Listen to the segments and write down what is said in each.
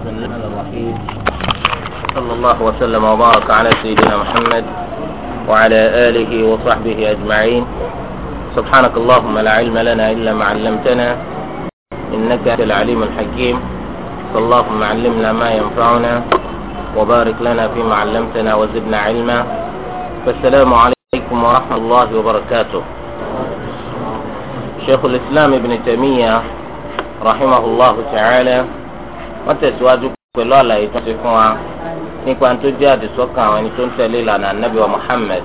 بسم الله الرحيم صلى الله وسلم وبارك على سيدنا محمد وعلى آله وصحبه أجمعين سبحانك اللهم لا علم لنا إلا ما علمتنا إنك أنت العليم الحكيم اللهم علمنا ما ينفعنا وبارك لنا فيما علمتنا وزدنا علما فالسلام عليكم ورحمة الله وبركاته شيخ الإسلام ابن تيمية رحمه الله تعالى wọ́n tẹ̀síwájú pẹ̀lú àlàyé tó ń ṣe fún wa nípa tó jẹ́ àdìsọ́kàn àwọn ẹni tó ń tẹ̀lé ìlànà anábì wa Muhammad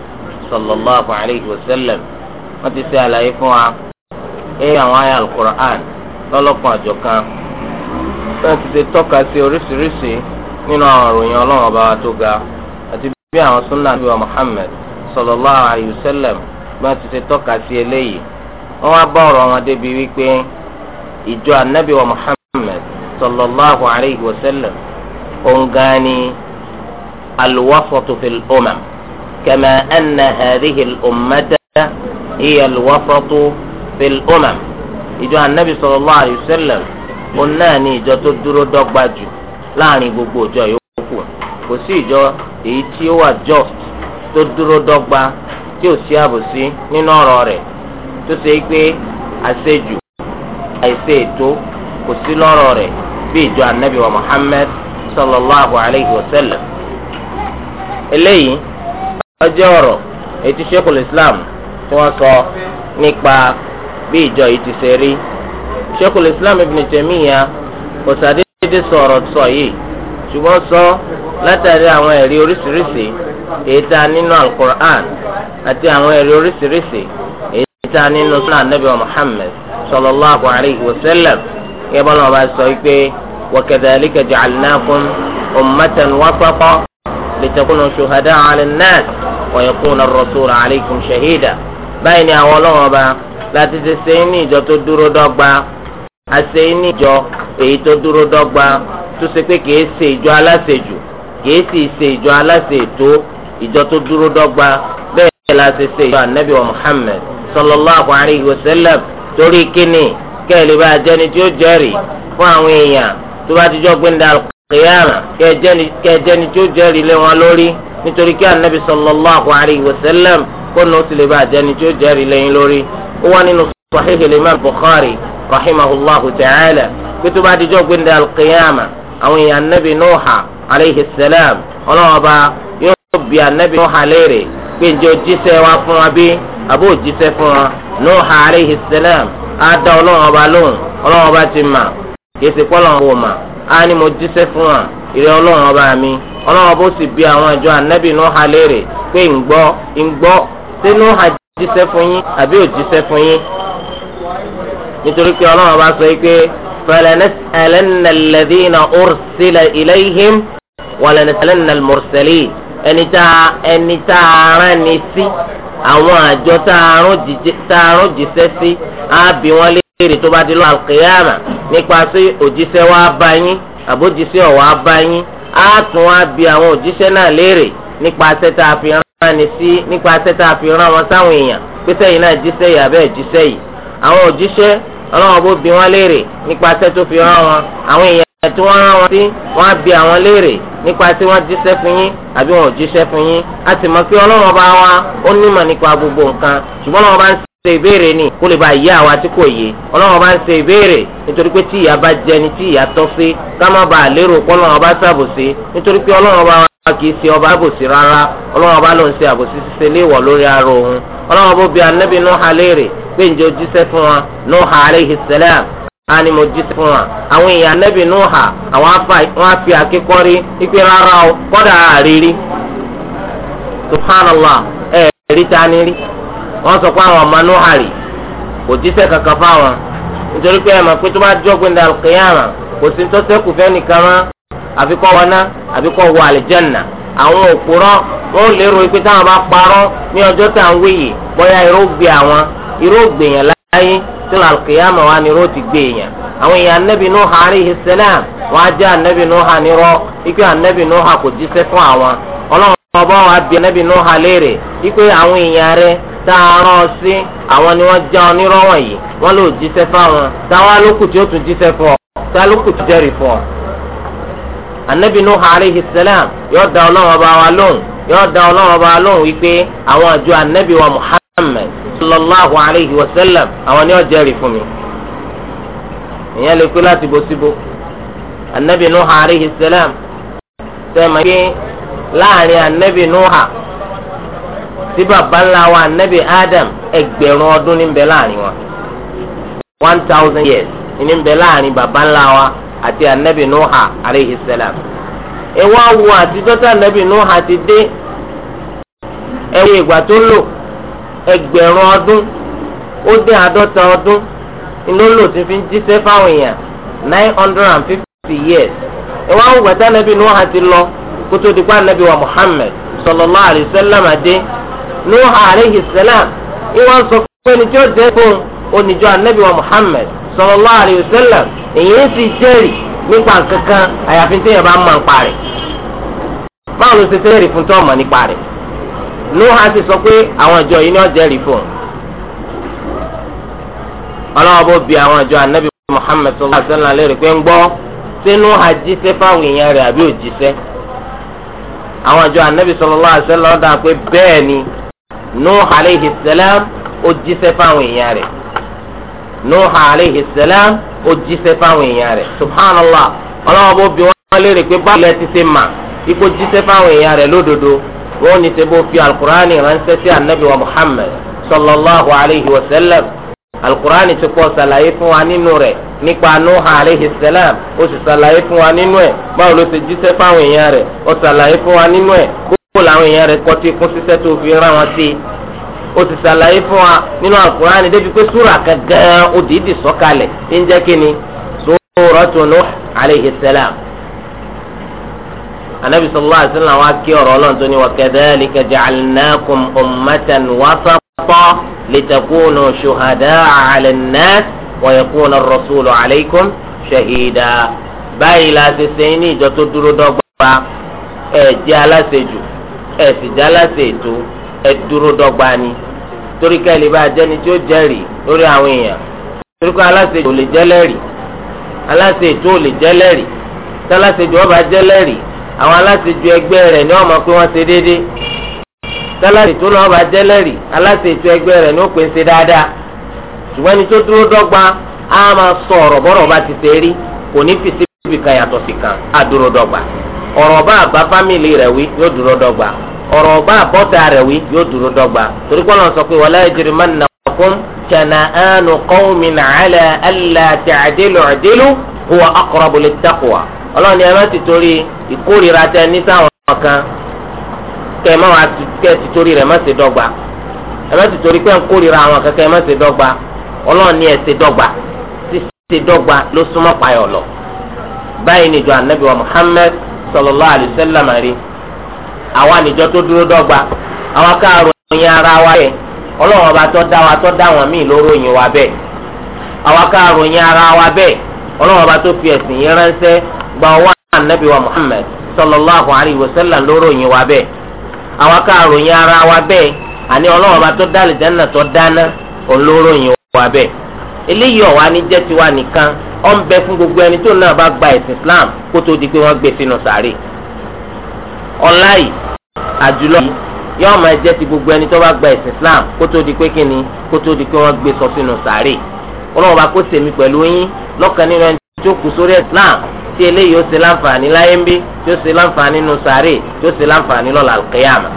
sallallahu alayhi wa sallam wọ́n ti ṣe àlàyé fún wa ẹ àwọn àyà al-Qur'an lọ́lọ́kan àjọkan wọ́n ti ṣe tọ́ka sí oríṣiríṣi nínú àwọn òròyìn ọlọ́run ọba wa tó ga àti bí àwọn súnà anábì wa Muhammad sallallahu alayhi wọ́n ti ṣe tọ́ka sallallahu alayhi wa sallam ongani alwasatu fil umam kama anna hadhihi al-ummata hiya alwasatu fil umam ìjọ anabi sallallahu alayhi wa sallam ọ̀nà ni ìjọ tó dúró dọ́gba jù láàrin gbogbo ìjọ yòókù kò sí ìjọ èyí tí ó wà just tó dúró dọ́gba tí ò sí àbòsí nínú ọ̀rọ̀ rẹ̀ tó ṣe é pé àṣejù àìṣe kò sí lọ́rọ̀ rẹ̀ bí ìjọ anabi wa muhammed sallallahu alayhi wa sallam. eléyìí ọjọ́ ọ̀rọ̀ ètí sheikhul islam tí wọ́n sọ nípa bí ìjọ yìí ti ṣe rí sheikhul islam ibn taymiya kò sàdédé sọ̀rọ̀ sọ yìí ṣùgbọ́n sọ látàrí àwọn ẹ̀rí oríṣiríṣi èyí tá a nínú alukur'an àti àwọn ẹ̀rí oríṣiríṣi èyí tá nínú sunnah anabi wa muhammed sallallahu alayhi wa sallam yẹ bọ́lá ọba sọ yìí pé. وكذلك جعلناكم أمة وسطا لتكونوا شهداء على الناس ويكون الرسول عليكم شهيدا بين أولوبا لا تتسيني جو تدورو دوغبا أسيني جو èyí tó dúró dọ́gba tó ṣe pé kìí ṣe ìjọ aláṣejù kìí sì ṣe ìjọ aláṣetó ìjọ tó dúró dọ́gba bẹ́ẹ̀ la ṣe ṣe ìjọ anabi wa muhammed sallallahu alayhi wa sallam torí kíni kẹ́ẹ̀lì bá jẹni tí ó jẹ́rìí fún àwọn èèyàn tó bá ti jọ gbẹ̀ndà kìyàmà kẹjẹni tó jẹ́rìí lé wọn lórí nítorí kí anabi sallallahu alayhi wa sallam kó nà ó ti lè bá àjẹni tó jẹ́rìí lẹ́yìn lórí ó wà nínú sahih imam bukhari rahimahullahu ta'ala pé tó bá ti jọ gbẹ̀ndà kìyàmà àwọn èèyàn anabi nuuha alayhi salam ọlọ́wọ́ba yóò bi anabi nuuha léèrè pé njẹ́ o jíṣẹ́ wa fún wa bí àbó o fún wa nuuha alayhi salam á dá ọlọ́wọ́ba lóhùn ọlọ́wọ́ba ti mà kèsì kọ́lọ̀ wò mà á ní mo jíṣẹ́ fún wa ìrẹ́ ọlọ́run ọba mi ọlọ́run ọba ó sì bí àwọn ìjọ ànábì Nuha léèrè pé ǹgbọ́ ǹgbọ́ ṣé Nuha jíṣẹ́ fún yín àbí ò jíṣẹ́ fún yín nítorí pé ọlọ́run ọba sọ pé falanas'alanna alladhina ursila ilayhim ẹni tá ẹni tá ni sí àwọn àjọ tá arán jíṣẹ́ sí á bí wọ́n lé béèrè tó bá di lọ́wọ́ àlùkìyàmà nípa sí òjíṣẹ́ wa bá yín àbójíṣẹ́ ọ̀wá bá yín á tún wá bi àwọn òjíṣẹ́ náà léèrè nípa sẹ́tà àfihàn ni sí nípa sẹ́tà àfihàn wọn sáwọn èèyàn pé sẹ́yìn náà jíṣẹ́ yìí àbẹ́ẹ̀ jíṣẹ́ yìí àwọn òjíṣẹ́ ọlọ́wọ́ bó bi wọ́n léèrè nípa sẹ́tò fi rán wọn àwọn èèyàn tí wọ́n rán wọn sí wọ́n á bi àwọn léèrè nípa tí wọ́n jíṣẹ́ fún yín àbí wọn ò jíṣẹ́ fún yín a sì mọ̀ pé ọlọ́wọ́ bá wa ó nímọ̀ nípa gbogbo nǹkan ṣùgbọ́n ọlọ́wọ́ bá ń ṣe ìbéèrè ni kó lè bá ìyá àwa tí kò yé ọlọ́run bá ń ṣe ìbéèrè nítorí pé tí ìyá bá jẹni tí ìyá tọ́ sí ká má bàa lérò pé ọlọ́run bá ṣàbòsí nítorí pé ọlọ́run bá wa kì í ṣe ọba àbòsí rárá ọlọ́run bá lòun ṣe àbòsí ṣiṣẹ́ léèwọ̀ lórí ara òun ọlọ́run bó bi anábì Nuha léèrè pé ǹjẹ́ o jíṣẹ́ fún wa Nuha alayhi salam a ni mo jíṣẹ́ fún wa àwọn èèyàn anábì Nuha àwọn á fi àkíkọ́rí rárá o kọ́dà àrírí subhanallah ẹ̀ẹ́dì tá a rí. wọ́n sọ pé àwọn ọmọ nuhari kò jíṣẹ́ kankan fáwọn nítorí pé ẹ̀mọ̀ pé tó bá jọ́ pé ndàlù kìyàmà kò sí tó sẹ́kù fẹ́ nìkan mọ́ àfikọ́ wọná àfikọ́ wọ àlìjẹ́nà àwọn òpùrọ́ wọn ò lérò pé táwọn bá parọ́ ní ọjọ́ tá à ń wéyè bóyá irú àwọn láyé àwọn èèyàn ọba wa bí léèrè ikú tá a rán ọ sí àwọn ni wọ́n já ọ nírọ́ wọ̀nyí wọ́n lò jíṣẹ́ fáwọn táwọn alókù tí ó tún jíṣẹ́ fún ọ tá alókù tí jẹ́rìí fún ọ. anabi nuhu alayhi salam yóò dá ọlọ́wọ́n bá wa lóhùn yóò dá ọlọ́wọ́n bá wa lóhùn wípé àwọn àjọ anabi wa sallallahu alayhi wa sallam àwọn ni wọ́n jẹ́rìí fún mi. ìyẹn lè pé láti bo síbo anabi nuhu alayhi salam sẹ́ẹ̀ láàrin anabi nuhu tí baba ńlá wa adam ẹgbẹ̀rún ọdún ní ń bẹ láàrin one thousand years ní ń bẹ láàrin ńlá wa àti anabi nuha aleyhi salam ẹ àtijọ́ tí nuha ti dé ẹ ìgbà tó lò ẹgbẹ̀rún ọdún ó dé àádọ́ta ọdún fi jíṣẹ́ fáwọn and fifty years ti lọ kótó dípá wa nuhu alayhi salam ìwọ́n sọ pé ní tí ó anabi wa muhammed sallallahu alayhi wa sallam si si nipa nípa kankan àyàfi tí yẹn ma ń mọ̀ nípa rẹ̀ báwo ló ṣe jẹ́rìí fún tó mọ̀ nípa rẹ̀ sọ ni ọlọ́wọ́ bó bi àwọn ìjọ anabi muhammed sallallahu alayhi wa lérè pé ń gbọ́ sínú àjíṣẹ́ fáwọn èèyàn rẹ̀ àbí anabi pé ni nuh aleyhi salam ó jíṣẹ́ fáwọn èèyàn rẹ̀ nuh aleyhi salam ó jíṣẹ́ fáwọn èèyàn rẹ̀ subhanallah ọlọ́wọ́ bó bi wọ́n léèrè pé báwo lẹ ti ṣe mà ipò jíṣẹ́ fáwọn èèyàn rẹ̀ lódodo wọ́n ní sebo fi alukur'ani ránṣẹ́ sí anabi wa muhammad sallallahu alayhi wa sallam alukur'ani ti kọ́ ṣàlàyé fún wa nínú rẹ̀ nípa nuha aleyhi salam ó sì ṣàlàyé fún wa nínú ẹ̀ báwo ló ṣe jíṣẹ́ fáwọn èèyàn rẹ̀ ó ṣàlàyé fún wa nínú ẹ̀ bó kó làwọn èèyàn rẹ̀ kọtí kún sísẹ́ tó fi rán wọn sí i ó ti ṣàlàyé fún wa nínú àkùránì débi pé súrà kan gan ó dìídì sọ̀kalẹ̀ ń jẹ́ kí ni Suratu Nuh alayhi salam anabi sallallahu alayhi wa sallam wa kí ọ̀rọ̀ Ọlọ́run tó ní wa kadhalika ja'alnakum ummatan wasata litakunu shuhada'a 'ala an-nas wa yakuna ar-rasulu báyìí la ṣe ṣe ní ìjọ tó dúró dọ́gba ẹ jẹ́ aláṣejù ẹ sì já láti ètò ẹ dúró dọ́gba ni torí ká lè bá a jẹ́ni tí ó jẹ́rìí lórí àwọn èèyàn torí ká aláṣẹ ètò lè jẹ́lẹ́rìí aláṣẹ ètò lè jẹ́lẹ́rìí tí aláṣẹ ètò ọba jẹ́lẹ́rìí àwọn aláṣẹ ju ẹgbẹ́ rẹ̀ ni wọ́n mọ̀ pé wọ́n ṣe déédéé tí aláṣẹ ètò náà ọba jẹ́lẹ́rìí aláṣẹ ètò ẹgbẹ́ rẹ̀ ni ó pè ń ṣe dáadáa ṣùgbọ́n ẹni tó dúró dọ́gba á máa sọ ọ̀rọ̀ bọ́rọ̀ bá ti ṣe rí kò ní fi síbi kan yàtọ̀ sí kan á dúró dọ́gba ọ̀rọ̀ bá àbá fámìlì rẹ̀ wí yóò dúró dọ́gba ọ̀rọ̀ bá àbọ́tà rẹ̀ wí yóò dúró dọ́gba torí pé ọlọ́run sọ pé wala yajrimannakum shana'anu qawmin ala alla ta'dilu i'dilu huwa aqrabu lit-taqwa ọlọ́run ni ẹ má ti torí ìkórìíra tẹ ní sáwọn kan kẹ ẹ má wàá kẹ ti torí rẹ̀ má ṣe dọ́gba ẹ má ti torí pé ń kórìíra àwọn kan má ṣe dọ́gba ọlọ́run ẹ ṣe dọ́gba ṣíṣe dọ́gba ló súnmọ́ payọ̀ lọ báyìí nìjọ anabi wa Muhammad sallallahu alaihi wasallam rí àwọn àníjọ tó dúró dọ́gba àwọn káàró ara wa bẹ́ẹ̀ ọlọ́run ọba tó dá wa tó dá wọn míì lóró ìyìn wa bẹ́ẹ̀ àwọn káàró ara wa bẹ́ẹ̀ ọlọ́run ọba tó fi ẹ̀sìn yìí ránṣẹ́ gba ọwọ́ ànábì wa Muhammad sallallahu alaihi wasallam lóró ìyìn wa àwọn káàró ara wa ọ̀n bẹ fún gbogbo ẹni tó náà bá gba ẹ̀sìn Islam kó tó di pé wọ́n gbé sínú sàárè ọ̀la yìí àjùlọ yìí yóò máa jẹ́ ti gbogbo ẹni tó bá gba ẹ̀sìn Islam kó tó di pé kíni kó tó di pé wọ́n gbé sọ sínú sàárè ọlọ́run bá kó sèmi pẹ̀lú yín lọ́kàn nínú ẹni tó kù sórí Islam tí eléyìí ó ṣe láǹfààní láyé ń bí tí ó ṣe láǹfààní nínú sàárè tí ó ṣe láǹfààní lọ́la àlùkìyàmà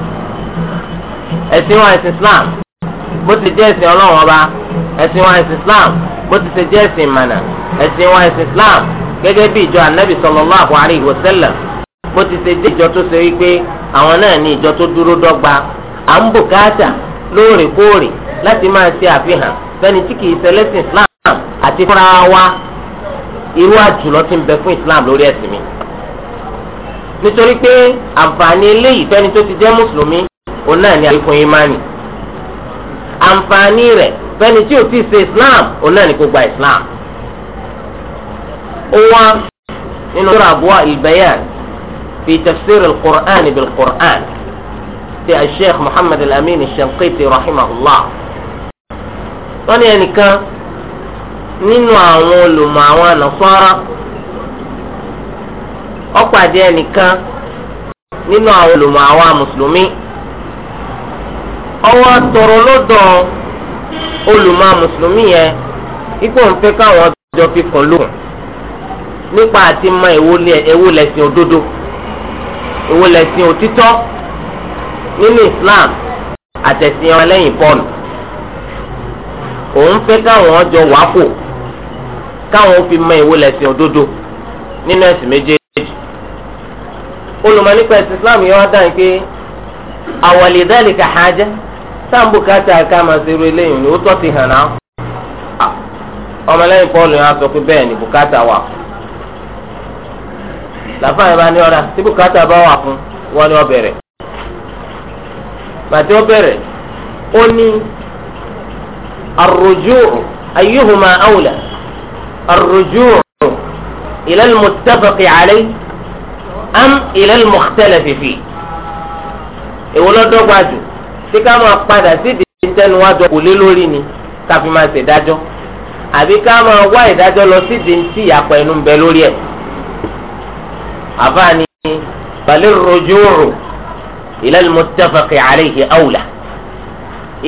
ẹ̀sìn wa ẹ̀sìn Islam bó ti jẹ́ ẹ̀sìn ọlọ́run ọba ẹ̀sìn wa ẹ̀sìn Islam bó ti ṣe jẹ́ ẹ̀sìn ìmànà ẹ̀sìn wọn ẹ̀sìn Islam gẹ́gẹ́ bí ìjọ anabi sallallahu alayhi wa sallam bó ti ṣe jẹ́ ìjọ tó ṣe wípé àwọn náà ní ìjọ tó dúró dọ́gba à ń bùkátà lóòrèkóòrè láti máa ṣe àfihàn fẹ́ni tí kìí ṣe lẹ́sìn Islam àti fúnra wa irú àjùlọ ti ń bẹ fún Islam lórí ẹ̀sìn mi nítorí pé àǹfààní eléyìí fẹ́ni tó ti jẹ́ mùsùlùmí òun náà ní àlékún ìmánì àǹfààní rẹ̀ fẹ́ni tí o ti ṣe islam òun náà ni kò gba islam. ó wá nínú sura Adwa al-Bayan fi tafsir al-Qur'an bil-Qur'an ti al-Sheikh Muhammad al-Amin al rahimahullah. wọ́n ní ẹnìkan nínú àwọn olùmọ̀ àwọn Nasara ó ẹnìkan nínú àwọn olùmọ̀ àwọn mùsùlùmí ọwọ́ tọrọ lọ́dọ̀ olùmọ̀ mùsùlùmí yẹn ipò ń fẹ́ káwọn jọ fi kàn lókun nípa àti mọ èwo lẹ̀sìn òdodo èwo lẹ̀sìn òtítọ́ nínú Islam àtẹ̀sìn ọlẹ́yìn Pọ́ọ̀lù òun fẹ́ káwọn jọ wá kò káwọn fi mọ èwo lẹ̀sìn òdodo nínú ẹ̀sìn méjèèjì olùmọ̀ nípa ẹ̀sìn Islam yẹn wá dáhùn pé àwọ̀lẹ̀dẹ́lì kà hájẹ́. sáàmbùkátà ká máa ṣe irú eléyìí ni ó tọ́ ti hàn náà ọmọlẹ́yìn Pọ́ọ̀lù yẹn á sọ pé bẹ́ẹ̀ ni bùkátà wà làfáà yẹn bá ní ọ̀rá tí bùkátà bá wà fún wọn ni ó bẹ̀rẹ̀ màtí ó bẹ̀rẹ̀ ó ní ar-rujuu ayyuhuma awla ar-rujuu am ila al-mukhtalafi jù ṣé ká máa padà síbi ìtẹnu wájọ kò lé lórí ni ká fi máa ṣèdájọ́ àbí ká máa wá ìdájọ́ lọ síbi tí ìyàpọ̀ ẹnu ń bẹ lórí ẹ̀. àfààní balẹ̀ rojúrò ila al-muttafaqi alayhi awla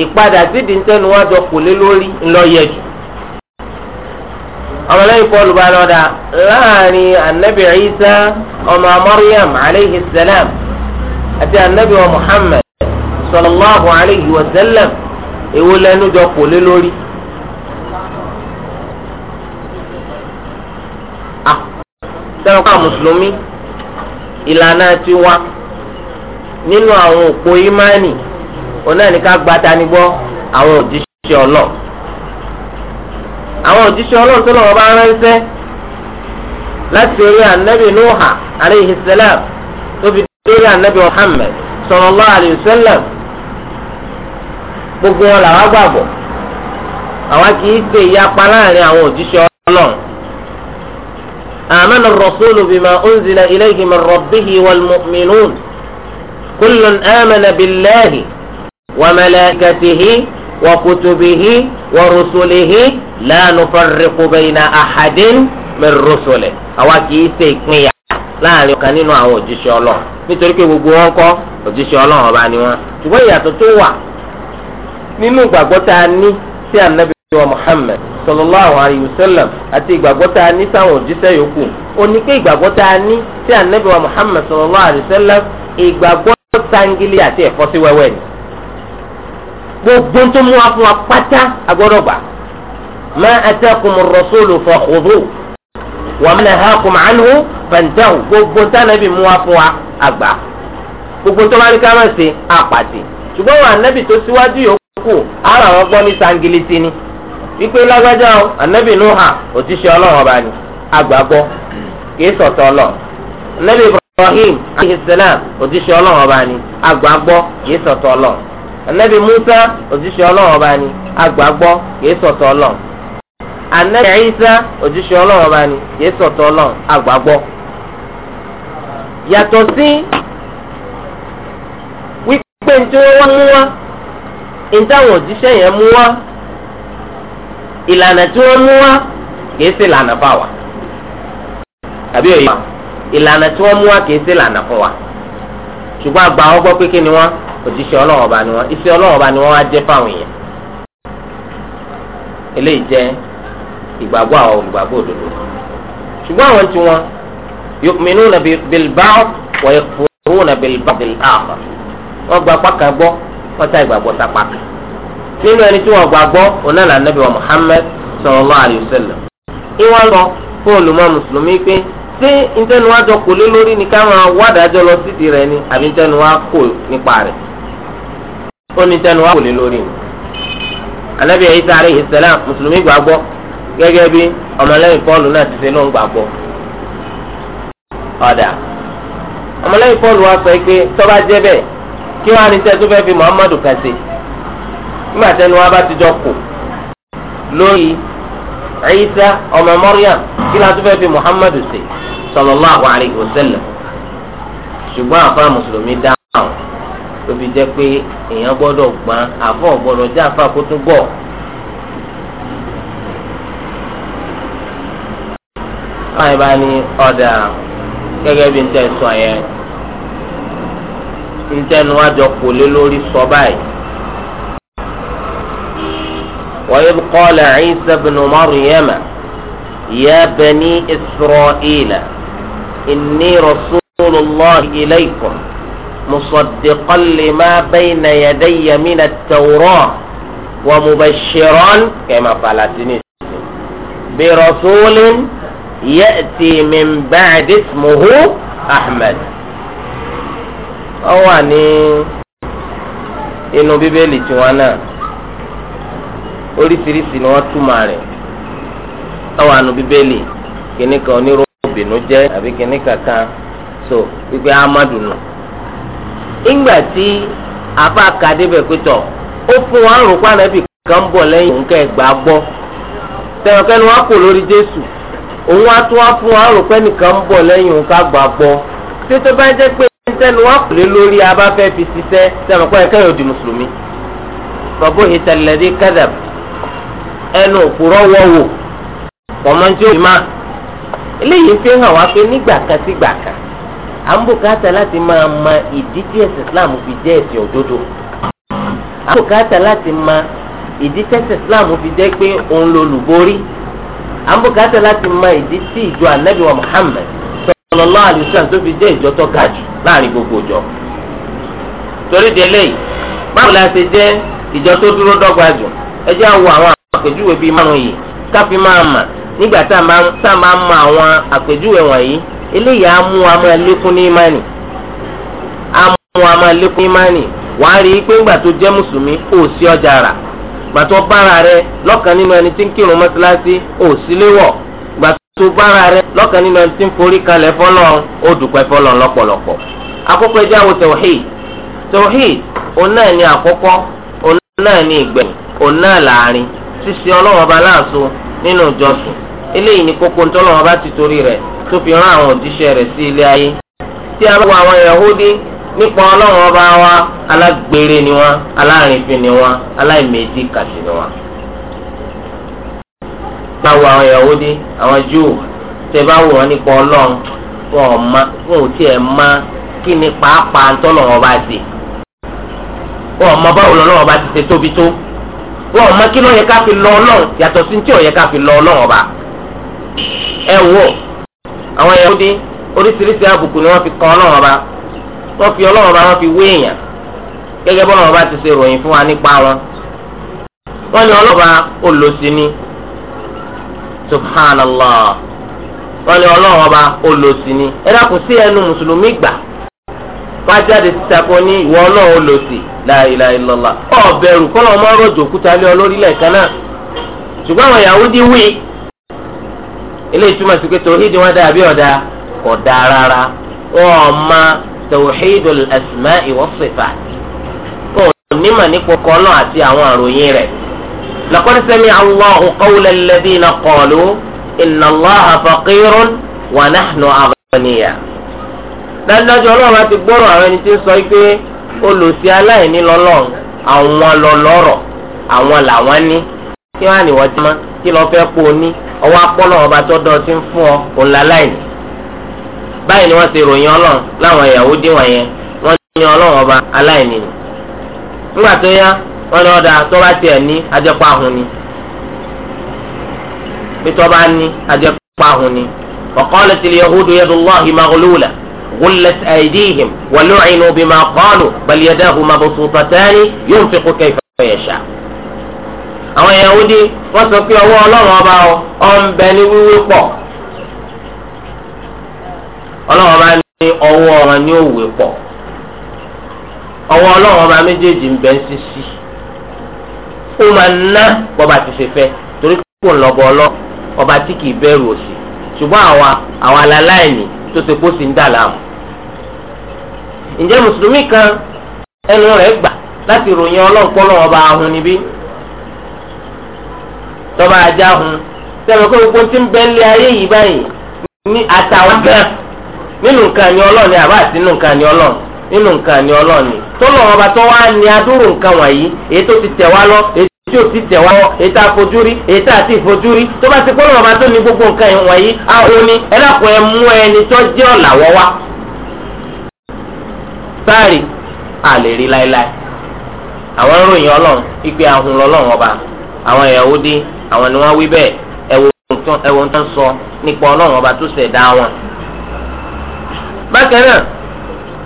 ìpadà síbi ìtẹnu wájọ kò lé lórí ńlọ yẹ jù ọmọlẹ́yìn pọ́ọ̀lù bá lọ́dà láàrin anabi isa ọmọ maryam aleyhi salam àti anabi wa sallallahu alayhi wa sallam èwo lẹ́nu jọ kò lé lórí. sẹ́wọ́n ah, ká mùsùlùmí ìlànà tiwa nínú àwọn òpó ìmánì onáà ní ká gba tani gbọ́ àwọn òjíṣẹ́ ọlọ́ àwọn òjíṣẹ́ ọlọ́run tó lọ́wọ́ bá ránṣẹ́ láti orí ànábì nuha aleyhi salam tó dé orí ànábì muhammed sallallahu alayhi wa gbogbo wọn làwọn gbàgbọ́ àwọn kì í ṣe ìyapa láàrin àwọn òjíṣẹ́ Ọlọ́run آمن الرسول بما أنزل إليه من ربه والمؤمنون كل آمن بالله وملائكته وكتبه ورسله لا نفرق بين أحد من رسله àwa kì í ṣe ìpínyà láàrin ọ̀kan nínú àwọn òjíṣẹ́ Ọlọ́run nítorí pé gbogbo wọn kọ́ òjíṣẹ́ Ọlọ́run ọba ni wọn ṣùgbọ́n ìyàtọ̀ tó wà nínú ìgbàgbọ́ tá a ní sí ànábì wa Muhammad sallallahu alayhi wa sallam àti ìgbàgbọ́ tá a ní sáwọn òjíṣẹ́ yòókù ó ní pé ìgbàgbọ́ tá a ní sí ànábì wa Muhammad sallallahu alayhi wa sallam ìgbàgbọ́ tangili àti ẹ̀fọ́ sí wẹ́wẹ́ ni gbogbo tó mú wa fún wa pátá agbọ́dọ̀ gbà ma atakum ar-rasulu fakhudhu wa ma nahakum anhu fantahu gbogbo tánàbì mú wa fún wa àgbà gbogbo tó bá rí ká má ṣe àpàtì ṣùgbọ́n wọn ànábì tó síwájú yòó kù ara àwọn gbọ́ ní sangilisi ni wípé lágbájá o anabi nuha òtíṣẹ́ ọlọ́run ọba ni agbàgbọ́ kìí sọ̀tọ̀ lọ anabi ibrahim alayhi salam òtíṣẹ́ ọlọ́run ọba ni agbàgbọ́ kìí sọ̀tọ̀ lọ anabi musa òtíṣẹ́ ọlọ́run ọba ni agbàgbọ́ kìí sọ̀tọ̀ lọ anabi isa òtíṣẹ́ ọlọ́run ọba ni kìí sọ̀tọ̀ lọ agbàgbọ́ yàtọ̀ sí wípé ntí wọ́n mú wa. ìtàwọn òjíṣẹ́ yẹn mú wá ìlànà tí wọ́n mú wá kìí ṣe ìlànà fún wa àbí òye wa ìlànà tí wọ́n mú wá kìí ṣe ìlànà fún wa ṣùgbọ́n àgbà wọn gbọ́ pé kí ni wọ́n òjíṣẹ́ ọlọ́wọ́ bá ni wọ́n iṣẹ́ ọlọ́wọ́ bá ni wọ́n wá jẹ́ fáwọn èèyàn eléyìí jẹ́ ìgbàgbọ́ àwọn olùgbàgbọ́ òdodo ṣùgbọ́n àwọn tí wọ́n yu'minuna bil ba'd wa yakfuruna bil ba'd al-akhar wọ́n gba ọ̀tá ìgbàgbọ́ sápá nínú ẹni tí wọ́n gbàgbọ́ onáàlà nàbí wa Muhammad sallallahu alayhi ìwọ́n lọ fún olùmọ̀ mùsùlùmí pé ṣé wa jọ kò lé lórí ni lọ sídìí ni àbí wa kò nípa ó ní ntẹnu wa kò lé lórí ni mùsùlùmí gbàgbọ́ gẹ́gẹ́ bí ọmọlẹ́yìn Pọ́ọ̀lù náà ti ṣe ló ń gbàgbọ́ ọ̀dà ọmọlẹ́yìn Pọ́ọ̀lù wa sọ pé kí wọ́n á ní sẹ́ tó fẹ́ fi muhammadu kan ṣe nígbà wa bá ti jọ kù lórí Isa ọmọ Maryam kí la tó fi muhammadu ṣe sallallahu alaihi wasallam ṣùgbọ́n àfa mùsùlùmí dáhùn tó fi jẹ́ pé èèyàn gbọ́dọ̀ gbọ́n àfọ̀ gbọ́dọ̀ jẹ́ àfa kó tún báyìí bá ní ọ̀dà n sọ yẹn. ìtẹnu àjọ kò lé lórí sọ báyìí. وإذ قال عيسى ابن مريم يا بني إسرائيل إني رسول الله إليكم مصدقا لما بين يدي من التوراة ومبشرا كما فعلتني برسول يأتي من بعد اسمه أحمد ọ wà ní inú bíbélì tiwọn náà oríṣiríṣi ni wọ́n túmọ̀ rẹ̀ ọ wà nù bíbélì kìnnì àbí kìnnì kankan so wípé amadu nù. ìgbà tí afa pétọ̀ ó fún wa ń rò pa nàbì kan lẹ́yìn òun kẹgbà gbọ́ wọn kò jésù òun wá tún fún wa ń rò nìkan gbọ́ bá tẹnu wọn lori lé lórí abáfẹ́ fi ṣiṣẹ́ sẹ́wọ̀n kọ́ ẹ̀kẹ́ yóò di mùsùlùmí. bàbá ìtàlẹ́dẹ́ kẹ́dàb ẹnu òpùrọ̀ wọ̀wọ̀ kọ̀mọ́ntì òyìnbá eléyìí fi hàn wá pé nígbà kan sí gbà kan à ń bùkátà láti máa ma ìdí tí ẹ̀sìn Islam fi jẹ́ ẹ̀sìn òdodo à ń bùkátà láti ma ìdí tí ẹ̀sìn Islam fi jẹ́ pé òun lolùborí à ń bùkátà láti ma ìdí tí ìjọ Muhammad sallallahu alaihi tó fi jẹ́ ìjọ tó ga jù láàrin gbogbo ìjọ torí délé báwo la ṣe jẹ ìjọ tó dúró dọ́gba jù ẹ jẹ́ àwọ àwọn àpèjúwe bíi márùn yìí káfí máa mà nígbà tá a máa mọ àwọn àpèjúwe eléyìí á mú ní á mú rí i pé ńgbà tó tó bára rẹ lọ́kàn nínú ẹni tí ń forí kalẹ̀ fọlọ́ ó dùpẹ́ fọlọ́ lọ́pọ̀lọpọ̀ àkókò ẹjẹ́ àwọn tawhid tawhid àkọ́kọ́ nínú ìjọsìn eléyìí ni kókó bá ti torí tó ayé tí a bá wọ àwọn Yahudi nípa wa ni wọn ni wọn aláìmẹ̀dí báwo àwọn Yahudi àwọn Júù tẹ bá wò wọn nípa Ọlọ́run wọn ò má wọn ò tiẹ̀ má kí ni pàápàá ntọ́lọ̀ wọn bá ṣe wọn ò mọ báwo lọ́lọ́ wọn bá ti ṣe tóbi tó wọn ò mọ kí lọ́ọ́ yẹ ká fi lọ Ọlọ́run yàtọ̀ sí tí ò yẹ ká fi lọ Ọlọ́run ọba ẹ wò àwọn Yahudi oríṣiríṣi àbùkù ni wọ́n fi kan Ọlọ́run ọba wọ́n fi Ọlọ́run ọba wọ́n fi wé èèyàn gẹ́gẹ́ bọ́lọ́run ọba ti ṣe ròyìn fún wa nípa wọn wọ́n ní Ọlọ́run ọba olùsìn ni subhanallah wọ́n ní ọlọ́run ọba olòṣì ni ẹ dákun sí ẹnu mùsùlùmí gbà wọ́n á jáde síta kó ní ìwọ ọlọ́run olòṣì la ilaha illallah ọ̀bẹ̀rù kọ́lọ́ ọmọ rọ̀jò òkúta lé olórí lẹ́ẹ̀kan náà ṣùgbọ́n àwọn Yahudi wí eléyìí túmọ̀ sí pé tòhídì wọn dà bí ọ̀dà kò dá rárá wọn ò ma tòhídì asma'i wa sifat kò nímọ̀ nípa kọ́nà àti àwọn àròyìn rẹ̀. لقد سمع الله قول الذين قالوا إن الله فقير ونحن أغنياء dájúdájú ọlọ́run láti gbọ́rọ̀ àwọn ẹni tí ń sọ pé olùsí aláìní lọ́lọ́run àwọn lọ́lọ́rọ̀ àwọn làwọn ní kí wọ́n á nìwọ́n jẹ́ mọ́ kí lọ́ọ́ fẹ́ pọ̀ ní ọwọ́ apọ́lọ́ ọba tó dán ti ń fún ọ òun láláìní. báyìí ni wọ́n ti ròyìn ọlọ́run láwọn Yahudi wọ̀nyẹn wọ́n ní ọlọ́run ọba aláìní. nígbà tó yá wọn lọ da tọ́ba tiẹ̀ ní ajẹ́pọ̀ ahun ni bí tọ́ba ní ajẹ́pọ̀ ahun ni وقالت اليهود يد الله مغلولة غلت أيديهم ولعنوا بما قالوا بل يداه مبسوطتان ينفق كيف يشاء àwọn yahudi wọ́n sọ pé ọwọ́ ọlọ́run ọba ọ ọ̀nbẹ ní wíwí pọ̀ ọlọ́run ọba ní ọwọ́ ọ̀ràn ní òwe pọ̀ ọwọ́ ọlọ́run ọba méjèèjì ń bẹ ń sisi. ó ma ná bọ́ba ti ṣe fẹ torí kò ń ọba tí kì í ṣùgbọ́n àwa àwa alaláìní tó ṣe kó sì ń dà láàmú. ǹjẹ́ mùsùlùmí kan ẹnu rẹ̀ gbà láti ròyìn ọlọ́ọ̀pọ̀lọ́ ọba ahun níbí tọ́ba ajá hun sẹ́wọ̀n pé gbogbo tí ń bẹ́ lé ayé yìí báyìí ní àtàwọn nínú nǹkan ni ọlọ́ọ̀ni àbá àti nínú nǹkan ni ọlọ́ọ̀ni nínú nǹkan ọba tó wá ní adúrò nǹkan wọ̀nyí ti tẹ̀ wá tí o ti tẹ̀ wá wọ́n èyí tá a fojú rí èyí tá a ti fojú rí tó bá ti kọ́nà ọba tó ní gbogbo nǹkan ìwọ̀n yìí a ò ní ẹ lákòó ẹ mú ẹni tó jẹ́ ọ̀làwọ́ wá. sáàrì a lè rí láéláé àwọn ròyìn ọlọ́run ìpè ahun lọ́lọ́run ọba àwọn Yahudi àwọn ni wọ́n wí bẹ́ẹ̀ ẹ̀wọ̀n tán sọ nípa ọlọ́run ọba tó ṣẹ̀dá wọn. bákan náà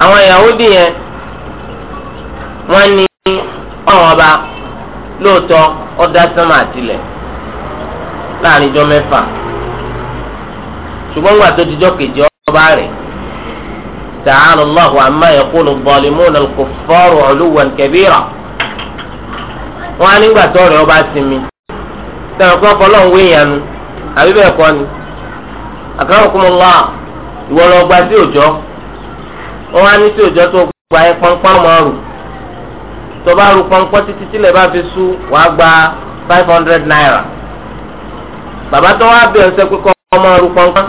àwọn Yahudi yẹn wọ́n ní ọlọ́run ọba lóòótọ́ ọ̀dà sánmà àtìlẹ̀ láàrin ijọ́ mẹ́fà ṣùgbọ́n gbà tó dijọ́ kejì ọba rẹ̀ ta'ala Allahu amma yaqulu adh-dhalimuna al-kuffaru 'uluwan wọn á nígbà tó rẹ̀ ọba sinmi sẹ́wọ̀n kọ́ àbí bẹ́ẹ̀ kọ́ ni lọ gba sí òjọ́ wọn á ní sí òjọ́ tó pọ́npọ́n mọ́rùn. tó bá ru pọnpọ́n títí tílẹ̀ bá fi ṣú wàá gba five hundred naira bàbá tó wá bẹ̀rẹ̀ ṣe pé kọ́ ọmọ ru pọnpọ́n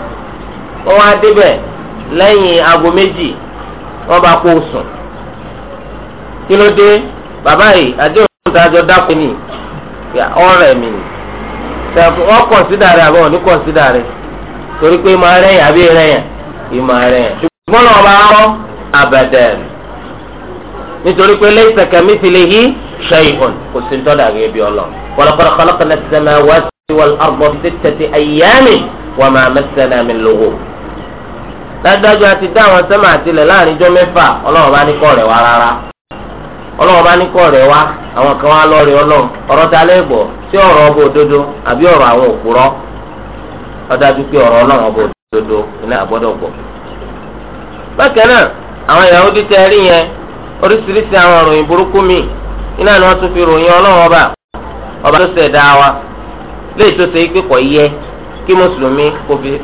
wọ́n wá débẹ̀ lẹ́yìn aago méjì wọ́n bá kó sùn kí ló dé bàbá yìí àdéhùn ìdájọ́ dákú ni ọ̀rẹ́ mi ni tẹ̀fù wọ́n kọ̀nsídà rẹ̀ àbọ̀ ní kọ̀nsídà rẹ̀ torí pé máa rẹ̀yìn àbí rẹ̀yìn ìmọ̀ rẹ̀yìn ṣùgbọ́n náà rọ́ àbẹ̀dẹ̀ rẹ̀ nítorí pé laysa kamithlihi shay'un kò sí tọ́ dàbí ẹbí ọlọ wa laqad khalaqna as-samawati wal-arda fi sittati ayyamin wa ma massana min lughub. dájúdájú a ti dá àwọn sẹ́mà àtìlẹ̀ láàrin ijọ́ mẹ́fà ọlọ́run bá ní kọ́ rẹ̀ wá rárá ọlọ́run bá ní kọ́ rẹ̀ wá àwọn kan wá lọ́ọ̀rẹ́ ọlọ́run ọ̀rọ̀ ta lẹ́gbọ̀ọ́ sí ọ̀rọ̀ ọba òdodo àbí ọ̀rọ̀ àwọn òpùrọ́ ọ̀dájú pé ọ̀rọ̀ ọlọ́run ọba òdodo oríṣiríṣi àwọn òròyìn burúkú mi iná ni wọ́n tún fi ròyìn ọlọ́run ọba ọba tó ṣẹ̀dá wa léyìí tó ṣe pé kò yẹ kí mùsùlùmí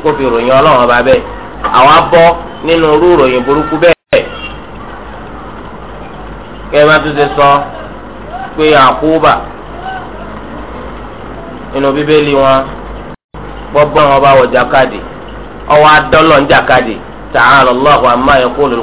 kó fi ròyìn ọlọ́run ọba bẹ́ẹ̀ àwa bọ́ nínú irú ròyìn burúkú bẹ́ẹ̀ kẹ́ẹ́ bá tún ṣe sọ pé àkóbà nínú bíbélì wọn gbọ́gbọ́n ọba wọ̀ jákàdì ọwọ́ adọ́lọ́ ń jákàdì ta'ala Allahu amma yaqulu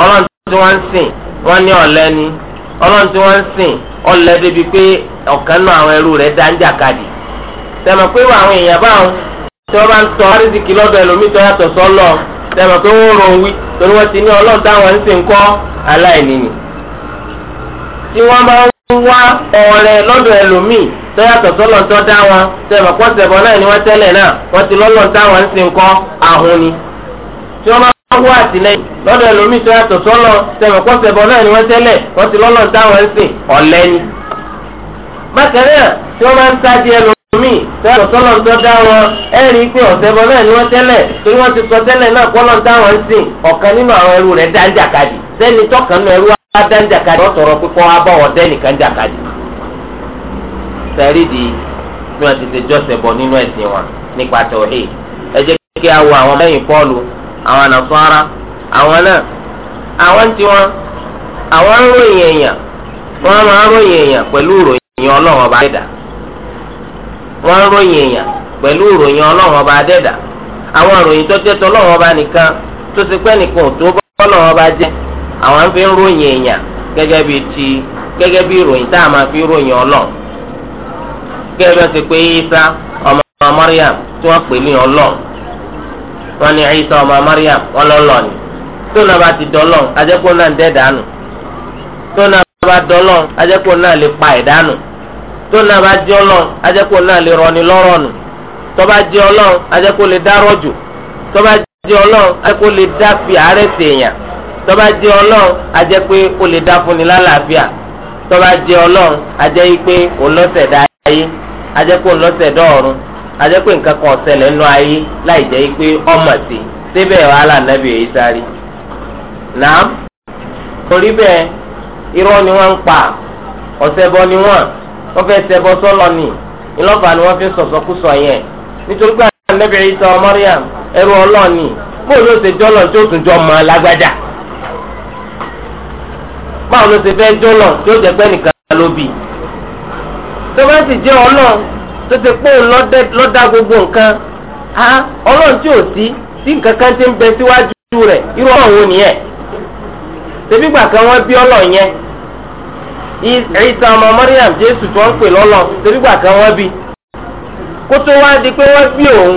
ọlọ́run tí wọ́n ń sìn wọ́n ní ọ̀lẹ ni ọlọ́run tí wọ́n ń sìn ọ̀lẹ débi pé ọ̀kan náà àwọn ẹrú rẹ̀ dá ń jàkadì tẹ̀mọ̀ pé àwọn èèyàn báwọn tí wọ́n bá ń tọ́ àrísìkì lọ́dọ̀ ẹlòmíì tó yàtọ̀ sọ́lọ́ tẹ̀mọ̀ pé wọ́n rò wí torí wọ́n ti ní ọlọ́run táwọn ń sìn kọ́ aláìní ni tí wọ́n bá ń wá ọrẹ lọ́dọ̀ ẹlòmíì tó yàtọ̀ sọ́lọ́ tó dá wọn tẹ̀mọ̀ pọ́sẹ̀bọ náà ni wọ́n tẹ́lẹ̀ náà wọ́n ti lọ́lọ́ táwọn ń sìn kọ́ ahun ni tí wọ́n bá wá àtìlẹ́yìn lọ́dọ̀ ẹlòmíì tó yàtọ̀ sọ́lọ́ tẹ̀mọ̀kọ́sẹ̀bọ náà ni wọ́n tẹ́lẹ̀ ti lọlọ ni. bákan náà tí wọ́n máa ń ta di tó tó i pé ọ̀sẹ̀bọ náà ni wọ́n ti sọ tẹ́lẹ̀ náà kọ́lọ́ táwọn ń sìn nínú àwọn ẹrú rẹ̀ dáńjàkadì sẹ́ni tọ́kànnú ẹrú wá dáńjàkadì ọ̀tọ̀rọ̀ pípọ́ abọ́wọ̀ dẹ́nìkan jàkadì. sẹ́rí di àwọn nàfọ́ra àwọn náà àwọn tí wọn àwọn ń èèyàn wọn máa ń èèyàn pẹ̀lú ìròyìn ọba dẹ́dà wọn ń èèyàn pẹ̀lú ìròyìn ọlọ́run ọba dẹ́dà àwọn ìròyìn tó ọba nìkan tó ti pẹ́ nìkan ò tó ọba jẹ́ àwọn fi ń ròyìn èèyàn bí ti bí ìròyìn tá a máa fi ròyìn bí Isa ọmọ tí pè ní wọ́n ní Ìsá ọmọ Maryam wọ́n lọ lọ ni tó náà bá ti dọ́lọ́ ajẹ́kó náà ń dẹ́ dànù tó náà bá dọ́lọ́ ajẹ́kó náà lè pa ẹ̀ dànù tó náà bá jẹ́ ọlọ́ ajẹ́kó náà lè rọni lọ́rọ̀ tó bá jẹ́ ọlọ́ ajẹ́kó lè dárọ̀ jù tó bá jẹ́ ọlọ́ ajẹ́kó lè dá fi àárẹ̀ sèèyàn tó bá jẹ́ ọlọ́ ajẹ́pé ó lè dá fúnni lálàáfíà tó bá jẹ́ ọlọ́ ajẹ́ yí pé òun lọ́sẹ̀ dá ayé ajẹ́kó òun lọ́sẹ̀ dọ́ọ̀run ajẹ́ pé nǹkan kan ṣẹlẹ̀ nínú ayé láì jẹ́ pé ọmọ sí síbẹ̀ wàhálà nàbì èyí sáré nàám torí bẹ́ẹ̀ irọ́ ni wọ́n ń pa ọ̀sẹ̀bọ ni wọ́n wọ́n fẹ́ ṣẹbọ sọ́lọ ni ìlọ́fà ni wọ́n fi sọ̀sọ́kùsọ yẹn nítorí pé nàbì èyí sọ Maryam ẹrú ọlọ́ọ̀ni bóun ló ṣe jọ́lọ̀ tí ó tún jọ mọ́ lágbájá báwo ló ṣe fẹ́ jọ́lọ̀ tí jẹ́ pẹ́ nìkan ló bì tó ti pé òun lọ́dá gbogbo nǹkan á ọlọ́run tí ò sí tí nǹkan kan ti ń bẹ síwájú rẹ̀ irú ọ̀hún nìyẹn tẹbí gbà kan wọ́n bí ọlọ́run yẹn Ìsá ọmọ Mọ́ríyàm Jésù tó ń pè lọ́lọ́ tẹbí gbà kan wọ́n bí kó tó wá di pé wọ́n bí òun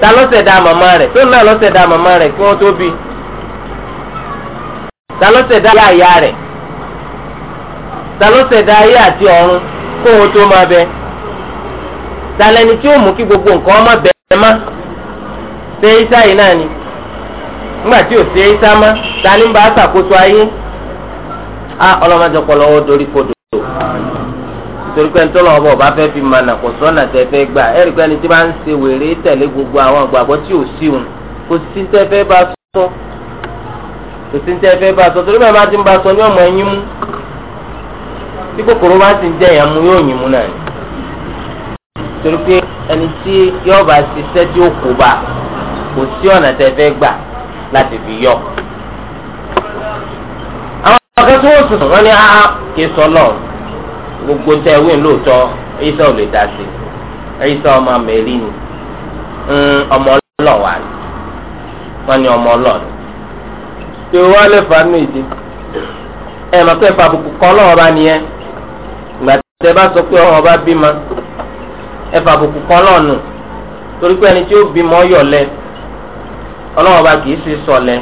ta lọ́sẹ̀dá màmá rẹ̀ tó náà lọ́sẹ̀dá màmá rẹ̀ kí wọ́n tó bí ta lọ́sẹ̀dá ayá rẹ̀ ta lọ́sẹ̀dá ayé àti ọ̀run kó wọn tó máa bẹ talẹni tí ó mú kí gbogbo nǹkan ọmọ bẹ̀rẹ̀ má ṣe isa yìí náà ni isa má bá ṣàkóso a ọlọ́mọdé pọlọ́wọ́ dorí kodò torí pé ọba ọba fẹ́ fi máa nàkó sọ́nà fẹ́ gbà ẹ̀rí gbogbo àwọn àgbàgbọ́ tí ò sí òun kò sọ kò sí sọ torí sọ ní ọmọ mú. tí kòkòrò bá ti ń jẹ èèyàn mú yóò yín mú náà ni torí pé ẹni tí yóò bá ṣiṣẹ́ tí ó kó bá kò sí ọ̀nà tẹ fẹ́ gbà láti fi yọ. àwọn akẹ́kọ̀ọ́ tí wọ́n sùn wọ́n ní áá kí sọ́lọ̀ gbogbo tẹ ewé lóòótọ́ ẹ̀yíṣà ò lè dá sí ẹ̀yíṣà ọmọ mẹ́rin ni hmm, ọmọ ọlọ́wà ni wọ́n ní ọmọ ọlọ́ọ̀ni. ṣé wọ́n lè fa nù ìdí? ẹ̀ mọ̀ pé ìfàbùkù kan lọ́wọ́ bá nìyẹn. tẹ bá sọ pé ọba bímọ kan torí pé ẹni tí ó bímọ ọba kì í ṣe sọ̀lẹ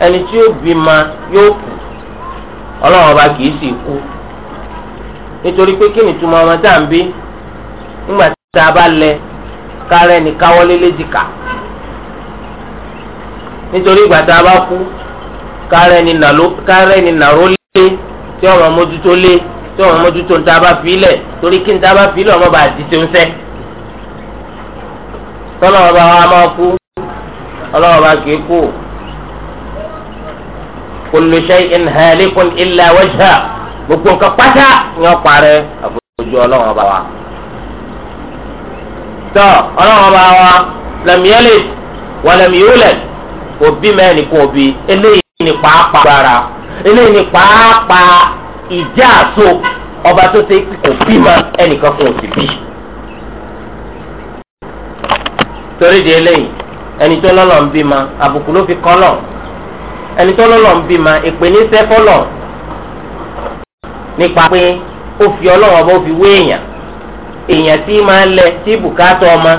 ẹni tí ó bímọ yóò ọba kì í sì kú nítorí pé kí túmọ̀ ọmọ tá à ń bí nígbà tí a bá lẹ kárẹ́ ní káwọ́lé léjìká nítorí ìgbà tá a tí wọn mójútó níta bá filẹ̀ torí kí níta bá filẹ̀ ọmọ bá di tó ń fẹ́. tọ́lọ́ ọba wa máa kú ọlọ́wọ́ bá kì í kú. kullu shay'in halikun illa wajha gbogbo nǹkan pátá ni wọ́n parẹ́ àfojú ọlọ́wọ́ ọba wa. tọ́ ọlọ́wọ́ ọba wa lam yalid òbí mẹ́rin kò bí eléyìí ni pàápàá eléyìí ni pàápàá ìjà àso ọba tó ṣe kò bí ma ẹnìkan fún òsì bí. torí di eléyìí ẹni tó lọ́lọ́ ń bí ma àbùkù ló fi kọ́ lọ ẹni tó lọ́lọ́ ń bí ma èpè ní sẹ́fọ́ lọ nípa pé ó fi ọlọ́wọ́ bó fi wé èèyàn èèyàn tí máa lẹ tí bùkátà ọmọ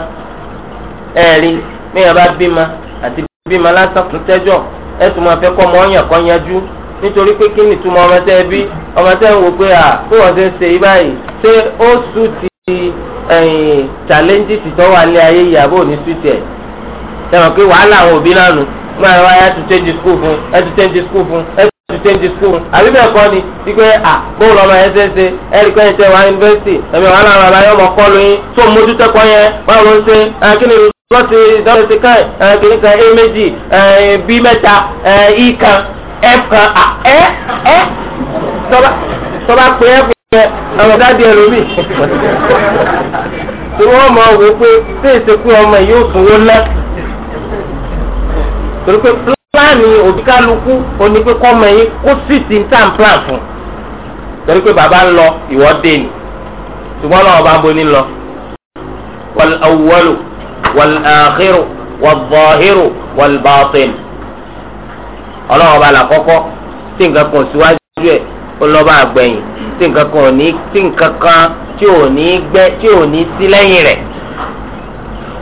ẹ̀rí mẹ́yàn bá bí ma àti bí ma lásán tó tẹ́jọ́ ẹ̀sùn máa fẹ́ kọ́ ọmọ ọ̀yàn kan yanjú nítorí pé kí ni túmọ̀ ọmọ tẹ́ bí ọmọ tẹ́ ń wò pé à kó wọ́n ti ń ṣe báyìí ṣé ó sú ti ẹ̀yìn challenges tó wà ní ayé yìí àbò ní sùtì ẹ̀ ẹ̀rọ pé wàhálà àwọn òbí náà nù mú àwọn ayé ẹ̀tù change school fún ẹ̀tù change school fún ẹ̀tù change school fún àbí bẹ́ẹ̀ kọ́ ni wípé à bó lọ́mọ ẹ̀ ṣẹ́ṣe ẹ̀rí pé ẹ̀ṣẹ̀ wà yunifásitì ẹ̀mí wàhálà àwọn àbáyọ̀ ọmọ kọ́ lóyún tó mójútẹ́kọ̀ yẹn báwo ló ń ṣe kí ni lọ́ọ̀tì ìdáwọ̀ṣe káì kìnnìkan a méjì b mẹ́ta e kan ẹ kan ẹ ẹ tọba tọba pé ẹ pé ọmọ dáadé ẹlòmíì tí wọn mọ wò pé tí èsì ọmọ yìí ó tún torí pé pílánì òbíkálukú oní pé yín kó sì ti ń tàn plan fún torí pé bàbá ń lọ ìwọ ni ṣùgbọ́n náà ọba bo ní lọ wal awwalu wal akhiru wal zahiru wal batin ọlọ́wọ́ bá làkọ́kọ́ tí nǹkan kan síwájú ẹ̀ ó lọ́ba àgbẹ̀yìn tí nǹkan kan ò ní tí nǹkan kan tí ò ní gbẹ́ tí ò ní sí lẹ́yìn rẹ̀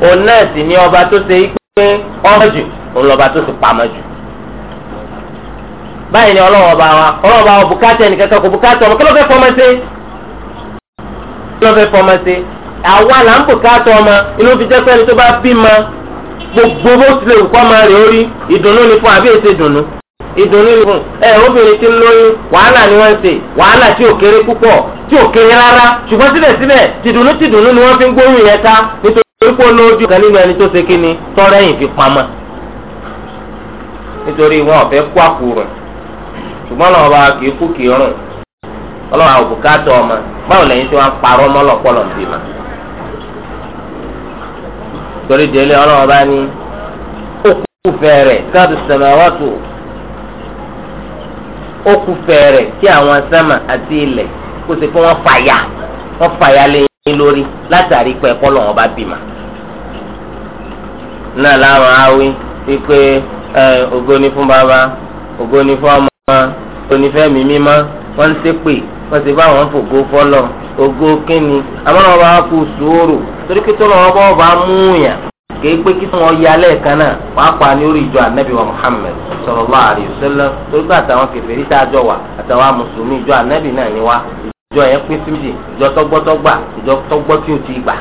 òun náà sì ni ọba tó ṣe pé ọmọ jù òun lọ́ba tó ṣe pamọ́ jù báyìí ni ọlọ́wọ́ bá wa ọlọ́wọ́ bá wa bùkátà ẹnì kò bùkátà ọmọ kí ló fẹ́ fọmọ ṣe kí ló fẹ́ fọmọ ṣe àwa là ń bùkátà ọmọ inú fi jẹ́ pé tó bá bímọ gbogbo bó tilẹ̀ wù kọ́ ori idunu orí ìdùnnú ni fún àbí èsè dùnnú ìdùnnú ni fún ẹ obìnrin tí ń lóyún wàhálà ni wọ́n ń ṣe wàhálà tí ò kéré púpọ̀ tí ò kéré rárá ṣùgbọ́n síbẹ̀síbẹ̀ tìdùnnú tìdùnnú ni wọ́n fi ń gbóhùn yẹn ta nítorí pé olójú kan nínú ẹni tó ṣe kí ni fi pamọ́ nítorí wọn ò fẹ́ kó àpò ṣùgbọ́n lọ́wọ́ bá kì í kú kì í rùn ọlọ́wọ́ ọmọ báwo lẹ́yìn tí torí délé ọlọ́wọ́ bá ní okú fẹ̀rẹ̀ sábì sàmáwátù okú fẹ̀rẹ̀ kí àwọn sámà àti ilẹ̀ kó ṣe pé wọ́n fàyà wọ́n fàyà lẹ́yìn lórí látàrí pé ẹ̀kọ́ lọ́wọ́ bá bímọ. náà láwọn awí wípé ògo ni fún baba ògo ni fún ọmọ ògo ni fẹ́mi mímọ́ wọ́n ń ṣépè wọ́n ti bá wọn fògo fọlọ́ ògo kínni àmọ́ wọn bá kú sùúrù torí pé tó lọ́wọ́ bá bá mú yàn kìí pé kí wọn ya lẹ́ẹ̀kan náà wàá pa ní orí ìjọ anabi wa Muhammad sallallahu alaihi wasallam torí pé àtàwọn kèfèrí tá a jọ wà àtàwọn mùsùlùmí ìjọ anabi náà ni wá ìjọ yẹn pín sí méjì ìjọ tọgbọ́tọgbà ìjọ tọgbọ́ tí o ti gbà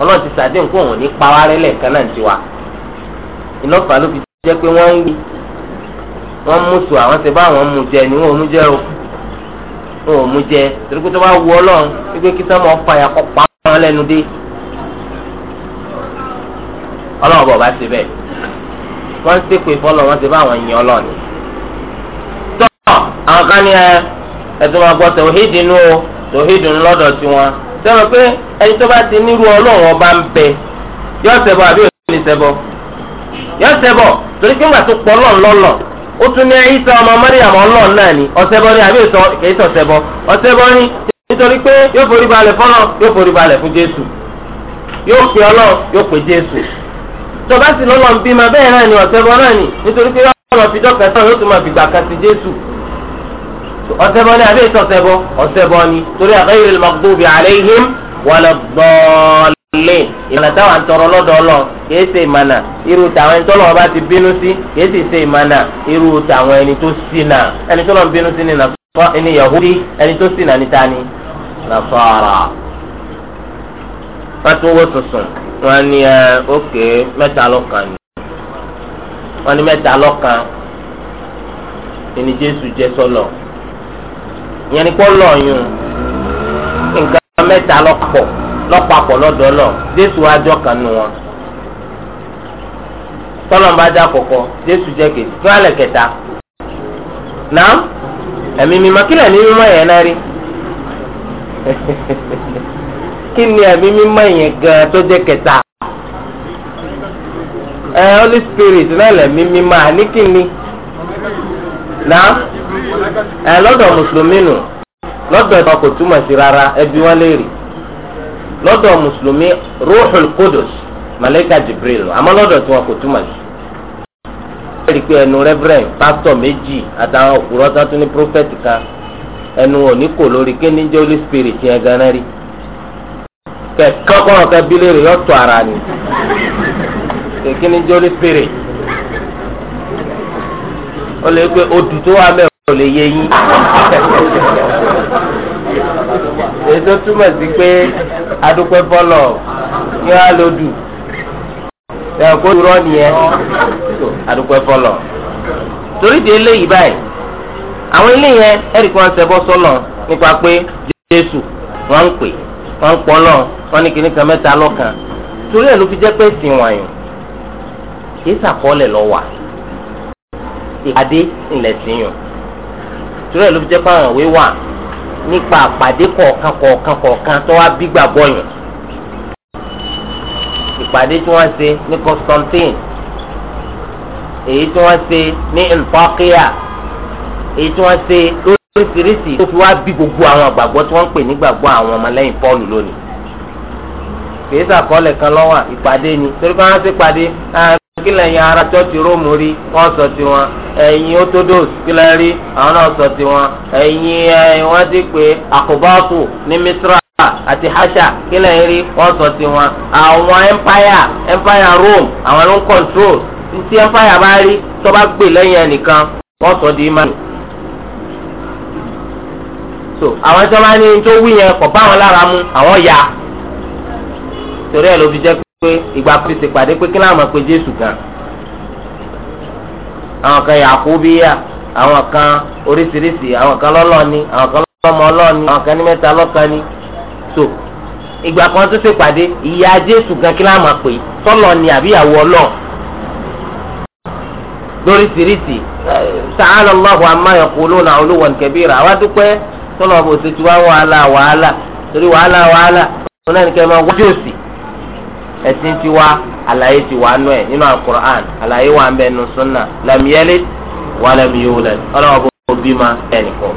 ọlọ́run ti sàdé nǹkó òun ní pawárẹ́ lẹ́ẹ̀kan náà ti wá iná fà jẹ́ pé wọ́n ń wí wọ́n mú sùn àwọn ti bá àwọn mú jẹ ni wọ́n mú jẹ́ o ó mú jẹ torí pé tó bá wù ọlọ́run wípé kí sọ́mọ fàyà kọ́ pa wọn lẹ́nu dé ọlọ́run bọ̀ bá ṣe bẹ́ẹ̀ wọ́n ń ṣépè fọlọ́ wọ́n ti bá àwọn yìn ọlọ́ọ̀ni. tọ́ àwọn kan ní ẹ ẹ̀sùn máa gbọ́ tòhídìí nù o tòhídìí nù lọ́dọ̀ tiwọn sẹ́wọ̀n pé ẹni tó bá ti nírú ọlọ́run ọba ń bẹ yọ sẹ́bọ̀ àbí òṣèlú sẹ́bọ̀ yọ sẹ́bọ̀ torí pé ńgbà tó pọ̀ lọ́nlọ́lọ́ ó tún ní Ìsá ọmọ Màríàmù Ọlọ́run náà ni ọ̀sẹ̀bọ ni àbí ìsọ kìí sọ̀sẹ̀bọ ọ̀sẹ̀bọ ni nítorí pé yóò forí balẹ̀ fọ́nà yóò forí balẹ̀ fún Jésù yóò pè ọlọ́ yóò pè Jésù tọba sì lọ́lọ́ ń bímọ bẹ́ẹ̀ náà ni ọ̀sẹ̀bọ náà ni nítorí pé yóò lọ fi dọ́kẹ́ sọ̀rọ̀ yóò tún máa fi gbà kan sí Jésù ọ̀sẹ̀bọ ni àbí ìsọ̀sẹ̀bọ ọ̀sẹ̀bọ ni torí àgbáyé lé ìmọ̀nà táwọn àtọrọ lọ́dọ̀ ọlọ kìí ṣe ìmọ̀nà irú tàwọn ẹni tọ́lọ́wọ́ bá ti bínú sí kìí sì ṣe ìmọ̀nà irú tàwọn ẹni tó ṣìnà ẹni tọ́lọ́wọ́ bínú sí ni nàfọ́ ẹni yahudi ẹni tó ṣìnà níta ni nàfọ́ra. wọ́n tún wó tuntun wọ́n ní ẹ ókè mẹ́ta lọ́kàn ni wọ́n ní mẹ́ta lọ́kàn ẹni jésù jẹ́ sọ́lọ̀ ìyẹn ni kọ́ lọ́ọ̀yún nǹkan mẹ́ta lọ́pọ̀ lọ́pàpọ̀ lọ́dọ̀ lọ jésù ajọ́ kan nù wọn tọ́lọ́n bá já kọ̀kọ́ jésù jẹ́ kejì kí alẹ́ lẹ̀ kẹta náà ẹ̀mí mímọ́ kí lẹ̀ ní mímọ́ yẹn náà rí kí ni ẹ̀mí mímọ́ yẹn gan tó jẹ́ kẹta ẹ holy spirit náà emimima mímọ́ àní kí ni náà ẹ lọ́dọ̀ mùsùlùmí nù lọ́dọ̀ ìtàn kò túmọ̀ sí rárá ẹbí wọn lọ́dọ̀ mùsùlùmí ruhul kudus malayika jibril àmọ́ lọ́dọ̀ tí wọn kò túmọ̀ sí. wọ́n rí i pé ẹnu rẹ́fúrẹ́ǹd pásítọ̀ méjì àtàwọn òkúrọ́ tó tún ní prófẹ́tì kan ẹnu òní kò lórí kí ní jẹ́ holy spirit yẹn gan-an rí. kẹ̀kọ́ kọ́rọ̀ kẹ́ bí léèrè yọ tọ́ ara ni kí ní jẹ́ holy spirit. ó lè gbé odù tó wà mẹ́rin ò lè yé yín ètò túmọ̀ sí pé adúpẹ́ bọ́lọ̀ kí wọ́n á lò dù ẹ̀ kó irọ́ nìyẹn adúpẹ́ bọ́lọ̀ torí di eléyìí báyìí àwọn eléyẹn ẹ̀rí kí wọ́n ṣẹbọ sọ́lọ̀ nípa pé Jésù wọ́n ń pè wọ́n ń pọ́ náà wọ́n ní kíní kan mẹ́ta lọ́kan torí ẹ̀ ló fi jẹ́ pé sìn wọ̀nyí kì í sàkọọ́lẹ̀ lọ́wọ́ ìpàdé ńlẹ̀ yàn torí ẹ̀ ló fi jẹ́ pé àwọn òwe wà nípa àpàdé kọ̀ọ̀kan kọ̀ọ̀kan kọ̀ọ̀kan tó wá bí gbàgbọ́ yẹn ìpàdé tí wọ́n ṣe ní Constantine èyí tí wọ́n ṣe ní Antakya èyí tí wọ́n ṣe lóríṣiríṣi tó fi wá bí gbogbo àwọn àgbàgbọ́ tí wọ́n ń pè ní gbàgbọ́ àwọn ọmọlẹ́yìn Pọ́ọ̀lù lónìí kìí sàkọọ́lẹ̀ kan lọ́wọ́ ìpàdé ni torí pé wọ́n ṣe pàdé kí lẹ́yìn ara chọ́ọ̀tì róòmù rí wọ́n sọ tiwọn ẹ̀yìn orthodox kí lẹ́ rí àwọn náà sọ tiwọn ẹ̀yìn ẹ̀yìn wọ́n ti pè àkùbọ́ọ̀kù ní misra àti hasha kí rí wọ́n sọ tiwọn àwọn empire empire rome àwọn ló ń control tí empire bá rí tó bá gbè lẹ́yìn ẹnìkan wọ́n sọ di imanu so àwọn tí wọ́n bá ní tó wí yẹn kọ̀ bá wọn lára mu àwọn yà torí ẹ̀ ló fi jẹ́ pé ìgbà kristi pàdé pé kí láwọn pe jésù gan àwọn kan yàkóbíyà àwọn kan oríṣiríṣi àwọn kan lọ́lọ́ni àwọn kan lọ́mọ ọlọ́ni àwọn kan ní mẹ́ta ni ìgbà kan tó ṣèpàdé ìyá jésù gan kí láwọn máa pè sọ́lọ́ ni àbíyàwó ọlọ́ọ̀ lóríṣiríṣi sàánà lọ́hùn amáyọ̀ kúló náà olúwọ̀n kẹbíra àwa dúpẹ́ sọ́lọ́ ọ̀bùn ṣètìwá wàhálà wàhálà torí wàhálà wàhálà tó náà máa wájú ẹ̀sìn ti wá àlàyé ti wà nù ẹ̀ nínú alukur'an àlàyé wà ń bẹ̀ nù sunna lam yalid wa lam yulad ọlọ́wọ́ bó bí ma ẹnì kọ́.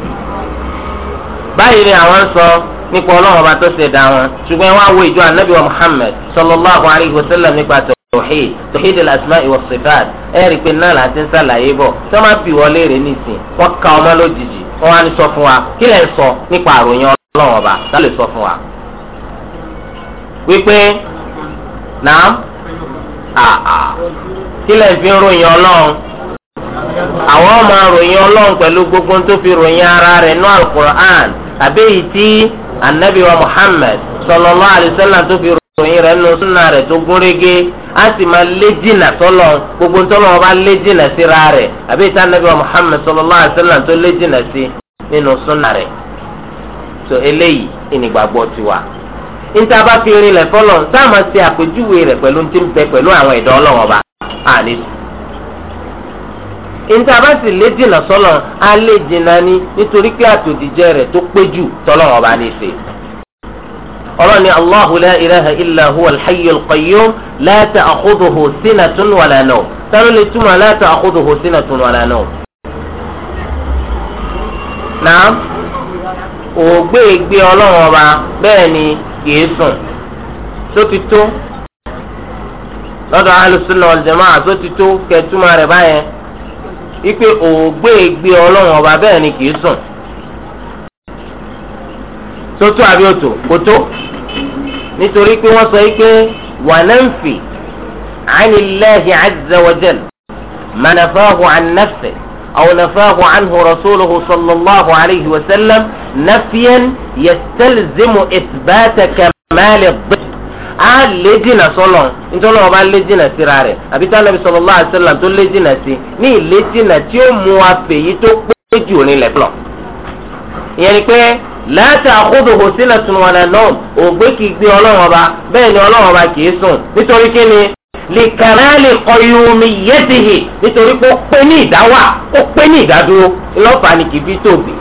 báyìí ni àwọn sọ nípa ọlọ́wọ́ bá tó ṣe dá wọn ṣùgbọ́n wọn wo ìjọ anabi wa muhammad sallallahu alayhi wa sallam nípa tó tòhíd tòhíd al-asma wa sifat ẹ rí i pé náà láti ń sàlàyé bọ̀ tó má bì wọlé rè nísìn wọ́n ka ọmọ lójijì wọ́n wá ní sọ fún wa kí lẹ́ sọ nípa àròyìn ọlọ́wọ́ bá tá lè sọ fún wa. wípé nàám àà kílẹ̀ fi ròyìn ọlọ́run àwọn ọmọ ròyìn ọlọ́run pẹ̀lú gbogbo tó fi ròyìn ara rẹ̀ nú alukur'an àbẹ́yìí tí anabi muhammed sallallahu alaihi wasallam tó fi ròyìn rẹ̀ nù súnà rẹ̀ tó gúnrégé sì máa lé gbogbo tọ́lọ̀ wọn bá lé síra rẹ̀ tí muhammed tó lé sí nínú rẹ̀ tó eléyìí ìnìgbàgbọ́ níta bá fi rin lẹ̀ fọlọ́ sáàmà ṣe àpèjúwe rẹ̀ pẹ̀lú ti ń bẹ pẹ̀lú àwọn ẹ̀dọ́ ọlọ́wọ́ ọba àní sùn. níta bá sì lé jìnnà sọ́lọ̀ á lè jìnnà ní nítorí pé àtòjíjẹ rẹ̀ tó pé jù tọ́lọ́wọ́ ọba ní ṣe. ọlọ́run ni allahu la ilaha illa huwa alhayyu alqayyum la ta'khudhuhu sinatun wala nawm sáré lè túmọ̀ la ta'khudhuhu sinatun wala nawm. náà ògbéègbé ọlọ́run ọba bẹ́ẹ̀ ni kìí sùn tó ti tó lọ́dọ̀ alùsùnà ọ̀lùjẹ̀mọ́ àtó ti tó kẹtùmọ̀ rẹ̀ báyẹn ipe òògbé gbé ọlọ́run ọba bẹ́ẹ̀ ni kìí sùn tó tó àbí nítorí pé wọ́n sọ pé wàlẹ́ǹfì ànilẹ́hìn azza wa jal mànàfáhùn أو نفاه عنه رسوله صلى الله عليه وسلم نفيا يستلزم إثبات كمال الضد a lè jìnnà sọlọ nítorí wọn bá lè jìnnà síra rẹ̀ àbí tá nàbí sọlọ láàrin sẹlẹm tó lè jìnnà sí ní ìlè jìnnà tí ó mú afèyí tó pé jù ní lẹfọlọ. ìyẹn ni pé láti àkóso sílẹ̀ ni ọlọ́wọ́n ba kìí sùn nítorí lìkàrẹ́lì kọ̀yùmí yẹ́tìhì nítorí pé ó pé ní ìdáwà ó pé ní ìdádúró ìlọ́fà ni kì í fi tòbí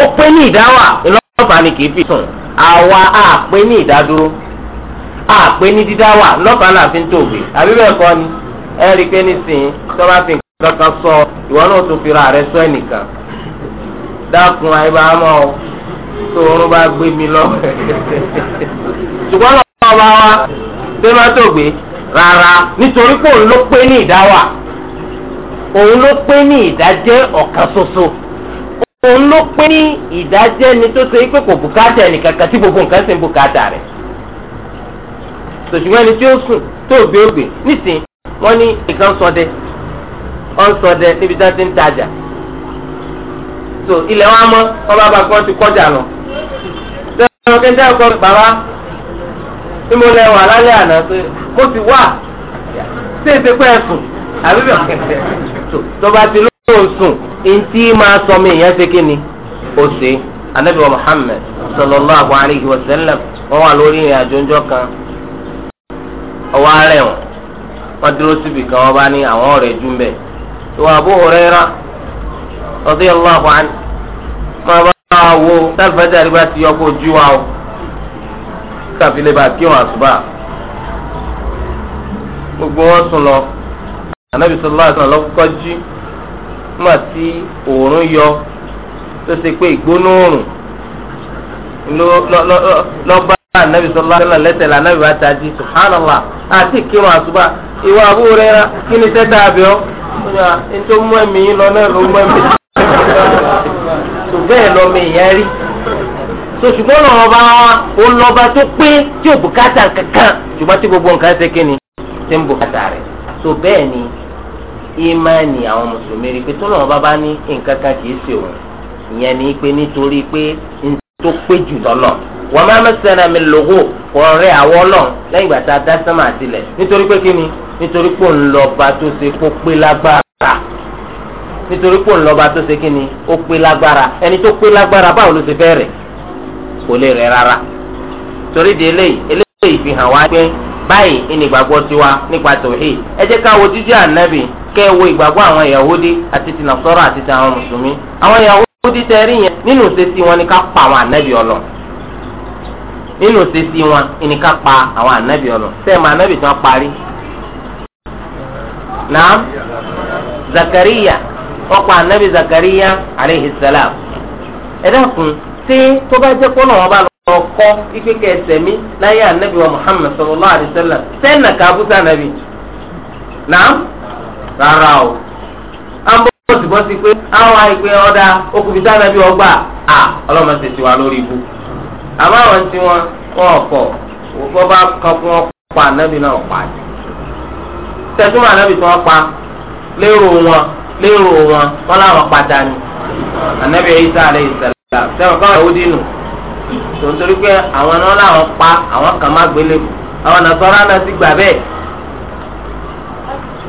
ó pé ní ìdáwà ìlọ́fà ni kì í fi sùn àwa á pé ní ìdádúró á pé ní dídáwà ìlọ́fà là fi ń tòbí àbí bẹ́ẹ̀ kọ́ ni ẹ rí i pé nísìnyí tó bá fi kankan sọ ìwọ náà tún fi ra rẹ sọ ẹnìkan dákun àìbámọ́ ọ bá gbé mi lọ ṣùgbọ́n lọ́wọ́ bá wa dé rárá nítorí pé òun ló pé ní ìdáwà òun ló pé ní ìdájẹ́ ọ̀kan ṣoṣo òun ló pé ní ìdájẹ́ ni tó ṣe pé kò bùkátà ẹnìkankan tí gbogbo nǹkan sì ń bùkátà rẹ̀ sòṣùgbọ́n ẹni tí ó sùn tó òbí ògbè nísìn wọ́n ní nǹkan sọdẹ wọ́n sọdẹ níbi tí wọ́n ti ń tajà so ilẹ̀ wọn mọ́ wọ́n bá bá gbọ́n ti kọjá lọ. sọ́dọ̀ kẹ́ńtà ọkọ̀ bàbá tí mo lẹ wà lálẹ́ àná pé mo ti wà ṣé èsè pé ẹ̀sùn àbí bẹ́ẹ̀ kẹ̀kẹ́ tọba ti lóun sùn ntí máa sọ mi ìyẹn ṣe kí ni ó ṣe anabi wa Muhammad sallallahu alayhi wa sallam wọn wà lórí ìrìn àjò ńjọ kan ọwọ arẹ wọn wọn dúró síbi kan wọn bá ní àwọn ọ̀rẹ́ jù mbẹ ìwà Abu Hurairah radiyallahu anhu máa bá wo sálfàjà rí ti yọ kó ju wa o káfílẹ̀ bá kí wọn àsùbà gbogbo wọn sùn lọ anabi sọlá àti ọlọ́kọ́ jí nígbà tí òórùn yọ tó ṣe pé ìgbóná òórùn lọ́ba anabi sọlá àti ọlọ́lẹ́sẹ̀ la anabi bá tají subhanallah àti kírun àsùbà ìwà àbúrò rẹ kí ni sẹ́tà àbíọ́ ètò mú ẹ̀mí lọ náà ló mú ẹ̀mí. bẹ́ẹ̀ lọ́mọ ìyẹn rí so ṣùgbọ́n náà ọba wa ó lọ́ba tó pé tí ò bùkátà kankan ṣùgbọ́n tí gbogbo nǹkan ṣe kí ni ṣe ń bùkátà rẹ̀ so bẹ́ẹ̀ ni ìmánì àwọn mùsùlùmí rí pé tó náà ọba bá ní nǹkan kan kì í ṣe òun ìyẹn ni pé nítorí pé n tó pé jù lọ́lọ́ wọ́n máa mẹ́sàn-án mi lògó ọ̀rẹ́ àwọ̀ ọlọ́run lẹ́yìn ìgbà tá a dá sánmà àtìlẹ̀ nítorí pé kí ni nítorí pé òun lọ́ba tó ṣe kó pé lágbára nítorí pé òun lọ́ba tó ṣe kí ni ó pé lágbára ẹni tó pé lágbára báwo ló ṣe fẹ́ rẹ̀ kò lè rẹ rárá torí di eléyìí eléyìí fi hàn wá pé báyìí ìnìgbàgbọ́ tiwa nípa tòhí ẹ jẹ́ ká wo jíjẹ́ ànábì kẹ́ àwọn yahudi àti ti nàṣọ́rọ̀ àti ti àwọn mùsùlùmí àwọn yahudi tẹ rí yẹn nínú ìṣesí wọn ni ká pa àwọn ọlọ nínú ìṣesí wọn ni ká ọlọ ànábì tí wọ́n parí naam zakariya wọ́n pa ànábì zakariya aleyhi ẹ tí tó bá jẹ́ kó náà wọ́n bá lọ kọ́ ife kẹsẹ̀ mi láyé anabi wa muhammed sallallahu alayhi wa sallam sẹ́nà kàbúsà nàbì rárá o bọ́sì bọ́sì pé àwọn àìpé ọ̀dà okùnfin sáà nàbí ọgbà à ọlọ́mọ ṣe ti wà lórí ibu. àmọ́ àwọn tí wọ́n kọ́ bá kọ́ fún wọn pa ànábì náà pa jù. tẹ̀sùmọ̀ ànábì tí wọ́n pa lérò wọn lérò wọn wọ́n láwọn sẹ́wọ̀n káwọn ìyàwó dínú tó ń torí pé àwọn náà làwọn pa àwọn kan má gbélé àwọn nàṣọ́rọ́ náà ti gbà bẹ́ẹ̀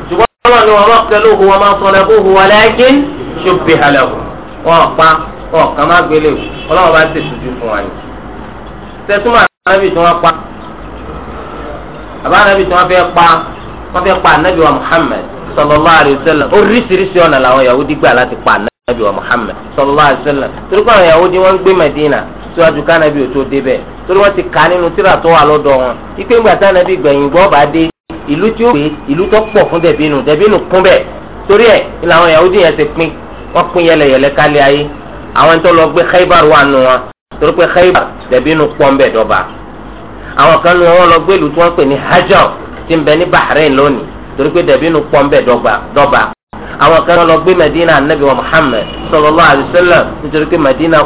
ṣùgbọ́n wọn ni wọn máa kẹlẹ́ òhun wọn máa sọ lẹ́kọ́ òhun wọn lẹ́yìn ṣó bè halẹ̀ wò wọn pa wọn kan má gbélé ọlọ́wọ́n bá ti ṣojú fún wa ni. sẹ́túmọ̀ àbí tí wọ́n pa àbá àbí tí wọ́n fẹ́ pa wọ́n fẹ́ pa ànábì nabi wa muhammed sallallahu alaihi wa sallam torí kọ́ àwọn Yahudi wọ́n ń gbé Medina síwájú ká nàbí òtó débẹ̀ torí wọ́n ti kà nínú tírà tó wà lọ́dọ̀ wọn ipe Nabi tá nàbí gbẹ̀yìn gbọ́ bá dé ìlú tí ó pé ìlú tó pọ̀ fún dẹ̀bínú dẹ̀bínú kún bẹ̀ torí ẹ̀ ilà àwọn Yahudi yẹn ti pín wọ́n pín yẹlẹyẹlẹ kálẹ̀ ayé àwọn tó lọ gbé Khaybar wà nù wọn torí pé Khaybar dẹ̀bínú pọ́n bẹ̀ dọ́ba àwọn kan nù wọn lọ gbé ìlú tí wọ́n pè ní Hajar tí ń bẹ ní Bahrain lónìí torí pé dẹ̀bínú pọ́n bẹ̀ dọ́ba àwọn kan lọ gbé Madina anabi wa Muhammad sallallahu alaihi nítorí pé Madina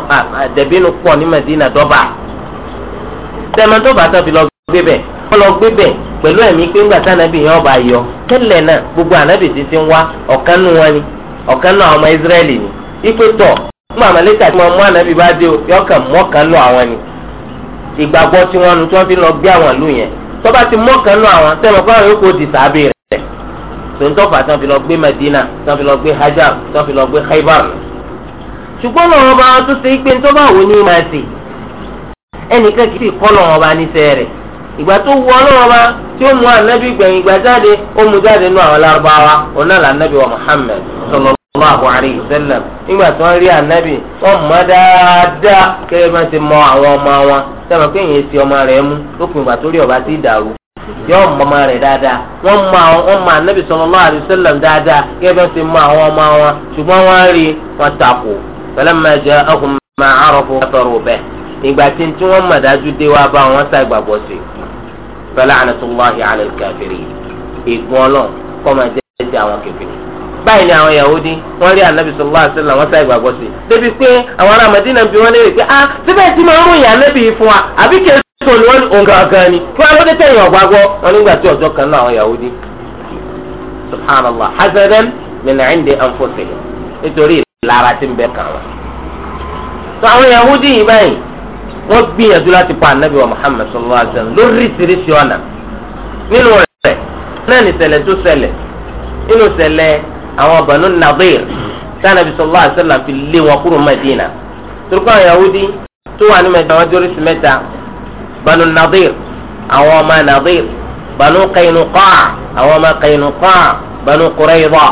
dẹbínú pọ̀ ní Madina dọ́bà tẹmẹ dọ́bà tàbí lọ gbé bẹ̀ lọ gbé pé ńgbà tí yọ náà gbogbo anabi ti ti ń wá ọ̀kan nù wọn ni nù àwọn ọmọ Israẹli ni ipe fún anabi bá dé o yọ kàn àwọn ni tí nu tí fi lọ gbé ti sèǹtọ́fà tí wọ́n fi lọ gbé Madina tí wọ́n fi lọ gbé Hajab tí wọ́n fi lọ gbé Khaybar ṣùgbọ́n lọ́wọ́ bá wọn tó ṣe é pé ntọ́ bá wò ní máa ṣe ẹnìkan kì í kọ́ lọ́wọ́ bá níṣẹ́ rẹ̀ ìgbà tó wọ lọ́wọ́ bá tí ó mú anabi gbẹ̀yìn ìgbà jáde ó mú jáde nú àwọn lárúbáwá ọ̀nà là anabi wa Muhammad sallallahu alayhi wa sallam nígbà tí wọ́n rí anabi wọ́n mọ̀ dáadáa kẹ́lẹ́ bá ti mọ àwọn ọmọ wọn sábà pé èyí ti ọmọ rẹ̀ mú lópin ìgbà tó rí ọba ti dàrú yóò mọ ọmọ rẹ̀ dáadáa wọ́n mọ àwọn wọ́n mọ anabi sallallahu alaihi wasallam dáadáa gẹ́gẹ́ bí wọ́n ti mọ àwọn ọmọ wọn ṣùgbọ́n wọ́n rí wọn takò falamma ja'ahum ma 'arafu kafaru bih ìgbà tí tí wọ́n mọ̀ dájú dé wá bá wọn sá ìgbàgbọ́ sí fala'natullahi 'ala al-kafirin ìgbọ́n ọlọ́run kọ́ máa àwọn kèfèrí báyìí ni àwọn Yahudi wọn rí anabi sallallahu alaihi wasallam wọn sá ìgbàgbọ́ sí débi pé sọ̀rọ̀ wọn òǹkà gan ni fún abọ́dé tẹ̀yìn ọ̀gbà gbọ́ wọn nígbà tí ọjọ́ kan náà àwọn Yahudi subhanallah hasadan min indi anfusihim nítorí ìlara tí ń bẹ kàn wọn. sọ àwọn Yahudi yìí báyìí wọ́n gbìyànjú láti pa anabi wa Muhammad sallallahu alayhi wa sallam lóríṣiríṣi ọ̀nà nínú rẹ̀ náà ní ṣẹlẹ̀ tó ṣẹlẹ̀ nínú ṣẹlẹ̀ àwọn Banu Nadir sanabi sallallahu alayhi wa sallam fi lé wọn kúrò banu nadir àwọn ọmọ nadir banu kainuqa àwọn ọmọ kainuqa banu qurayza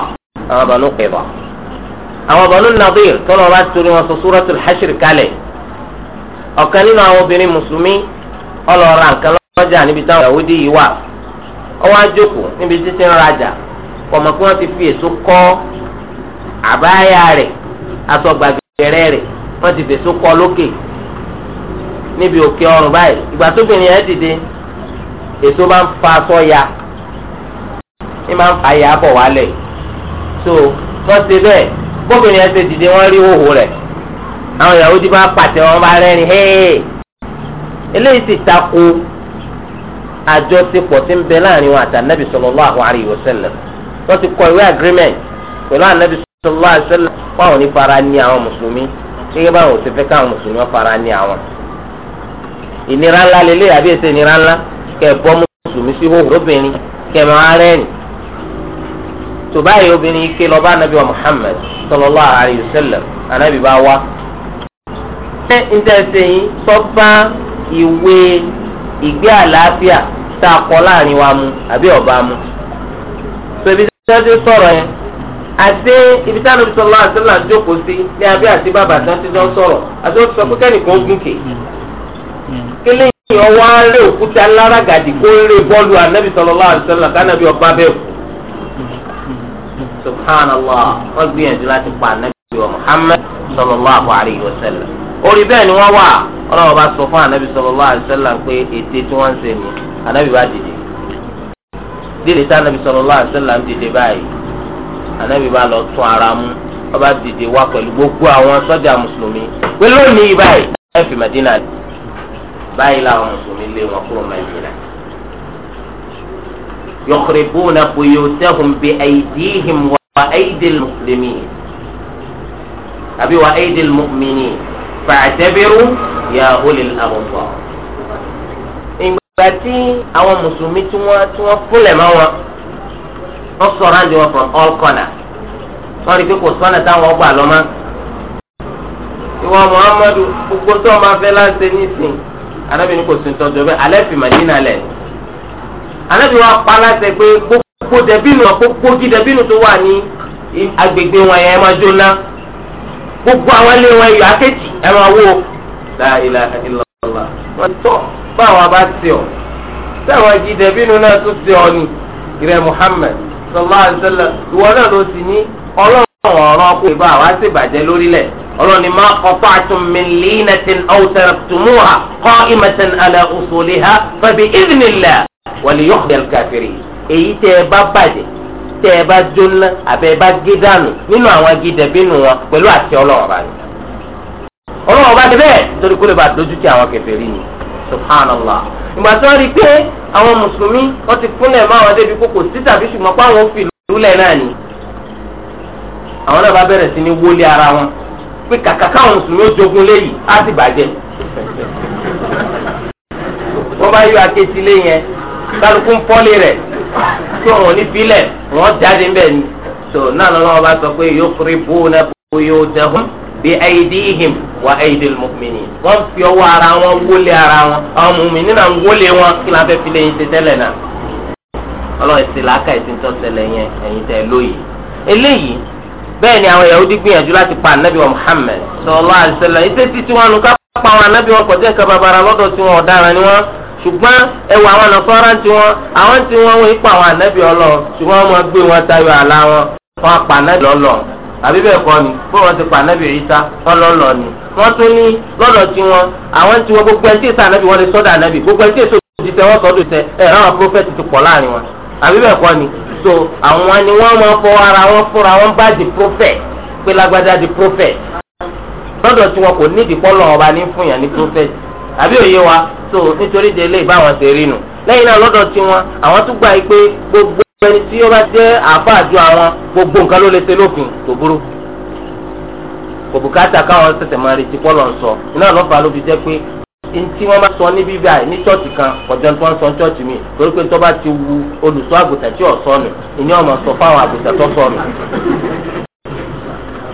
àwọn banu qurayza àwọn banu nadir tọ́lọ̀ bá torí wọn sọ suratul hashr kalẹ̀ ọ̀kan nínú àwọn obìnrin mùsùlùmí ọlọ́ọ̀ra nǹkan lọ́jà níbi táwọn yahudi yìí wà ọwọ́ àjòkò níbi títí ń rajà ọmọ kí wọ́n ti fi èso kọ́ àbáyà rẹ̀ aṣọ rẹ̀ wọ́n ti fèso kọ́ lókè níbi òkè ọrùn báyìí ìgbà tóbìnrin yẹn dìde èso máa ń fa aṣọ ya ní máa ń fa ya bọ̀ wálẹ̀ so wọ́n ṣe bẹ́ẹ̀ bóbìnrin yẹn ṣe dìde wọ́n rí hòhò rẹ̀ àwọn ìyàwó ti máa pàtẹ wọn bá rẹ́rìn hẹ́ẹ́ eléyìí ti tako àjọṣepọ̀ tí ń bẹ láàrin wọn àti anabi sallallahu alaihi wasallam wọ́n ti kọ ìwé agreement pẹ̀lú anabi sallallahu alaihi wasallam wọn ò ní fara ní àwọn mùsùlùmí gẹ́gẹ́ báwọn ò ti káwọn mùsùlùmí fara ní àwọn ìnira ńlá lélẹ̀ àbí èsè ìnira ńlá kẹ ẹ bọ́ mùsùlùmí sí hóhùn lóbìnrin kẹ ẹ máa rẹ́rìn. tó báyìí obìnrin ike lọ bá anabi wa Muhammad sallallahu alayhi wa sallam anabi bá wá. ṣé n tẹ́ ṣe yín sọ́gbà ìwé ìgbé àlàáfíà tá a kọ láàrin wa mu àbí ọba mu. sọ̀bi sọ́jú sọ̀rọ̀ yẹn àti ibi tí anabi sallallahu alayhi wa sallam jókòó sí ní abẹ́ àti bàbá tí wọ́n ti jọ sọ̀rọ̀ àti wọ́n ti sọ pé kílé yìí ọwọ́ aré òkúta láragàdì kó lè bọ́ọ̀lù anabi sallallahu alaihi wasallam kánábì ọba bẹ́ẹ̀ kú. subhanallah wọ́n gbìyànjú láti pa anabi wa muhammad sallallahu alaihi wasallam. orí bẹ́ẹ̀ ni wọ́n wà ọlọ́wọ́ bá sọ fún anabi sallallahu alaihi wasallam pé ète tí wọ́n ń ṣe ni anabi bá dìde. dìde tí anabi sallallahu alaihi wasallam dìde báyìí anabi bá lọ tún ara mú ọba dìde wá pẹ̀lú gbogbo àwọn sọ́jà mùsùlùmí pé lónìí báyìí báyìí làwọn mùsùlùmí lé wọn kúrò Madina yukhribuna buyutahum bi aydihim wa aydil muslimin àbí wa aydil mu'minin fa'tabiru ya ulil absar. ìgbà tí àwọn mùsùlùmí tí wọ́n tí wọ́n fúnlẹ̀ mọ́ wọn wọ́n sọ̀rọ̀ àjọ wọn from all corner wọ́n rí i pé kò sọ́nà táwọn ọgbà lọ́mọ́. ìwọ Muhammadu gbogbo tó o máa fẹ́ láti ṣe nísìnyí anabi ní kò sí tọ́jú ọbẹ̀ alẹ́ fi Madina lẹ̀ anabi wa pa láṣẹ pé gbogbo dẹbìnú gbogbo jí dẹbìnú tó wà ní agbègbè wọn yẹn máa jóná gbogbo àwọn ilé wọn yọ akéjì ẹ máa wó la ilaha illallah wọn tọ́ báwọn bá ti ọ táwọn jí dẹbìnú náà tó ti ọ ni ìrẹ Muhammad sallallahu alaihi wasallam ìwọ náà ló sì ní ọlọ́run ọ̀rọ̀ kò bá wa ṣèbàjẹ́ lórílẹ̀ ọlọ́ni máa kọ́pá àtúnmìn lẹ́yìnàtìn ọ̀tẹ̀rẹ̀tùmùhà kọ́ ìmọ̀tẹ̀n alẹ́ òṣòlè ha fẹ́bi ìdìnnìlẹ̀ wàlẹ̀ yóò dẹ̀ kàfìrì. èyí tẹ́ ẹ bá bàjẹ́ tẹ́ ẹ bá jóná àbẹ́ ẹ bá gé dànù nínú àwọn igi dẹ̀bínú wọn pẹ̀lú àti ọlọ́wọ́ bá ní. ọlọ́wọ́ bá ti bẹ́ẹ̀ torí kó lè bá dojú ti àwọn kèfèrí ni subhanallah ìgbà tí pé kàkà káwọn mùsùlùmí ó jogún léyìí á sì bàjẹ́. wọ́n bá yọ akéèsí lé yẹn kálukú ń pọ́lé rẹ̀ tó wọn ní filẹ̀ wọ́n jáde ńbẹ̀ ni. náà lọ́wọ́ bá sọ pé wa aydil mu'minin. wọ́n fi ọwọ́ ara wọn wọlé ara wọn àwọn mùmínì náà ń wọn kí la fẹ́ filẹ̀ yín tẹ́lẹ̀ náà. ọlọ́run bẹ́ẹ̀ ni àwọn yahudi gbìyànjú láti pa anabi wa muhammed sallallahu alaihi wasallam títí wọn pa àwọn anabi wọn kọjá ìka babara lọ́dọ̀ tí wọn ọ̀daràn ni wọn ṣùgbọ́n ẹwà àwọn ti wọn àwọn tí wọn ipa àwọn anabi ọlọ ṣùgbọ́n wọn máa gbé wọn tayọ àlà wọn wọn pa anabi ọlọ ti pa anabi ìta ọlọ́lọ́ ni wọn àwọn tí wọn gbogbo gbogbo so àwọn ni wọ́n máa fọ ara wọn fúnra wọn bá di prophet pé lágbájá di prophet lọ́dọ̀ tí wọn kò nídìí pọ́lọ́ ọba ní fún yàn ní prophet àbí òye wa so nítorí délé ìbáwọn ṣe rí nu lẹ́yìn náà lọ́dọ̀ tí wọn àwọn tún gbà pé gbogbo ẹni tí ó bá jẹ́ àáfàá ju àwọn gbogbo nǹkan ló lè ṣe lófin tó burú kò bùkátà káwọn ṣẹ̀ṣẹ̀ máa retí pọ́lọ́ ń sọ iná lọ́fà ló fi jẹ́ pé ntí wọn bá sọ níbí báyìí ní chọọchì kan ọjọ́ tí wọn sọ chọọchì mi torí pé tó bá ti wu olùṣọ́ àgùntàn tí ò sọnù ìní ọmọ sọ fáwọn àgùntàn tó sọnù.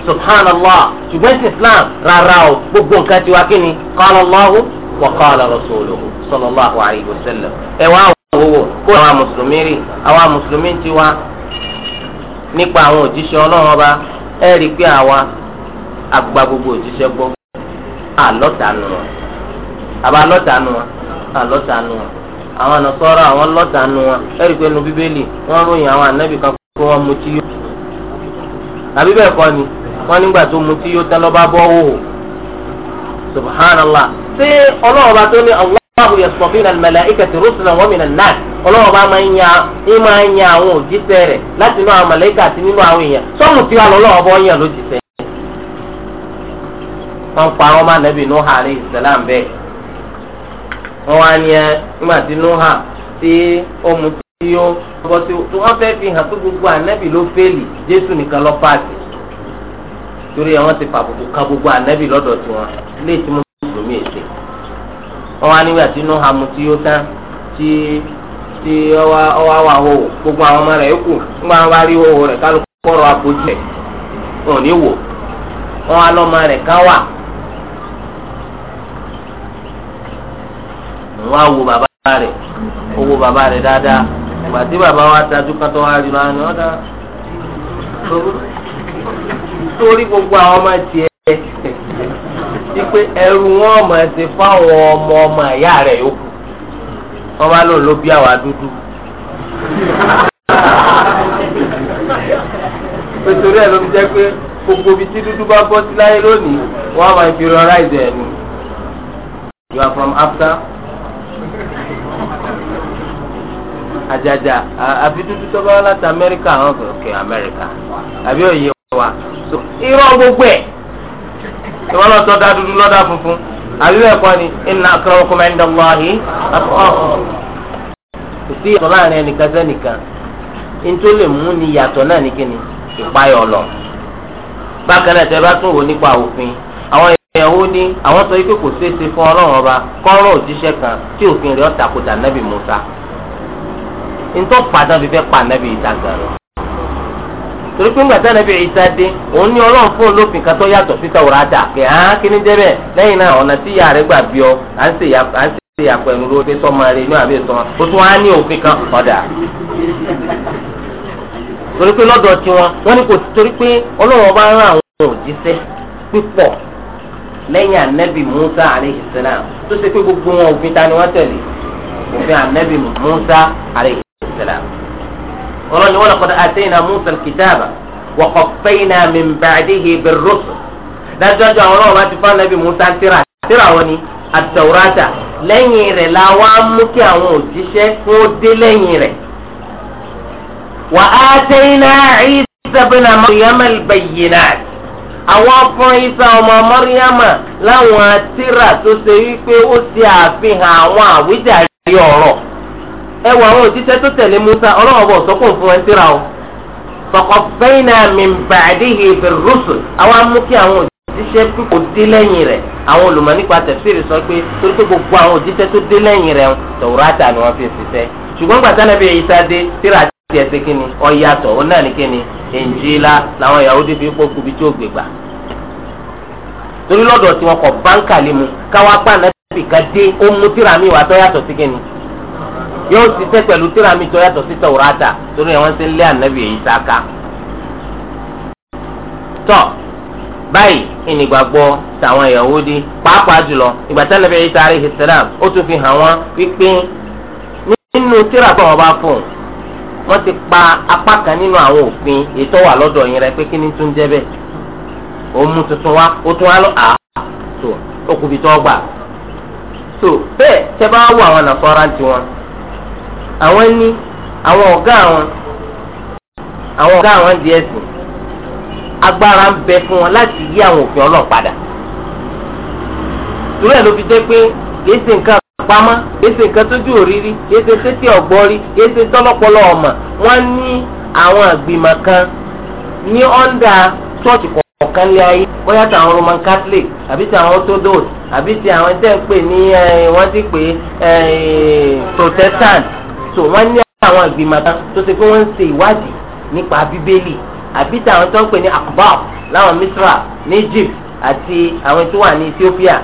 subhanallah ṣùgbọ́n sí islam rárá o gbogbo nǹkan ti wá kí ni qala Allahu wa qala rasuluhu sallallahu alayhi wa sallam. ẹ wá wọ́wọ́ kó àwọn mùsùlùmí rí àwọn mùsùlùmí ti wá nípa àwọn òjíṣẹ́ ọlọ́run ọba ẹ rí pé àwa àgbà gbogbo òjíṣẹ́ gbọ́ àlọ́tà nù wọn. àbá lọ́tàánu wọn àlọ́tàánu wọn àwọn ànàsọ́rọ̀ àwọn lọ́tàánu wọn ẹ̀rí pé nu bíbélì wọ́n ròyìn àwọn ànábì kan kó wọn mutí yó àbí bẹ́ẹ̀ kọ́ ni wọ́n nígbà tó yó tán lọ́ba bọ́ wò subhanallah ṣé ọlọ́wọ́ bá tó ní Allahu yastafi min al-malaikati rusulan wa min an-nas ọlọ́wọ́ bá máa ń yan ẹ máa ń yan àwọn òjíṣẹ́ wọn wá ní ẹ nígbà tí nuha tí ó mu tí ó sí tí wọ́n fẹ́ fi hàn pé gbogbo ànábì ló jésù nìkan torí ẹ ti ka gbogbo ànábì lọdọ tiwọn ilé tí mo fi lómi èsè wọn nígbà tí nuha mu tí ó tán gbogbo àwọn ọmọ nígbà wọn bá rí kálukú wọn ò ní wò wọn òun wá wo bàbá rẹ̀ ó wo bàbá rẹ̀ dáadáa ìgbà tí bàbá wa dájú kátó wá rí lánàá ọ̀dà torí gbogbo àwọn ọmọ tiẹ̀ ti pé ẹrù wọn máa ti fáwọn ọmọ ọmọ ìyá rẹ̀ yòókù wọ́n bá lóun ló bí àwa dúdú pẹ̀tọ́rí ló fi jẹ́ pé gbogbo ibi tí dúdú bá bọ́ sí láyé lónìí wọ́n á máa fi rọra ìdẹ̀ ẹ̀nu. You are from after ajaja a dúdú tó bá amerika ahụ amẹ́ríkà amerika ọ̀gbìn òkè àbí òye wa so ịrọ gbogbo ẹ̀ ìwọ náà tọ́ funfun àbí ni inna akramakum inda Allahi atqakum kò sí ìyàtọ̀ láàrin ẹnìkan sẹ́nìkan nítorí lè mú ni ìyàtọ̀ náà ní kíni lọ bákan náà bá tún wò nípa sọ pé kò ṣeé ṣe fún ọlọ́run ọba kọ́rọ̀ òjíṣẹ́ kan tí òfin ntọ́ padà fi fẹ́ pa nàbì ìta gàrọ. torí pé ńgbàtà nàbì ìta dé òun ní ọlọ́run fún olófin kan tó yàtọ̀ sí Tàwùrátà kẹ́ hàn kíní jẹ́ bẹ́ẹ̀ lẹ́yìn náà ọ̀nà tí ìyá rẹ̀ gbà bí ọ à ń ṣe àpẹẹrù ló fi sọ́mọ rẹ̀ inú àbí sọ́mọ ó tún á ní òfin kan ọ̀dà. torí pé lọ́dọ̀ tiwọn wọ́n ní kò torí pé ọlọ́run bá rán àwọn òjíṣẹ́ pípọ̀ lẹ́yìn anabi musa aleyhisselam tó ṣe pé gbogbo wọn òfin ta ni wọ́n tẹ̀lé òfin anabi musa aleyhisselam salam ọlọ́ni wọn lọ́kọ́ àtẹ́yìnà musa kìtàbà wọ́kọ̀ fẹ́yìnà mìmbàdìhì bẹ̀rùsù dájọ́jọ́ àwọn ọlọ́wọ́ bá ti fún anabi musa tíra tíra wọn ni àtẹ̀wúrátà lẹ́yìn rẹ̀ la wá mú kí àwọn òjíṣẹ́ kó dé lẹ́yìn rẹ̀ wà á tẹ́yìnà Isa bin Maryam al-bayyinat àwọn ọkùnrin Isa ọmọ mọ́ríyámà láwọn tíra tó ṣe wípé ó ti àfihàn àwọn àwíjàre ọ̀rọ̀ ẹ wọ àwọn òjíṣẹ́ tó tẹ̀lé Musa ọlọ́wọ́ bọ̀ sọ́kùn fún ẹ síra o faqaffayna min ba'dihi bir-rusul àwọn amúkí àwọn òjíṣẹ́ kò dé lẹ́yìn rẹ̀ àwọn olùmọ̀ nípa tẹ̀síìrì sọ pé torí pé gbogbo àwọn òjíṣẹ́ tó dé lẹ́yìn rẹ̀ Tawrata ni wọ́n fi ṣiṣẹ́ ṣùgbọ́n gbàtà nàbí Ìsá dé síra ti ẹ̀ ṣe ọ̀yàtọ̀ ó náà ní kíni Injila làwọn Yahudi fi kó kubi tí ó gbégbà torí lọ́dọ̀ tí wọn kọ̀ báńkà lé mu káwá pàǹdà tìkà dé ó mú tíra mi wà tó sí kíni yóò ṣiṣẹ́ pẹ̀lú tíra mi tó yàtọ̀ sí tàwùrátà torí àwọn ṣe ń lé ànábì èyí sáká. tọ́ báyìí ìnìgbàgbọ́ tàwọn Yahudi pàápàá jùlọ ìgbà tí ànábì Ìsá alayhi salam ó tún fi hàn wọ́n pípé nínú tíra tó wọ́n bá fún wọ́n ti pa apá kan nínú àwọn òfin ètò wà lọ́dọ̀ yín rẹ pé kí ni tún jẹ́ bẹ́ẹ̀ ó mú tuntun wá ó tún wá lọ àá tó ó kù bí tó gbà. tó bẹ́ẹ̀ tẹ́ bá wọ àwọn nàfọ́rántì wọn àwọn ní àwọn ọ̀gá àwọn àwọn ọ̀gá àwọn di ẹ̀sìn agbára ń bẹ fún wọn láti yí àwọn òfin ọlọ́ọ̀ padà torí ẹ̀ ló fi jẹ́ pé kìí ṣe nǹkan pamọ́ kìí ṣe nǹkan tójú òrírí kìí ṣe ọ̀gbọ́rí kìí ṣe tọ́lọ́pọlọ ọ̀mà wọ́n ní àwọn àgbìmọ̀ kan ní ọ́ndà chọ́ọ̀chì kọ̀ọ̀kan lé ayé bóyá ti àwọn Roman Catholic àbí ti àwọn Orthodox àbí ti àwọn tẹ́ ń pè ní wọ́n ti pè Protestant so wọ́n ní àwọn ìgbìmọ̀ kan tó ṣe pé wọ́n ń ṣe ìwádìí nípa bíbélì àbí táwọn tó ń pè ní akbar láwọn misra ní egypt àti àwọn tó wà ní ethiopia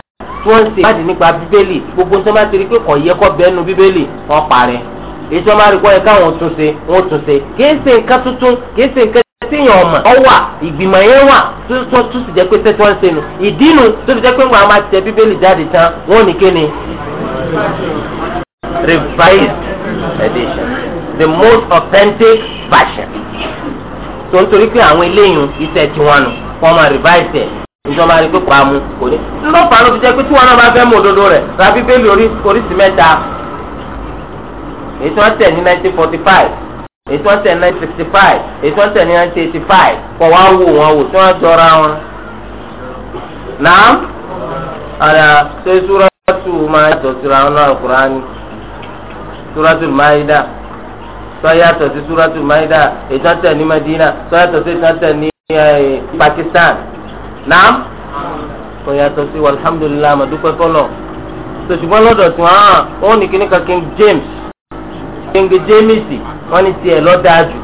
tí wọ́n ń ṣe ìwádìí nípa bíbélì gbogbo tó máa ti rí pé kò yẹ kó bẹ́ẹ̀ nu bíbélì wọ́n parẹ́ èyí tó máa rí pé káwọn tún ṣe wọ́n tún ṣe kìí ṣe nǹkan tuntun kìí ṣe nǹkan tíyàn ọmọ ọwà ìgbìmọ̀ yẹn wà tó tó sì jẹ́ pé tẹ́tí wọ́n ṣe nu ìdí tó fi jẹ́ pé wọ́n á máa tẹ bíbélì jáde tán wọ́n ní kéne revised edition the most authentic version So ń torí pé àwọn eléyìí iṣẹ́ tiwọn nù wọ́n máa revise ẹ̀ ìjọba rí pé kò bá mu kò ní. ńlọ́pàá ló fi jẹ́ pé tí wọn náà bá fẹ́ mú òdodo rẹ̀ ra bíbélì oríṣi mẹ́ta èyí tí ní nineteen forty five èyí tí wọ́n tẹ̀ ní nineteen sixty five èyí tí wọ́n tẹ̀ ní nineteen eighty five kọ̀ wá wò wọn wò tí wọ́n jọra wọn. nàám àdà ṣé súrọ́tù máa yàtọ̀ síra wọn náà Kùránì suratul maida sọ́yàtọ̀ sí suratul maida ìtàntẹ̀ ní madina sọ́yàtọ̀ sí ìtàntẹ̀ ní pakistan naam sọ́yàtọ̀ sí alhamdulilayi amadukwe kọ́lọ̀ sọ̀tùmọ́ lọ́dọ̀ tún hàn ó ní kíní kan king james king james wọ́n ní tiẹ̀ lọ́ dáa jù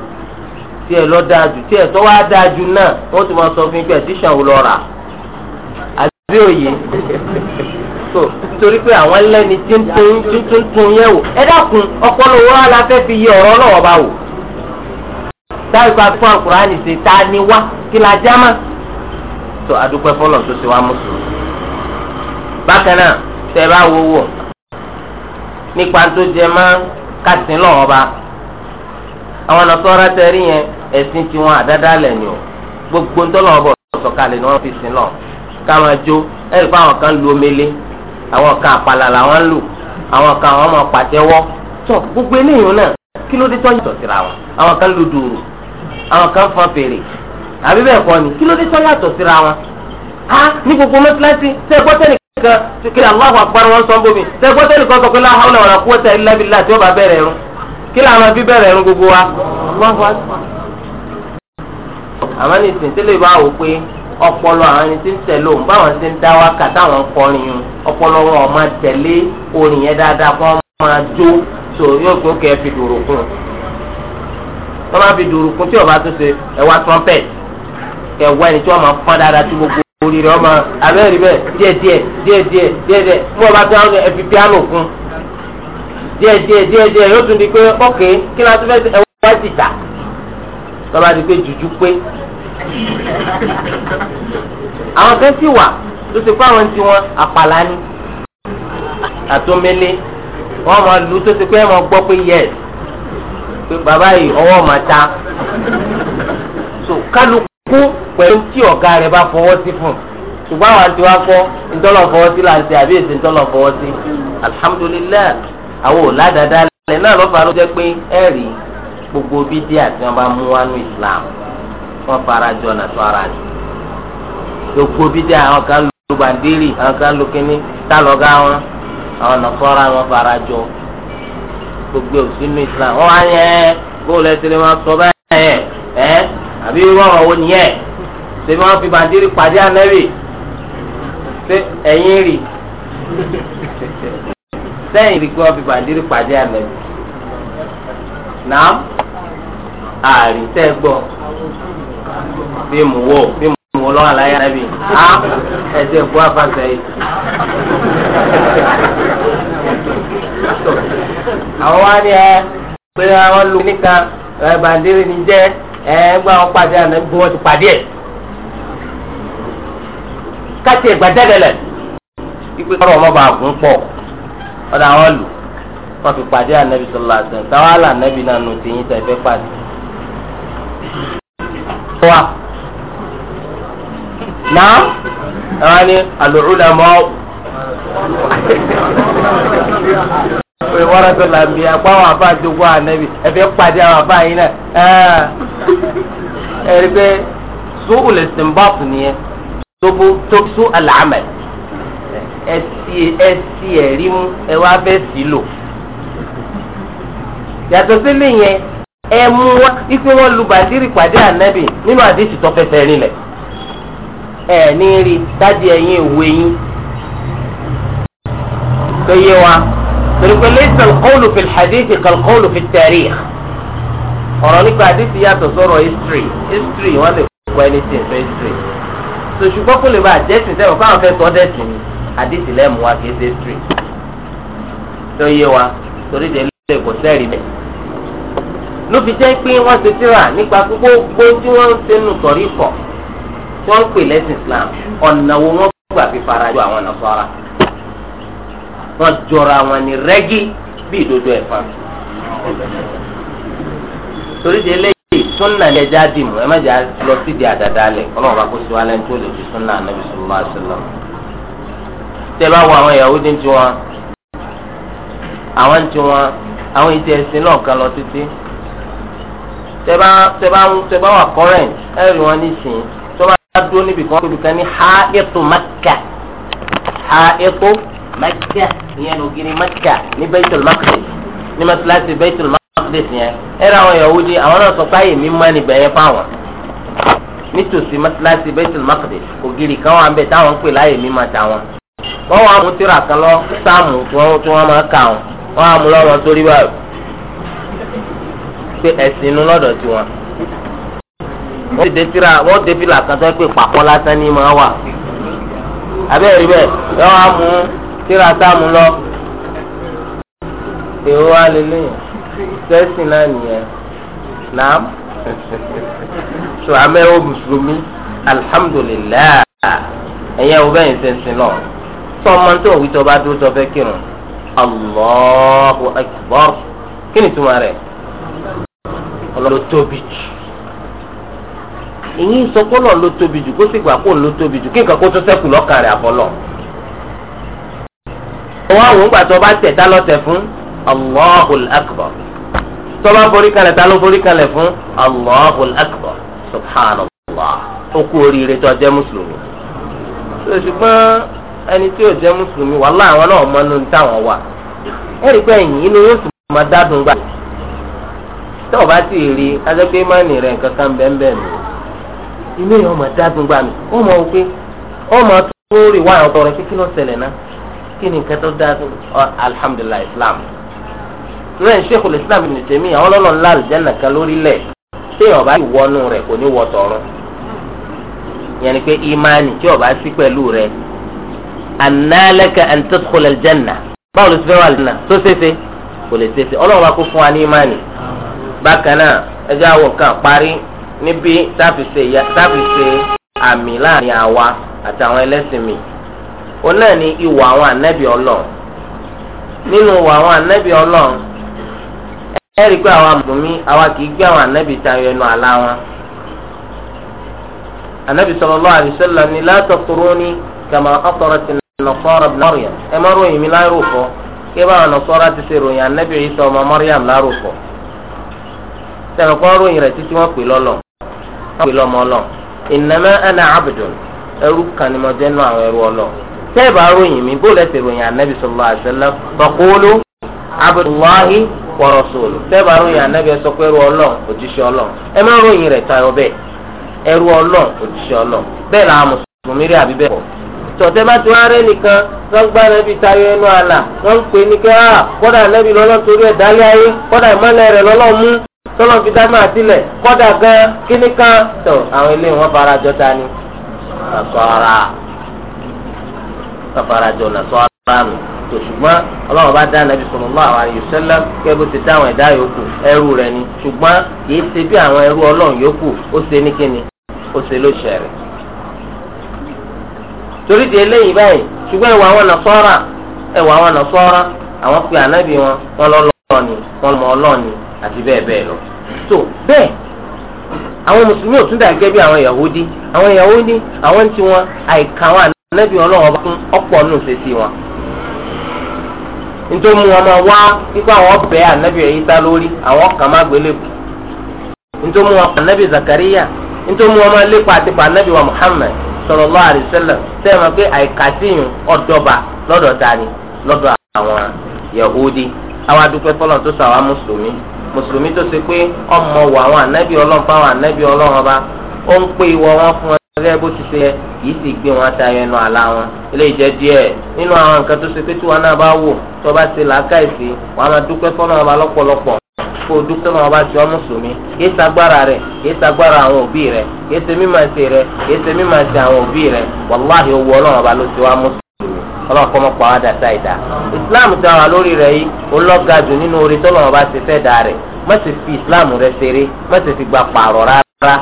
tiẹ̀ lọ́ dáa jù tiẹ̀ tó wá dáa jù náà wọ́n ti máa sọ fún yín pé ẹ̀díṣàn ò lọ rà àbí òye so nítorí pé àwọn lẹ́ni tí ń tún tún tún tún yẹ̀ wò ẹ dákun ọpọlọ owó wa la fẹ́ fi yẹ ọ̀rọ̀ náà bá wò. táyì bá fún àkùránì ṣe ta ni wá kí la já má. tó adúpẹ́ fọlọ̀ tó ti wá mùsùlùmí. bákan náà tẹ bá wo wò nípa tó jẹ mọ́ kásìn lọ́wọ́ bá. àwọn ọ̀nà sọ́ra tẹ rí yẹn ẹ̀sìn tiwọn àdádálẹ̀ ni o gbogbo ń tọ́lọ́wọ́ bọ̀ sọ̀kalẹ̀ ni wọ́n fi sin lọ káwọn jó ẹ̀rí fáwọn kan lu omele àwọn kan àpàlà làwọn ń lù àwọn kan àwọn ọmọ pàtẹ́wọ́ tó gbogbo eléyìí náà kí ló dé tó yàtọ̀ síra wọn àwọn kan lu dùrù àwọn kan fọn fèrè àbí bẹ́ẹ̀ kọ́ ni kí ló dé tó yàtọ̀ síra wọn á ní gbogbo mọ́tíláṣí tẹ́ ẹ gbọ́tẹ́ nìkan kí Allahu akbar wọn sọ bómi tẹ́ ẹ gbọ́tẹ́ nìkan sọ pé la hawla wala quwwata illa billah tí ó bá bẹ̀rẹ̀ ẹ̀rún kí làwọn fi bẹ̀rẹ̀ ẹ̀rún gbogbo wa Allahu akbar. àmọ́ ní ìsìn tẹ́lẹ̀ ọpọlọ àwọn ẹni tí ń tẹ̀lé òun báwọn ti ń dá wákà táwọn kọrin yun ọpọlọ wọn ò máa tẹ̀lé orin yẹn dáadáa kó máa jó so yóò gbé kẹ́ fi dùrù kún un wọ́n máa fi dùrù kún tí ọba tó ṣe ẹ̀wà trumpet ẹ̀wà ẹni tí wọ́n máa fọ́n dáadáa tí gbogbo orí rẹ̀ ọmọ abẹ́rẹ́ bẹ́ẹ̀ díẹ̀ díẹ̀ díẹ̀ díẹ̀ díẹ̀ díẹ̀ mú ọba tó ẹ fi piano kún díẹ̀ díẹ̀ díẹ̀ díẹ̀ yóò tún di pé ọ̀kẹ́ kí ni a tún fẹ́ ẹ̀wà jìtà lọ́ba di pé jùjú pé àwọn kan sì wà tó ṣe pé àwọn tí wọn àpàlà ni àtòmélé wọn máa lu tó ṣe pé ẹ máa gbọ́ pé yẹs pé bàbá yìí ọwọ́ máa ta so kálukú pẹ̀lú tí ọ̀gá rẹ̀ bá fọwọ́ sí fún ṣùgbọ́n àwọn àti wa kọ́ ntọ́lọ̀ fọwọ́ sí là ń ṣe àbí èsì ntọ́lọ̀ fọwọ́ sí alihamudulilayi àwọn ò dálẹ̀ náà lọ́fà ló jẹ́ pé ẹ̀rí gbogbo bídíà tí wọ́n bá mú wá Islam wọ́n fara jọ ọ̀nà tó ara jù gbogbo bídà àwọn kan lu bàndírì àwọn kan lu kínní tálọ́gá wọn àwọn nàfọ́ra wọn fara jọ gbogbo òsínú Islam wọ́n wá yẹ bóòlù ẹsẹ̀ wọn sọ bẹ́ẹ̀ ẹ̀ àbí wọ́n wọ nìyẹn ṣé wọ́n fi bàndírì pàdé ànẹ́bì ṣé ẹ̀yìn rì sẹ́yìn rí pé wọ́n fi bàndírì pàdé ànẹ́bì náà àrí tẹ́ gbọ́. fíìmù wo fíìmù wo lọ́wọ́ àlàyé ànábì á ẹsẹ̀ fún afáṣẹ yìí. àwọn wá ní ẹ pé àwọn lu nìkan ẹ ní jẹ ẹ gbọ́ àwọn pàdé ànábì bí wọ́n ti pàdé ẹ̀. káti ẹ̀gbà dẹ́gẹ̀lẹ̀ ipe kọ́rọ̀ ọmọ bá pọ̀ ọ̀dà fi pàdé ànábì táwọn náà nù pàdé náà àwọn ni al-ulama wọ́n tó la bí apá àwọn afá àdógún ànábì ẹ̀fẹ́ pàdé àwọn afá yìí náà ẹ̀rí pé su'ul istinbat nìyẹn tóbú tóbú al-amal ẹ mú wá wọn lu pàdé ànábì nínú àdéhùn tó fẹsẹ̀ rinlẹ̀. ẹ ní rí dájú ẹyin ìwé yín tó yé wa torí pé laysa al-qawlu fi al-hadithi kal-qawlu fi at-tarikh ọ̀rọ̀ nípa àdìsí yàtọ̀ sọ̀rọ̀ history history wọ́n lè kọ́ anything for history so ṣùgbọ́n kó lè bá àjẹsìn sẹ́wọ̀n fáwọn fẹ́ sọ dẹ́sìn ni àdìsí lẹ́mu wa kìí ṣe history tó yé wa torí de lè kò sẹ́rì mẹ́ ló fi jẹ́ pé wọ́n ṣe tíra nípa gbogbo tí wọ́n ń ṣe nù sọ̀rí kọ̀ tí wọ́n pè lẹ́sìn Islam ọ̀nà wo wọ́n gbà fi farajọ àwọn nàfọ́ra wọ́n jọra wọn ní rẹ́gí bí ìdodo ẹ̀fọn. torí de eléyìí súnà ní ẹja dìmú ẹ má jà lọ sídìí àdàdà lẹ ọlọ́run bá kó sí wa lẹ́nu tó lè fi súnà ànábì sọ̀rọ̀ àṣìlọ. tẹ́ bá wo àwọn Yahudi ní tiwọn àwọn ní tiwọn àwọn ìdí ẹ̀sìn náà kan lọ títí tẹ́ bá tẹ́ bá wà kọ́rẹ́ǹt ẹ̀rì wọn nísìnyí dúró níbi kan tóbi kan ní haẹ́tò mẹ́kà haẹ́tò mẹ́kà ìyẹn lògiri mẹ́kà ní bẹ́tùl maqdis ní mẹ́tíláṣí bẹ́tùl maqdis yẹn ẹ̀rọ àwọn Yahudi àwọn náà sọ pé àyè mi máa ní bẹ̀yẹn fáwọn nítòsí mẹ́tíláṣí bẹ́tùl maqdis ògiri kan wà ń bẹ̀ táwọn ń pè láyè mi máa ta wọn. wọ́n wá mú tíra kan lọ sáàmù tí wọ́n máa kà wọ́n á mú lọ́wọ́ sórí báyìí pé ẹ̀sìn inú lọ́dọ̀ tiwọn wọ́n ti dé tíra wọ́n dé fìlà kan tó ń pè pàkọ́ lásán ní máa wà abẹ́rẹ́ bẹ́ẹ̀ yọ wá mú tíra sáàmù lọ èwo wá lélẹ́yìn sẹ́sìn náà nìyẹn náà sọ o mùsùlùmí alihamudulilayi ẹ̀yẹ́ o bẹ́ẹ̀ sẹ́sìn lọ sọ́mọ́ tó wí tó bá dúró tó fẹ́ kírun Allahu Akbar kí ni túmọ̀ rẹ̀ ọlọ́dọ̀ tóbi jù. èyí sọ pé ọlọ́ọ̀ ló tóbi jù kó sì gbà ló tóbi jù kí nǹkan kó tó sẹ́kù lọ́kàn rẹ̀ àbọ̀lọ̀. wọ́n àwọn ògbà tó bá tẹ̀ tá fún Allahul Akbar tó bá forí kalẹ̀ tá fún Allahul Akbar subhanallah ó kú oríire tó jẹ́ mùsùlùmí. ṣùgbọ́n ẹni tí jẹ́ mùsùlùmí náà mọ inú táwọn wà pé ẹ̀yìn inú yóò máa dádùn gbà tó o bá sì rí inú yẹn ọmọ dágun gbà mí ó mọ wípé ọmọ tó rí wá àwọn tọrọ pé kí ló ṣẹlẹ̀ náà kí ni nǹkan tó dágun alhamdulilayi islam rẹ̀ Sheikhul Islam Ibn Taymiyyah àwọn ọlọ́lọ́ ńlá àlùjáná kan lórílẹ̀ téèyàn bá ìwọ́nú rẹ̀ kò ní wọ tọ̀run yẹn ni pé ìmánì tí ó bá sí pẹ̀lú rẹ̀ annalaka an tadkhul báwo ló ti fẹ́ wà lẹ́nà tó ṣeéṣe kò lè ṣeéṣe ọlọ́run wa kó fún wa ní ìmánì bákan náà ẹjọ́ àwọn kan parí níbí táfi ṣe àmì láàrin àwa àtàwọn ẹlẹ́sìn mi òun náà ni ìwà àwọn ànábì ọlọ́run nínú ìwà àwọn ànábì ọlọ́run ẹ rí i pé àwa mùsùlùmí àwa kì í gbé àwọn ànábì tayọ ẹnu àlá wọn ànábì sallallahu alaihi wasallam ni la taquruni kama atarat an-nasara ibn Maryam ẹ má ròyìn mi lárúkọ kí báwọn nasara ti ṣe ròyìn ànábì Isa ọmọ Maryam lárúkọ tẹnukọ ròyìn rẹ̀ títí wọ́n pè lọ́lọ́ wọ́n pè lọ́mọ ọlọ́ ìnáma ana abdul ẹrú kan nù àwọn ẹrú ọlọ́ ròyìn mi bóòlù ẹsẹ̀ ròyìn anabi sọlá àṣẹlẹ fọkúlù abdullahi wa rasulu tẹ́ẹ̀bà ròyìn anabi ẹ ẹrú ọlọ́ òjíṣẹ́ ọlọ́ tayọ bẹ́ẹ̀ ẹrú ọlọ́ òjíṣẹ́ ọlọ́ bẹ́ẹ̀ làwọn mùsùlùmí rí àbí bẹ́ẹ̀ tọ̀tẹ́ bá ti wá rẹ́ nìkan wọ́n gbá nẹ́bí tayọ ẹnu àlà wọ́n ń pè tọ́lọ́ fi dá máa sílẹ̀ kọ́dà gan kíní kan tó àwọn ilé wọn fara jọ ta ni. nàṣọ́ra wọn fara jọ nàṣọ́ra nù tó ṣùgbọ́n ọlọ́run bá dá nàbí sallallahu alaihi wasallam kẹ́ bó ti dá àwọn ẹ̀dá yòókù ẹrú rẹ̀ ni ṣùgbọ́n kìí ṣe bí àwọn ẹrú ọlọ́run yòókù ó ṣe ní kíni ó ṣe ló ṣẹ̀ rẹ̀. torí di eléyìí báyìí ṣùgbọ́n ẹ̀wọ̀ àwọn nàṣọ́ra ẹ̀wọ̀ àwọn nàṣọ́ra àwọn pe ànábì wọn wọn lọ́ ọlọ́ọ̀ni kọ́mọ ọlọ́ọ̀ni àti bẹ́ẹ̀ bẹ́ẹ̀ lọ. so bẹ́ẹ̀ àwọn mùsùlùmí ò tún dà gẹ́gẹ́ bí àwọn yahudi àwọn yahudi àwọn tí wọn ànábì wọn. nítorí mu wọn máa wá pípa àwọn ọbẹ̀ ànábì lórí àwọn nítorí mu wọn pa ànábì Zakariya nítorí mu wọn máa lépa àti pa ànábì wa pé àìkàtìyàn yahudi. àwa dukwe fọlọ́ tó sọ àwa mùsùlùmí mùsùlùmí tó ṣe pé ọmọ wọ àwọn ànábì ọlọ́run fáwọn ànábì ọlọ́run ọba ó ń pè wọn fún ẹgbẹ́ bó ti ṣe yẹ kìí sì gbé wọn ta ẹnu àlá wọn eléyìí jẹ́ díẹ̀ nínú àwọn nǹkan tó ṣe pé tí wọn náà bá wò tó bá ṣe làákàyèsí wọn á máa dúpẹ́ ọba o ọlọ́run kọ́ mọ́ pa wá dàtà ìdá islam tí a wà lórí rẹ̀ yìí ọlọ́ga jù nínú orí tọ́lọ́run bá ti fẹ́ da rẹ̀ má sì fi islam rẹ ṣeré má sì fi gba pààrọ̀ rárá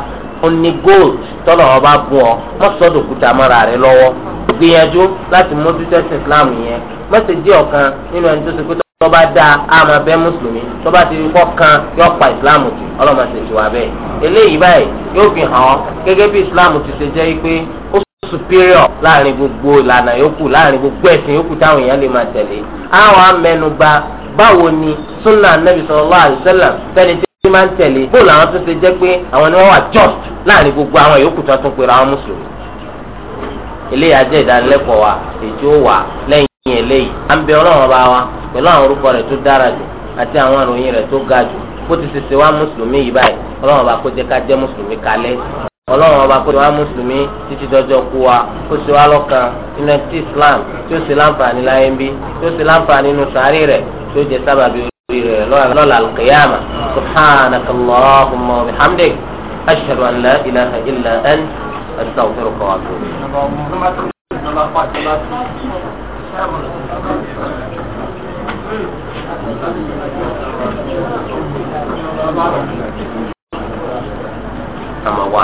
ó ní gold tọ́lọ́run bá bùn ọ má sọ́dọ̀ kúta mọ́ra rẹ lọ́wọ́ gbìyànjú láti mójútó ẹ̀sìn islam yẹn má sì jẹ́ ọ̀kan nínú ẹni tó ṣe pé tó bá da àmọ́ bẹ́ mùsùlùmí tó bá ti kọ́ kan yóò pa islam jù ọlọ́run ṣèṣì wà bẹ́ẹ̀ eléyìí báyìí yóò fi hàn ọ́ gẹ́gẹ́ bí islam ti ṣe jẹ́ pé ó superior láàrin gbogbo ìlànà yòókù láàrin gbogbo ẹ̀sìn yòókù táwọn èèyàn lè máa tẹ̀lé àwọn amẹnugba báwo ni sunna anabi sallallahu alaihi wasallam tẹni tí máa ń tẹ̀lé bó làwọn tó ṣe jẹ́ pé àwọn ni wọ́n wà just láàrin gbogbo àwọn yòókù tó tún pera àwọn mùsùlùmí. eléyà jẹ́ ìdánilẹ́kọ̀ọ́ wa èjì ó wà lẹ́yìn eléyìí à ń bẹ ọlọ́run bá wa pẹ̀lú àwọn orúkọ rẹ̀ tó dára jù àti àwọn ìròyìn rẹ̀ tó ga jù bó ti ṣe ṣe wá mùsùlùmí yìí báyìí ọlọ́run bá kó jẹ́ ká jẹ́ mùsùlùmí kalẹ́ ọlọ́run ọba kó ti wá mùsùlùmí títí dọ́jọ́ kú wa kó ti wá lọ́kàn nínú ti islam tí ó ṣe láǹfààní láyé ń bí tí ó ṣe láǹfààní nínú sàárì rẹ̀ tí ó jẹ sábàbí orí rẹ̀ lọ́la alqiyama subhanakallahumma wa bihamdik ashhadu an ilaha illa ant astaghfiruka wa atubu ilayk àmọ́ wà.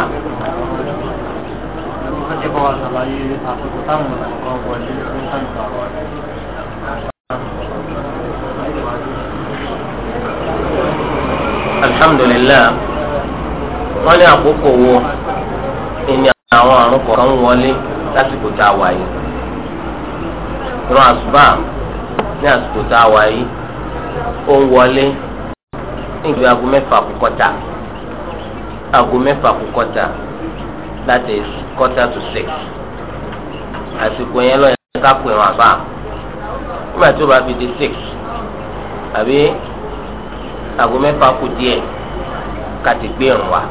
ọjọ́ bá wa ṣàlàyé àsìkò táwọn nǹkan wọlé fún sáǹtà wa. alhamdulilayi wọ́n ní àkókò wo ni àwọn àrùn kọ̀ọ̀kan wọlé lásìkò tá a wà yìí ìrun àsùbà ní àsìkò tá a wà yìí ó ń wọlé ní ìgbé aago mẹ́fà kúkọ́ta aago mẹ́fà kù kọ́ta that is quarter to six àsìkò yẹn lọ yẹn ká pè wọn àbá nígbà tí o bá fi di six àbí aago mẹ́fà kù díẹ̀ ká ti gbé irun wa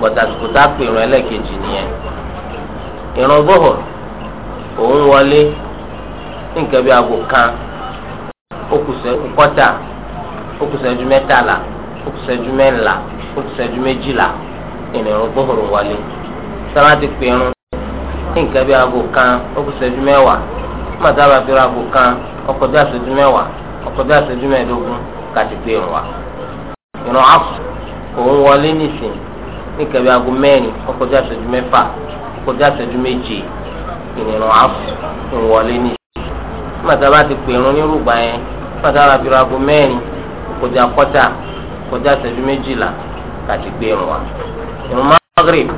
but àsìkò tá a pè irun ẹlẹ́ẹ̀kejì nìyẹn irun bọ́ọ̀ òun wọlé nǹkan bí aago kan ó kù sẹ́ kọ́ta ó kù sẹ́jú mẹ́tàlá ó kù sẹ́jú mẹ́ńlá ó ti ṣẹ́jú méjìlá ìrìnrún gbóhùrù wọlé sábà ti pè irun ní nǹkan bí aago kan ó kù ṣẹ́jú mẹ́wàá mọ̀tá bá fi aago kan ọkọ̀ bí àṣẹjú mẹ́wàá ọkọ̀ bí àṣẹjú mẹ́ẹ̀ẹ́dógún ká ti wa. ìrun àpò òun wọlé nìsín ní nǹkan bí aago mẹ́rin ọkọ̀ bí àṣẹjú mẹ́fà ọkọ̀ bí àṣẹjú méje ìrìnrún àpò òun wọlé nìsín mọ̀tá bá ti pè irun nírúgbà yẹn mọ̀tá bá fi aago mẹ́rin kọjá kọjá kọjá ṣẹ́jú méjìlá láti gbé irun wa irun Maghrib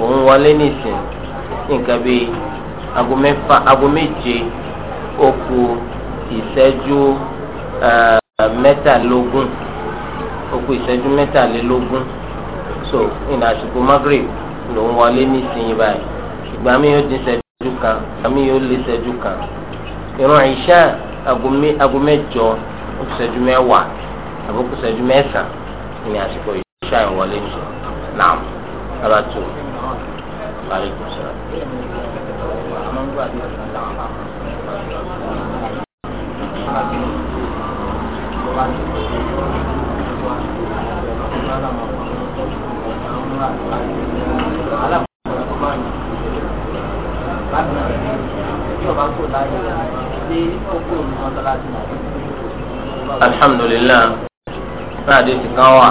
òun wọlé nìsín nǹkan bíi aago mẹ́fà aago méje ó ìṣẹ́jú eh, mẹ́tàlélógún ó ìṣẹ́jú mẹ́tàlélógún so ìnà àsìkò Maghrib lòun wọlé nìsín báyìí ìgbà mi yóò dín ìṣẹ́jú kan ìgbà mi yóò lé ìṣẹ́jú kan irun Ìṣá aago mẹ́jọ ó ìṣẹ́jú mẹ́wàá àbókù ìṣẹ́jú mẹ́sàn-án ní àsìkò yìí ṣá ìwọlé jù náà ara tó parí kò sọ. alhamdulilayi náà adé ti kàn wá.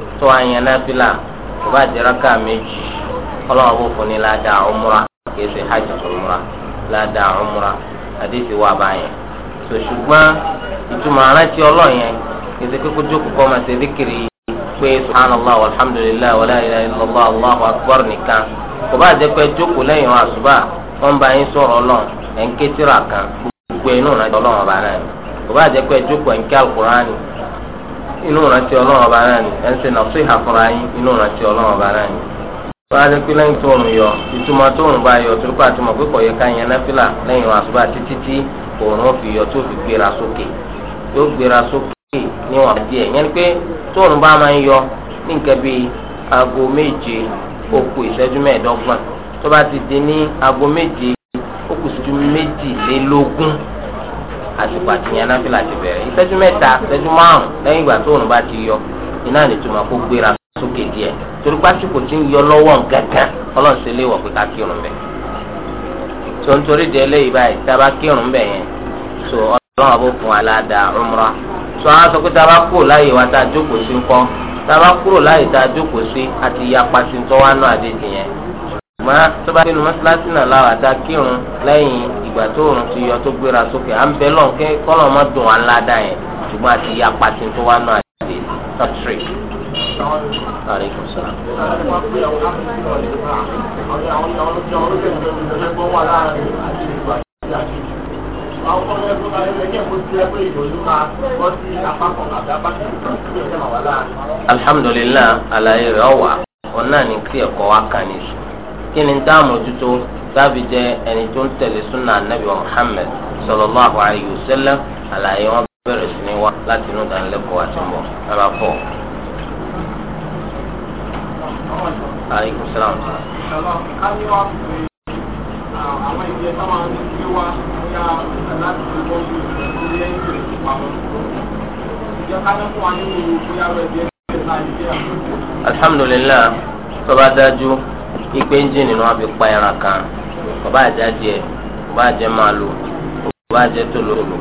tó àyàn náfìlà kò bá jẹ́ rákà méjì ọlọ́wọ́n bó fún ni ládàá umra kìí ṣe hajj umra ládàá umra àdéhìí wà báyẹn tó ṣùgbọ́n ìtumọ̀ arántí ọlọ́yẹn kìí ṣe kókó jókòó kọ́ máa ṣe díkìrì pé subhanallah walhamdulilayi wala ilaha illallah allahu akbar nìkan kò bá jẹ́ pé jókòó lẹ́yìn àṣùbà wọ́n bá yín sọ̀rọ̀ ọlọ́run ẹ̀ ń ké tírà kan gbogbo inú ìrìnàjò ọlọ́run ọba náà kò bá jẹ́ pé jókòó ń ké alukurani inú ìrántí ọlọ́run ọba náà ni ẹ̀ na ṣe nàṣíhà yín inú ìrántí ọlọ́run ọba náà ni. wọ́n á lè pín lẹ́yìn tóun yọ ìtumọ̀ tóun bá yọ torípa àti mọ̀ pé kò yẹ ká yẹn náfìlà lẹ́yìn wọn àsùbá títí tí fi yọ tó fi gbéra sókè yóò gbéra sókè níwọ̀n díẹ̀ yẹn ni pé tóun bá máa ń yọ ní nǹkan bíi aago méje ìṣẹ́jú mẹ́ẹ̀ẹ́dọ́gbọ̀n àsìkò àtìyàn náà fìlà ti bẹ̀rẹ̀ ìṣẹ́jú mẹ́ta ìṣẹ́jú márùn lẹ́yìn ìgbà tó òun bá ti yọ iná nìtumọ̀ kó gbéra sókè díẹ̀ torí pásítọ̀ ti ń yọ lọ́wọ́ gángan ọlọ́run ṣe léwọ̀ pé ká kírun bẹ̀. tó ń torí délé yìí báyìí tá a bá kírun bẹ̀ yẹn tó ọlọ́run àbó fún aláda umra tó a sọ pé tá a bá kúrò láyè wa tá a jókòó sí ńkọ́ tá a bá kúrò láyè tá a jókòó sí àti yapa sí ń tọ́wọ́ àná àdéhìí yẹn ṣùgbọ́n tó bá dénú mọ́ṣáláṣí náà láwàá dá kírun lẹ́yìn ìgbà tó òun ti yọ tó gbéra sókè à ń bẹ lọ́n kí kọ́lọ́ má dùn wá ńlá dá yẹn ṣùgbọ́n àti ya pati tó wá náà àti sọ́tírì. Àwọn ọmọ ẹgbẹ́ ọmọ ẹgbẹ́ kò sí ẹgbẹ́ ìdòdó máa bọ́ wa kàn ní sùn kí ni tá a mójútó sábì jẹ ẹni tó ń tẹ̀lé súnà anabi wa muhammed sallallahu alayhi wa sallam àlàyé wọn bẹ̀rẹ̀ sí ni wá láti inú ìdánilẹ́kọ̀ọ́ àti mbọ̀ nàbà fọ́. alhamdulilayi tó bá ikpe ẹ́ńjìnì ni wọ́n fi pa ẹran kan kò bá jẹ́ adìẹ ọba bá jẹ́ màálù kò bá jẹ́ tòlótòló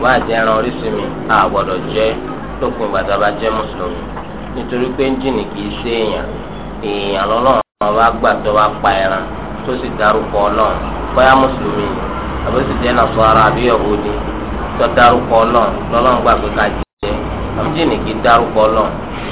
ẹran a jẹ lópin ìgbà bá jẹ́ mùsùlùmí nítorí pé ẹ́ńjìnì kì í ṣe èèyàn èèyàn lọ́lọ́run wọn bá pa ẹran tó sì dárúkọ ọlọ́run bóyá mùsùlùmí àbó sì jẹ́ nàṣọ́ra àbí Yahudi tó dárúkọ ọlọ́run lọ́lọ́run gbà ká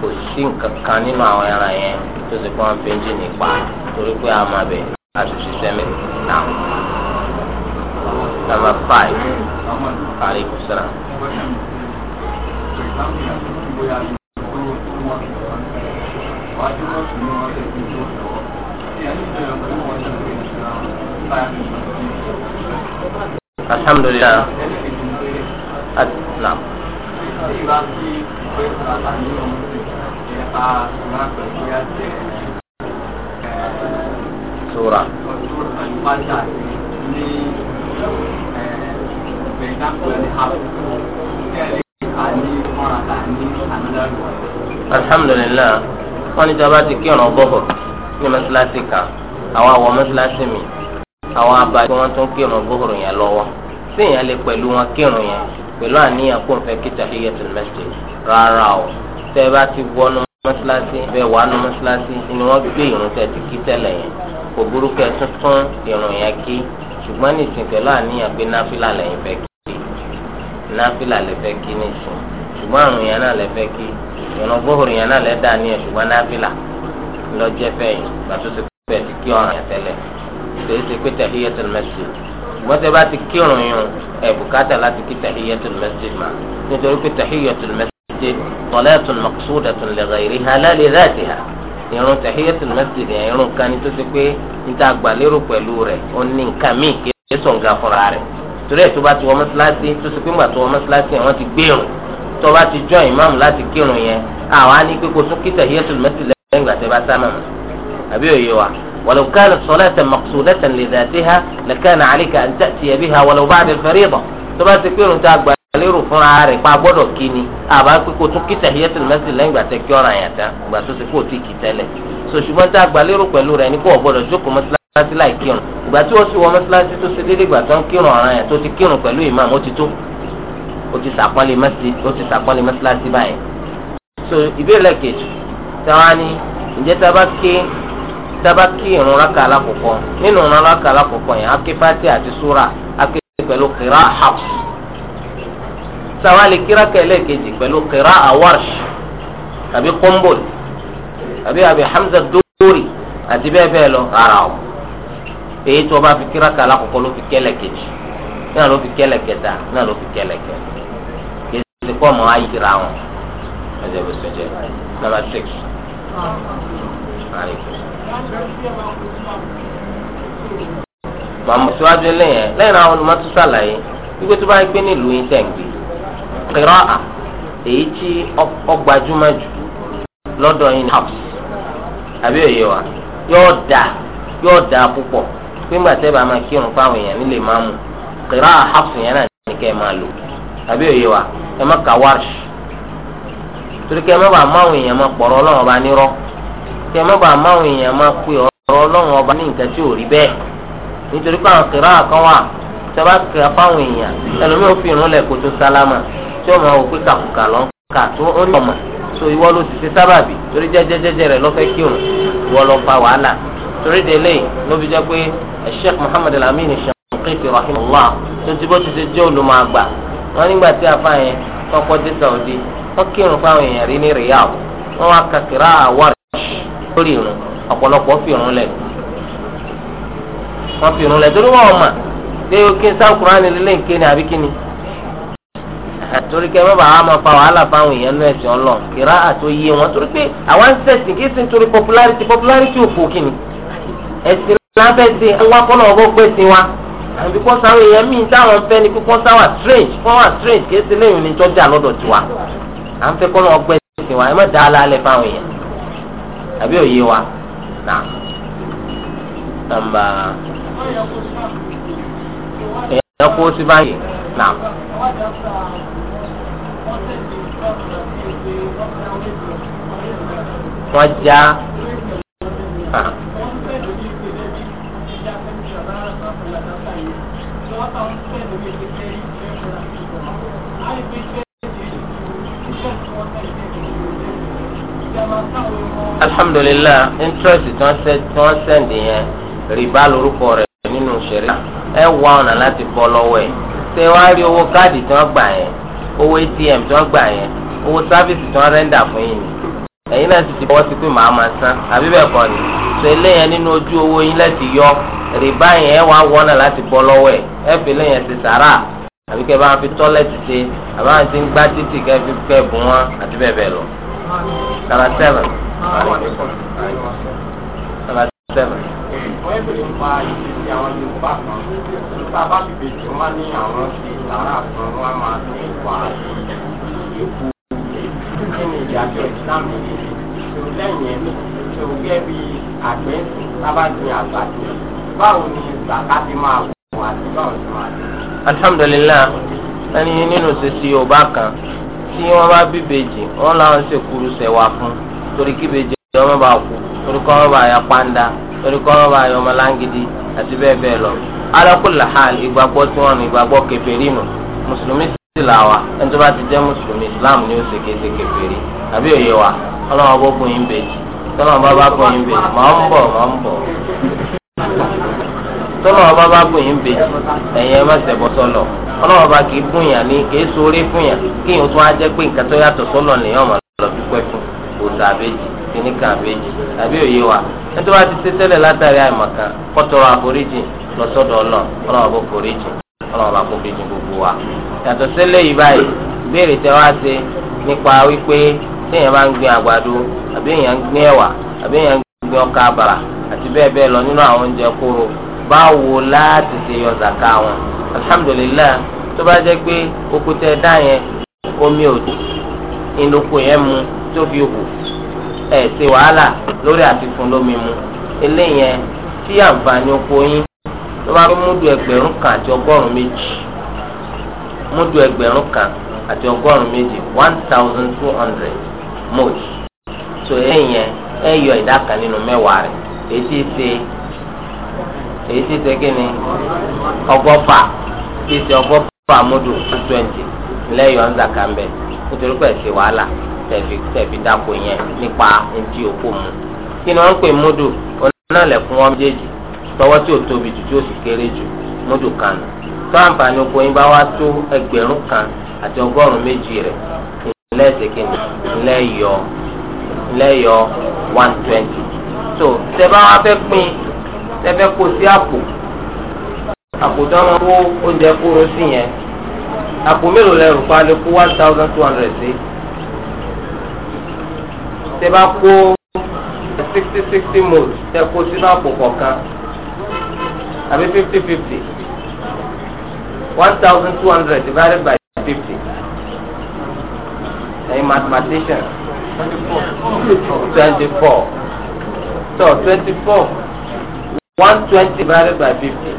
kò sí nǹkan kan nínú àwọn ẹran yẹn tó ti kọ́ wọn fi ń jìn nípa torí pé a máa bẹ̀ a sì ṣiṣẹ́ mi náà. Nàmbà five parí kùsìrà. Alhamdulillah. At, nah sura. alhamdulilayi wọn ní sábà ti kí ọ̀nà gbọ́bọ̀ ní mọ́ṣáláṣí kan àwọn àwọ̀ mọ́ṣáláṣí mi àwọn abàjẹ́ wọn tún kí ọ̀nà gbọ́bọ̀ yẹn lọ́wọ́ sí èèyàn lè pẹ̀lú wọn kírun yẹn pẹ̀lú àníyàn kó n fẹ́ kí tahiyatul rárá o tẹ́ ẹ bá ti wọnú mọ́ṣáláṣí bẹ́ẹ̀ wà nù mọ́ṣáláṣí ni wọ́n gbé ìrun tẹ̀ ti kí tẹ́lẹ̀ yẹn kò burúkú ẹ tuntun ìrun yẹn kí ṣùgbọ́n nìsín pẹ̀lú àníyàn pé náfìlà lẹ́yìn fẹ́ kí náfìlà lẹ́ fẹ́ kí nìsín ṣùgbọ́n àrùn yẹn náà lẹ́ fẹ́ kí ìrun gbóhùrù yẹn náà lẹ́ dà ní ẹ̀ ṣùgbọ́n náfìlà lọ́jẹ́ fẹ́ yìí gbàtó ti kí ọ̀ràn yẹn tẹ́lẹ̀ ṣèyí ṣe salatun maqsudatun li ghayriha la li dhatiha ìrun tahiyatul masjid ìrun kan ní tó ṣe pé níta gbàlérò pẹ̀lú rẹ̀ ó ní nǹkan míì kí ẹ sọ̀ nǹkan fúnra rẹ̀ torí ẹ̀ tó bá ti wọ mọ́sálásí tó ṣe pé ńgbà tó wọ mọ́sálásí àwọn ti gbérùn tó bá ti jọ ìmáàmù láti kírun yẹn àwa ní pé kó tún kí tahiyatul masjid ولو كانت صلاة مقصودة لذاتها لكان عليك أن تأتي بها ولو بعد الفريضة tó bá ti pé lérò fúnra rẹ̀ pa gbọ́dọ̀ kí ni àbá pé kò tún kí tahiyatul masjid lẹ́yìn ìgbà tẹ́ kí ọ̀ràn yàn tán ìgbà tó ti kó tí kì tẹ́lẹ̀ so ṣùgbọ́n tá a gbà lérò pẹ̀lú rẹ̀ ní kó o gbọ́dọ̀ jókòó mọ́sálásí láì kírun ìgbà tí wọ́n sì wọ mọ́sálásí tó ṣe déédéé ìgbà tó ń kírun ọ̀ràn yàn tó ti kírun pẹ̀lú imam ó ti tó ó ti sàpọ́nlé mọ́sálásí so ìbéèrè kejì táwa ni ǹjẹ́ tá a bá ké tá a bá ké ìrun rákà alákọ̀ọ́kọ́ nínú ìrun rákà sáwá lè kíra kẹlẹ́ kejì pẹ̀lú kíra awarsh tàbí kọ́mbol tàbí àbí hamza dórí àti bẹ́ẹ̀ bẹ́ẹ̀ lọ ara o èyí tó o bá fi kíra kàlá kọ̀kọ́ ló fi kẹlẹ̀ kejì náà ló fi kẹlẹ̀ kẹta náà ló fi kẹlẹ̀ kẹta kejì ti kọ́ ọmọ ayíra wọn ẹ̀jẹ̀ bó sọ jẹ́ six. màmú síwájú lẹ́yìn lẹ́yìn àwọn olùmọ̀tò sàlàyé wípé tó bá ń gbé nílùú yín tẹ̀ ń gbé. qira'a èyí tí ọgbàjúmọ̀ jù yìí ní house àbí òye wa yóò dà yóò dà púpọ̀ nígbà tẹ́ bá máa kírun fáwọn èèyàn nílé máa mú qira'a house yẹn náà ní kẹ́ máa lò àbí òye wa ẹ má ka warsh torí kẹ́ má bàa máwọn èèyàn máa pọ̀rọ̀ ọlọ́run ọba nírọ́ kẹ́ má máwọn èèyàn máa pè sábà kà fáwọn èèyàn ẹlòmíì ó fi irun lẹ̀ kó tó sálámà tí ó máa wò pé kàkùkà lọ kà tó ó ní ọmọ so ìwọ ló ti ṣe sábàbí torí jẹjẹjẹjẹ rẹ lọ fẹ́ kírun ìwọ ló fa wàhálà torí délé ló fi jẹ́ pé sheikh Muhammad alamin shankiti rahimahullah tó ti bó ti ṣe jẹ́ olùmọ̀ àgbà wọn nígbà tí afa yẹn kọ́kọ́ dé saudi wọn kírun fáwọn èèyàn rí ní riyal wọn wá kakira awarish lórí irun ọ̀pọ̀lọpọ̀ fi irun lẹ̀ wọn fi irun lẹ̀ torí wọn ọ̀ pé kí n sá kúránì lílé nké ni àbí kí ni torí kẹ́ bàbá àwọn máa fa wàhálà fáwọn èèyàn ní ẹ̀sìn ọlọ́run kíra àtò yé wọn torí pé àwọn sẹ̀sìn kí sì ń torí popularity popularity òfò kí ni ẹ̀sìn lábẹ́ sí ẹ̀wá kọ́nà ọgbọ́ pé sí wa àbí kọ́ sáwọn èèyàn míì táwọn fẹ́ ni kíkọ́ sáwà strange fọ́wà strange kí ẹ̀sìn lẹ́yìn ní tọ́jà lọ́dọ̀ tiwa à ń fẹ́ kọ́nà ọgbẹ́ sí wa ẹ má dá alálẹ̀ fáwọn èèyàn àbí òye wa nà èèyàn kó sí báyìí náà. wọ́n já alhamdulilayi interest tí wọ́n sẹ́ndì yẹn rìbá lórúkọ rẹ̀ nù sẹ̀rí ẹ wá ọ̀nà láti bọ́ lọ́wọ́ ẹ̀ ṣé wàá rí owó káàdì tí wọ́n gbà yẹn owó atm tí wọ́n gbà yẹn owó sáfíìsì tí wọ́n rẹ́ńdà fún yìí ni ẹ̀yin náà sì ti bọ́ sí pé màá máa san àbí bẹ́ẹ̀ kọ́ ni ṣe eléyẹn nínú ojú owó yín láti yọ rìbá yẹn ẹ wàá wọ́nà láti bọ́ lọ́wọ́ ẹ̀ ẹ fi léyẹn ti sàrà àbí kẹ́ bá fi tọ́lẹ̀tì ṣe àbá wọn ti ń gbá títì kẹ́ fi kẹ́ bùn seven. Number seven wọ́n yẹ pèsè pa ìṣesí àwọn Yorùbá kan nípa bá bìbè tí wọ́n ní àwọn ṣe sàrà kan wọ́n máa ní ìwà èkó kí ni ìdájọ́ ìsìlámù yìí tó lẹ́yìn ẹ̀ tó gẹ́ bí àgbẹ̀ lábàjẹ́ àgbàdo báwo ni bàtà ti máa wù àti báwo ti máa lè. alhamdulilayi ẹni nínú ṣèṣì Yorùbá kan tí wọ́n bá bíbejì wọ́n làwọn ṣèkúrú ṣẹ̀wà fún torí kíbejì ọmọ bá kú torí kọ́ ọmọ bá ya pàǹdà torí kọ́ ọ́n bá yọ ọmọ láǹgídí àti bẹ́ẹ̀ bẹ́ẹ̀ lọ. alákùlà hàn ìgbàgbọ́ tí wọ́n ní nù mùsùlùmí sì là wà ẹni tó ti jẹ́ mùsùlùmí islam ni ó ṣe kéṣe kèfèrí àbí òye wa ọlọ́run bó bóyin bèjì tọ́lọ́run bá bá bóyin bèjì mọ̀ ń bọ̀ mọ̀ ń bọ̀ tọ́lọ́run bá bá bóyin bèjì ẹ̀yin ẹ má ṣẹ̀bọ̀ sọ́lọ̀ ọlọ́run bá kì í bóyin ní kì í sọ orí fún yàn kí ìyẹn tún á jẹ́ pé nǹkan tó yàtọ̀ sọ́lọ̀ nìyẹn ọ̀mọ̀ lọ́ọ́ kìíní kan àbẹ́jì àbí òye wa ẹtọ́ bá ti ṣe tẹ́lẹ̀ látàrí àìmọ̀kan kọ́tọ́rọ̀ àforíjì lọ́sọ́dọ̀ ọlọ́run ọlọ́run bó foríjì ọlọ́run bá kó foríjì gbogbo wa. yàtọ̀ sílẹ̀ yìí báyìí ìbéèrè tẹ́ wá ṣe nípa wípé téèyàn bá ń gbin àgbàdo àbí èèyàn ń gbin ẹ̀wà àbí èèyàn ń gbin ọkà àbàrà àti bẹ́ẹ̀ bẹ́ẹ̀ lọ nínú àwọn oúnjẹ kóró báwo láti ṣe yọ zàká wọn alhamdulilayi tó bá jẹ́ pé okùtẹ dá yẹn omi òdì ìlòkù yẹn mu tó fi hù ẹ ṣe wàhálà lórí àti fún lómi mu eléyẹn tí àǹfààní oko yín ló bá rí múdù ẹgbẹ̀rún kan àti ọgọ́rùn méjì múdù ẹgbẹ̀rún kan àti ọgọ́rùn méjì one thousand two hundred so eléyẹn ẹ yọ ìdá kan nínú mẹ́wàá rẹ̀ èyí ti ṣe èyí ti ṣe kí ni ọgọ́fà ti ṣe ọgọ́fà tẹ̀fi tẹ̀fi dáko yẹn nípa etí òkú mu kí ni wọ́n ń pè múdù onínàlẹ̀ fún wọn méjèèjì tọwọ́ tí ò tóbi jù tí ó sì kéré jù múdù kan tó àǹfààní oko yín bá wá tó ẹgbẹ̀rún kan àti ọgọ́rùn-ún méjì rẹ̀ ilé ìsèkìní ilé ìyọ ilé ìyọ one twenty so tẹ́bá wá fẹ́ pín tẹ́fẹ́ kó sí àpò àpò tó wọn kó oúnjẹ kúrò sí yẹn àpò mélòó lẹ́rù pa lè kó one thousand two hundred sí tẹ bá kó sixty sixty mold tẹ kó sínú àpò kọ̀ọ̀kan àbí fifty fifty one thousand two hundred divided by fifty ẹ̀yin mathematician twenty four so twenty four one twenty divided by fifty.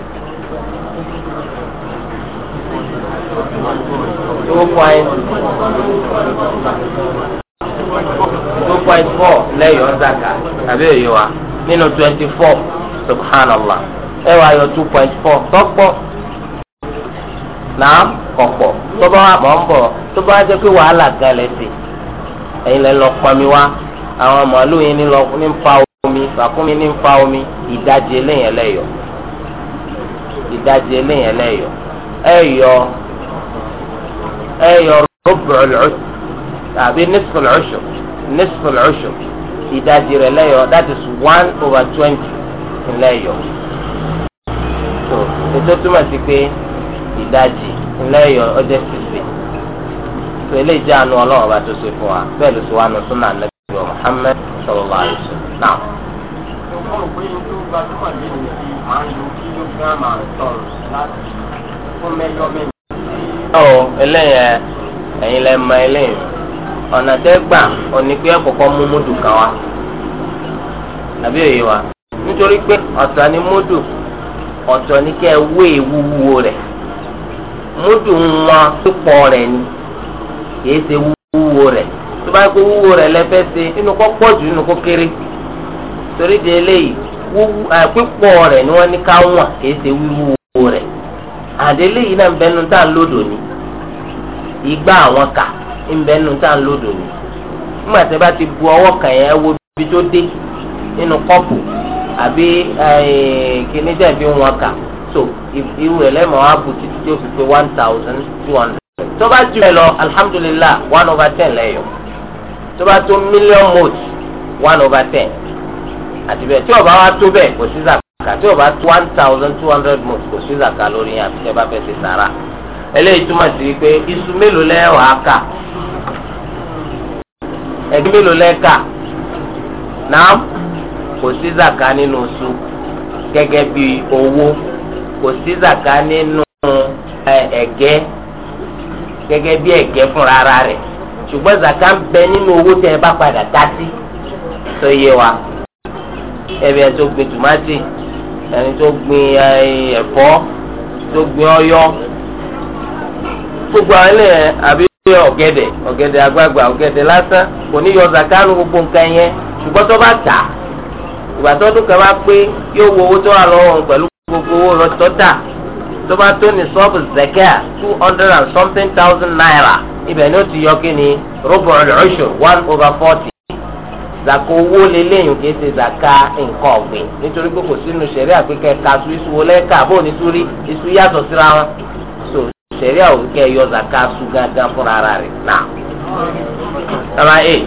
Two point point four lẹ́yọ̀ zaka àbí òye wa nínú twenty four subhanallah ẹ wá yọ two point four tọ́pọ̀ náà kọ̀pọ̀ tó bá wà bọ̀ ń bọ̀ tó bá jẹ́ pé wàhálà gan lẹ̀ sí ẹ̀yin lẹ́ lọ pọnmi wá àwọn màálù yẹn ní lọ ní fa omi ràkúnmí ní fa omi ìdajì eléyẹn lẹ́yọ̀ ìdajì eléyẹn lẹ́yọ̀ ẹ̀yọ̀ ẹ̀yọ̀ rọ́bù ọ̀lọ́sù tàbí nísùlọ́sù nisfu al-ushr ìdajì rẹ̀ lẹ́yọ̀ that is one over twenty ńlẹ́yọ̀ so ètò túmọ̀ sí pé ìdajì ńlẹ́yọ̀ ọjọ́ sísè so eléyìí jẹ́ àánú ọlọ́run ọba tó ṣe fún wa bẹ́ẹ̀ ló ṣe wà nù súnà nàbí wa Muhammad sallallahu alaihi wasallam náà. mo rò pé ojú gbajúmọ̀ lè ní ti máa ń lo kílógíráàmù àtọ̀rọ̀ láti fún mẹ́lọ́mẹ́lì. ọ̀ eléyẹn ẹ̀yin lẹ́ mọ eléyìí. ọ̀nà tẹ́ gbà pé ẹ̀kọ́kọ́ mú múdù kan wa àbí òye wa nítorí pé ọ̀tọ̀ ni múdù ọ̀tọ̀ ni kẹ́ wé ewúwo rẹ̀ múdù wọn pípọ̀ rẹ̀ ni kìí ṣe wúwo rẹ̀ tó bá gbé wúwo rẹ̀ lẹ́fẹ́ ṣe inú kọ́ pọ̀ jù inú kó kéré torí di eléyìí pípọ̀ rẹ̀ ni wọ́n ní ká wọ̀n kìí ṣe wúwo rẹ̀ ńbẹ́nu tá à ń lòdò ní. nígbà tí wọ́n bá ti bu ọwọ́ kàn yẹn wo ibi tó dé nínú kọ́pù àbí kíní dẹ̀bi wọn kà so irú rẹ̀ lẹ́mọ̀ á bu títí tí ó fi pé one thousand two hundred. tó bá jù ẹ lọ alhamdulillah one over ten lẹ́yọ̀ tó bá tó million modes one over ten àti bẹ́ẹ̀ tí ó bá wa tó bẹ́ẹ̀ kò sí zaka tí ó bá one thousand two hundred modes kò sí zaka lórí yẹn àti tẹ́ bá fẹ́ ṣe sàrà eléyìí túmọ̀ sí pé iṣu mélòó lẹ́wàá kà ẹ̀gbẹ́ mélòó lẹ́ka náà kò sí zaka nínú iṣu gẹ́gẹ́ bí owó kò sí zaka nínú ẹ̀gẹ́ gẹ́gẹ́ bí ẹ̀gẹ́ fúnra ara rẹ̀ ṣùgbọ́n zaka ń bẹ nínú owó tẹ́ ẹ bá padà dá tó yé wa ẹbí ẹ tó gbin tòmátì ẹni tó gbin ẹ̀fọ́ tó gbin ọyọ́ gbogbo àwọn ilé yẹn àbí ọ̀gẹ̀dẹ̀ ọ̀gẹ̀dẹ̀ àgbagbà ọ̀gẹ̀dẹ̀ lásán kò ní yọ zakanu gbogbo nǹkan yẹn ṣùgbọ́n tó bá tà ìgbà tó dùn kan bá pé yóò wo owó tó wà lọ́wọ́ òun pẹ̀lú gbogbo owó rẹ̀ tó tà tó bá tó ní sọ́ọ̀bù zakia two hundred and something thousand naira ibẹ̀ ni ó ti yọ kí ni rubu al one over forty zaka owó leléyìn kì í ṣe zaka nǹkan ọ̀gbìn nítorí pé kò sínú ṣẹ̀rí àpékẹ́ kasu isu wọlé ká bóun ní yàtọ̀ síra wọn sẹ̀rí àwọn kẹ́ yọ zaka suga gángan fúnra ara rẹ̀ náà. Sábà ẹ̀ eh.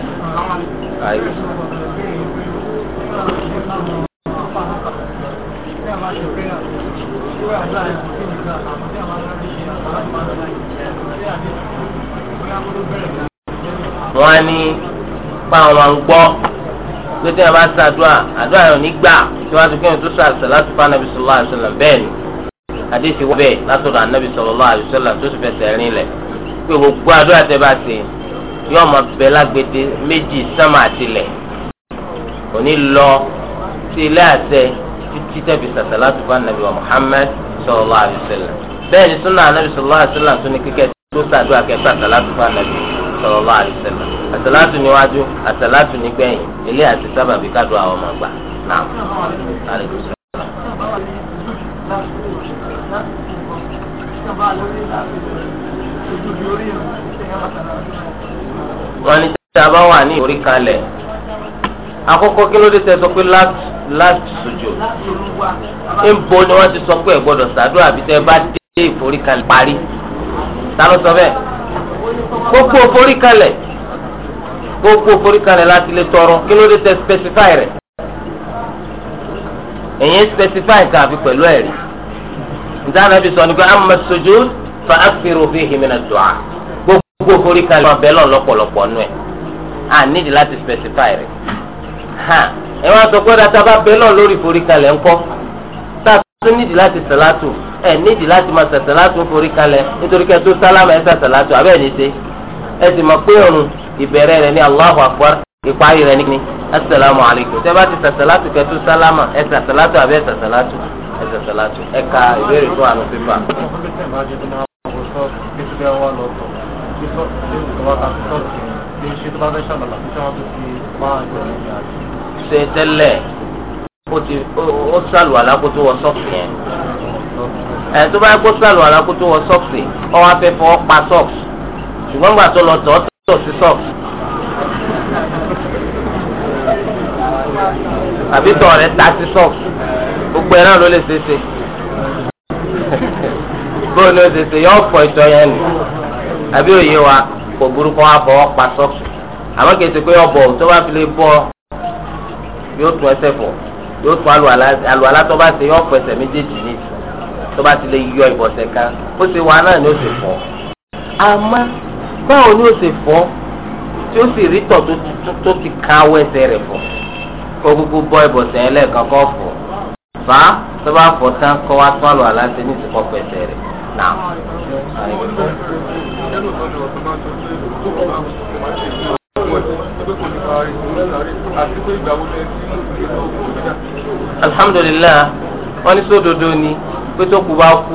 wọ́n á ní báwọn máa ń gbọ́ pé tí wọ́n bá ṣàdúrà àdúrà yóò ní gbà tí wọ́n á tún kí wọ́n tún ṣàṣẹ láti fún anabi àṣẹlẹ̀ bẹ́ẹ̀ ni àdéhìí wọ́n bẹ́ẹ̀ látọ̀dọ̀ ànábì sallallahu alaihi wasallam tó sì fẹsẹ̀ rìn lẹ̀ pé gbogbo àdúrà tẹ́ bá ṣe yóò máa bẹ lágbede méjì sánmà àtìlẹ̀ òní lọ sí ilé àṣẹ títí tẹ̀bi sàṣàlátù bá nàbí wa Muhammad sallallahu alaihi wasallam bẹ́ẹ̀ ni súnà ànábì sallallahu alaihi wasallam tó ní kíkẹ́ tó sàdúrà kẹ́ sàṣàlátù bá nàbí sallallahu alaihi wasallam àṣàlátù níwájú àṣàlátù nígbẹ̀yìn ilé wọ́n ní tí a bá wà ní orí kalẹ̀ àkọ́kọ́ kí ló dé tẹ́ sọ pé last sùjò ń bo ni wọ́n ti sọ pé ẹ gbọ́dọ̀ ṣàdúrà àbí tẹ́ bá dé ìforíkalẹ̀ parí ta ló sọ bẹ́ẹ̀ gbogbo ìforíkalẹ̀ gbogbo ìforíkalẹ̀ láti lè tọrọ kí ló dé tẹ́ specify rẹ̀ èyí specify kan pẹ̀lú ẹ̀rí nítawọn ẹbí sọ ni pé amma sujud fa akthiru fihi min ad-du'a gbogbo forí kan lọ bẹ́ẹ̀ lọ lọ́pọ̀lọpọ̀ nù ẹ̀ à nídìí láti specify rẹ̀ ẹ wá sọ pé dáta bá bẹ́ẹ̀ lọ lórí forí kan lẹ̀ ńkọ́ tá a tún nídìí láti sàlátù ẹ nídìí láti máa sàlátù forí kan nítorí kẹ́ tó sálámà ẹ̀ sàlátù àbẹ́ẹ̀ ní ṣe ẹ sì mọ̀ pé òrùn ìbẹ̀rẹ̀ rẹ̀ ní Allahu Akbar ìparí rẹ̀ ní asalaamu alaykum tẹ́ bá ti sàṣàlátù kẹtù sálámà ẹ sàṣàlátù àbẹ sàṣàlátù ẹ sàṣàlátù ẹ ka ìbéèrè tó wà ní pépà. ṣe tẹ́lẹ̀ ó sàlù alákòótó wọ sọ́ọ̀kì yẹn ẹ̀ tó bá yẹ kó sàlù alákòótó wọ sọ́ọ̀kì ọ wá fẹ́ fọ́ pa sọ́ọ̀kì ṣùgbọ́n gbà tó lọ tọ́ tọ̀ sí sọ́ọ̀kì. àbí tọ̀ rẹ̀ ta sí sọ́ọ̀sì gbogbo ẹ̀ náà ló lè ṣeéṣe bóun ló ṣeéṣe yọ ọ̀pọ̀ ìtọ̀ yẹn nù àbí òye wa kò burúkú wa bọ̀ ọ́ pa sọ́ọ̀sì àmọ́ kìí ṣe pé ọ̀bọ̀ tó bá fi lè bọ́ yóò tún ẹsẹ̀ fọ̀ yóò tún àlùwàlá tó bá ṣe yọ ọ̀pọ̀ ẹsẹ̀ méjèèjì ní tó bá ti lè yọ ìbọ̀sẹ̀ kan ó ṣe wa náà ni ó ṣe fọ̀ àmọ́ báwo ni ó ṣe fọ̀ tí ó sì rí tọ̀ tó ti ká awọ rẹ̀ fọ̀ kó kúkú bọ́ ìbọ̀sẹ̀ ẹlẹ́ẹ̀kan kọ́ fọ̀ fà á tó bá fọ̀ tán kọ́ wá tó àlọ́ aláṣẹ ní ìsìnkọ́ pẹ̀sẹ̀ rẹ̀ náà. alhamdulilayi wọn ní sódodo ni pé tó kú bá kú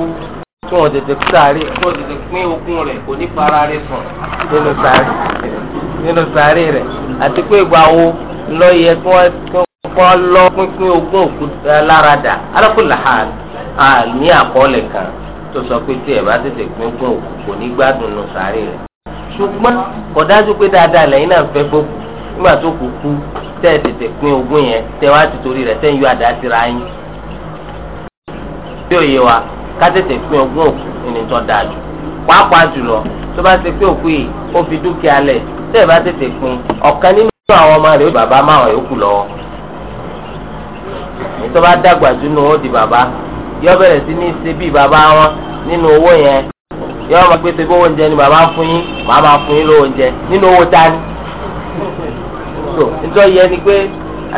tí wọn tètè sáré tí wọn tètè pín okun rẹ̀ kò ní fara rẹ̀ sùn nínú sáré rẹ̀ àti pé ìgbà wo lọ yẹ kí wọ́n lọ pínpín ogún òkú alárada alákùnlá àní àkọọ́lẹ̀ kan tó sọ pé tí ẹ bá tètè pín ogún òkú kò ní gbádùn nù sáré rẹ̀ ṣùgbọ́n kò dájú pé dáadáa lẹ́yìn náà fẹ́ fókù nígbà tó kù kú tẹ́ ẹ tètè pín ogún yẹn tẹ́ wá ti torí rẹ̀ tẹ́ ń yọ àdá síra yín. bí òye wa ká tètè pín ogún òkú ẹni tó dáa jù pàápàá jùlọ tó bá ṣe pé òkú yìí ó fi dúkìá lẹ̀ tẹ́ ẹ bá tètè pín ọ̀kan nínú tó àwọn ọmọ rẹ̀ bàbá máwọn yòókù lọ nítorí bá dàgbà jù nù ó di bàbá yọ bẹ̀rẹ̀ sí ní ṣe bí bàbá wọn nínú owó yẹn yọ máa gbé sebó oúnjẹ ni bàbá fún yín màá máa fún yín lówó oúnjẹ nínú owó dání so nítorí yẹn ni pé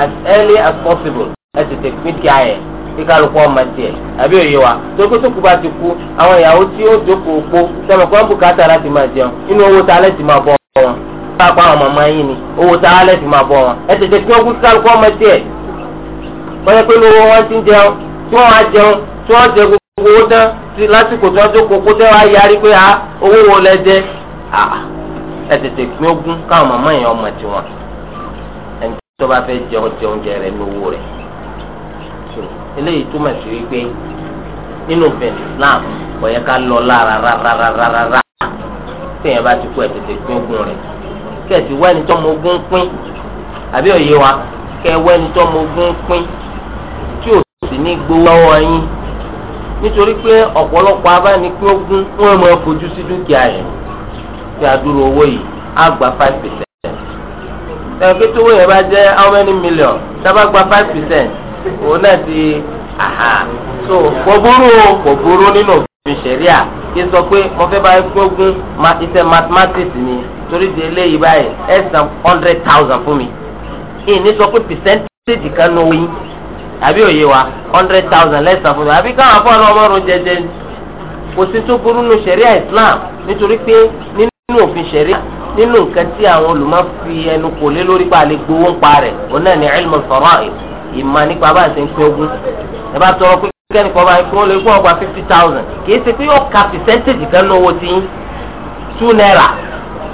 as early as possible ẹ tètè pín kí a yẹn kíkálukú ọmọ tiẹ̀ àbí òye wa tó kó tó kú bá ti kú àwọn ìyàwó tí ó jókòó pọ̀ sọmọ kọ́ ń bùkátà láti máa jẹun nínú owó ta lẹ́sìn máa bọ́ wọn kápá àwọn màmá yín ni owó tá a lẹ́sìn máa bọ̀ wọn ẹ tètè kí wọ́n kú kálukú ọmọ tiẹ̀ wọ́n yẹ pé lówó wọn ti ń jẹun tí wọ́n á jẹun tí wọ́n jẹ gbogbo owó tán ti lásìkò tí wọ́n jókòó kó tẹ́ wá yarí pé ah, owó wo lẹ jẹ ah, ẹ tètè kí wọ́n kú káwọn màmá yẹn ọmọ tiwọn ẹni tó bá fẹ́ jẹun jẹun jẹ rẹ lówó rẹ eléyìí túmọ̀ sí wípé nínú òfin Islam kò yẹ ká lọ lára rárá rárá rárá tí èèyàn bá ti kú ẹ̀ tètè kí wọ́n rẹ̀ kẹ̀sì wẹ́ni tó mo gún pín àbí òye wa kẹ wẹ́ni tó mo gún pín tí ò sì ní gbowó lọ́wọ́ yín nítorí pé ọ̀pọ̀lọpọ̀ abánikẹ́ ogún wọ́n máa fojú sí dúkìá yẹn tí a dúró owó yìí á gba five percent ẹgbẹ́ tó wọ́n yẹn bá jẹ́ how many million sábà gba five percent òun náà ti aha so kò burú o kò burú nínú òfin ṣẹ̀ríà kí n sọ pé mo fẹ́ bá ẹgbẹ́ ogún iṣẹ́ mathematics ni torí di eléyìí báyìí ẹ san hundred thousand fún mi ìyìn ní sọ pé percentage kan ní oyin àbí òye wa hundred thousand lẹ́sàn fún mi àbí káwọn afọ́ ọ̀nà ọmọọ̀rún jẹjẹ kò sí tó burú nínú ṣẹ̀ríà Islam nítorí pé nínú òfin ṣẹ̀ríà nínú nǹkan tí àwọn olùmọ̀ fi ẹnu kò lé lórí pa àlè gbowó ń pa rẹ̀ òun náà ní ilmu faraid ìmọ̀ nípa bá ṣe ń pín ogún ẹ bá tọrọ pé kẹ́ni kan báyìí fún olóògùn ọgbà fifty thousand kì í ṣe pé yóò ka percentage kan ní owó tí two naira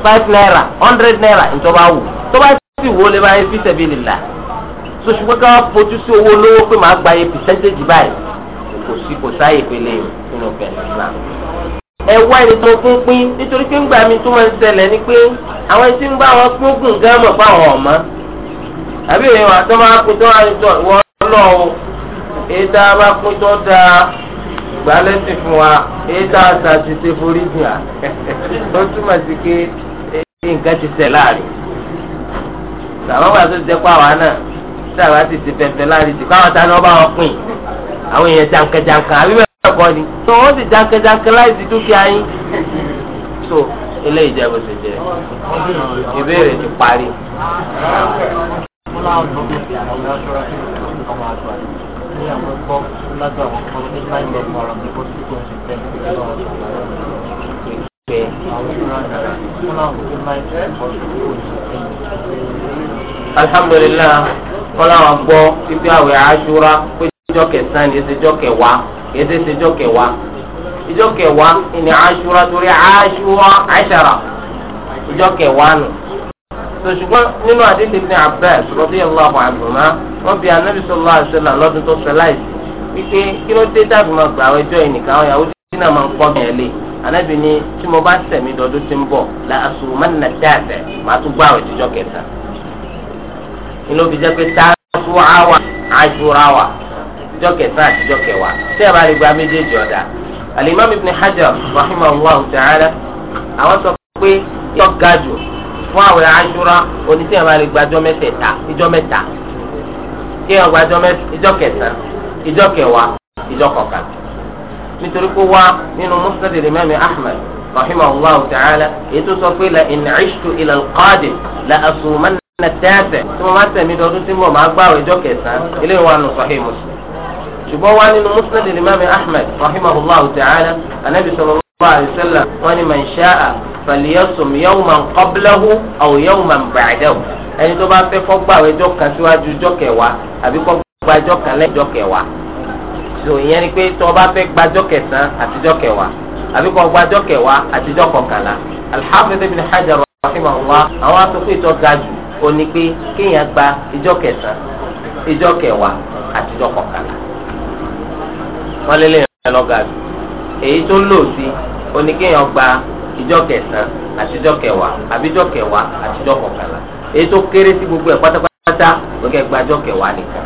five naira hundred naira ìjọba wù tó bá sì wo lè báyìí fi tẹ̀bi nìlá so ṣùgbọ́n ká fojú sí owó lówó pé màá gba iye percentage báyìí kò sí kò sáyè pélé nínú pẹ̀lú náà ẹ wá ẹni tó fún pín nítorí pé ńgbà mi tó máa ń ṣẹlẹ̀ ni pé àwọn ẹni tí ń bá wọn pín ògùn mọ̀ ọ̀mọ́ àbí èèyàn wọn àtọ́ tó lọ o èyí tá a bá pín tó da fún wa èyí tá a forí à túmọ̀ sí pé nǹkan ti tẹ̀ láàrin tàbá wà tó jẹ́ pé àwa náà tàbá ti ti pẹ̀pẹ̀ láàrin jù káwọn táwọn bá wọn pín àwọn èèyàn jàǹkàjàǹkà àbí bẹ́ẹ̀ kọ́ ni tó wọ́n sì jàǹkàjàǹkà láìsí dúkìá yín tó ilé ìjẹ́bù ti jẹ́ ìbéèrè ti parí. Ní àwọn ẹ̀kọ́ lágbàá wọn kọ́ ní láìpẹ́ ọ̀rọ̀ ní kó sí kó ń ṣe tẹ́lẹ̀ pé alhamdulilah wọn làwọn gbọ́ pípé àwẹ̀ àṣúra pé ìjọ kẹsàn-án ni ìṣèjọ kẹwàá yẹtẹ ìṣèjọ kẹwàá ìjọ kẹwàá ìní àṣúra torí àṣúra àṣàrà ìjọ kẹwàá nù ṣùgbọ́n nínú àdéhùn Ibn Abbas radiyallahu anhuma wọ́n bi anabi sallallahu alaihi wasallam lọ́dún tó sọ láìsí wípé kí ló dé dàbí máa gbà àwọn ẹjọ́ ìnìkan àwọn ìyàwó tí náà máa ń kọ́ mi ẹ̀ lé anábì ni tí mo bá sẹ̀mí dọdún tí ń bọ̀ la asùnmọ́nà dáàbẹ̀ màá tún gbà òjijọ́ kẹta inú fi jẹ́ pé táàtú àwà àṣùrà wà ìjọ kẹta àtijọ́ kẹwàá tẹ́ ẹ bá rí gba méjèèjì ọ̀dà alimam ibn hajar rahimahullah ta'ala àwọn sọ pé yọ ga jù fún àwẹ̀ àṣùrà oníṣẹ́ ẹ bá rí gba ìjọ mẹ́tẹ̀ẹ̀ta ìjọ mẹ́ta kí ẹ gba ìjọ kẹta ìjọ kẹwàá ìjọ kọkànlá nítorí kó wá nínú musnad al-imam ahmed rahimahullah ta'ala èyí tó sọ pé la in 'ishtu ila al-qadim la asumanna tẹ́ẹ̀tẹ̀ tí wọ́n bá tẹ̀mí dọdún tí mo máa gbààwẹ̀ ọjọ́ kẹsàn-án eléyìí wà nù sahih muslim ṣùgbọ́n wá nínú musnad al-imam ahmed rahimahullah ta'ala anabi sallallahu alayhi wa sallam wọ́n ní man sha'a falyasum yawman qablahu aw yawman ba'dahu ẹni tó bá fẹ́ kó gbààwẹ̀ ọjọ́ kan síwájú ọjọ́ kẹwàá àbí kó gba ọjọ́ lẹ́yìn ọjọ́ kẹwàá so ìyẹn ni pé tó o bá fẹ́ gbàjọ́ kẹsàn-án àtijọ́ kẹwàá àbí kò gbàjọ́ kẹwàá àtijọ́ kọkànlá al-Hafiz ibn Hajar rahimahullah àwọn asopọ̀ ìtọ́ ga jù ó ní pé kéèyàn gba ìjọ́ kẹsàn-án ìjọ́ kẹwàá àtijọ́ kọkànlá wọ́n lé lẹ́yìn ẹ̀ lọ́ga jù èyí tó lò sí ó ní kéèyàn gba ìjọ́ kẹsàn-án àtijọ́ kẹwàá àbíjọ́ kẹwàá àtijọ́ kọkànlá èyí tó kéré sí gbogbo ẹ̀ pátápátá ó kẹ́ gbàjọ́ kẹwàá nìkan.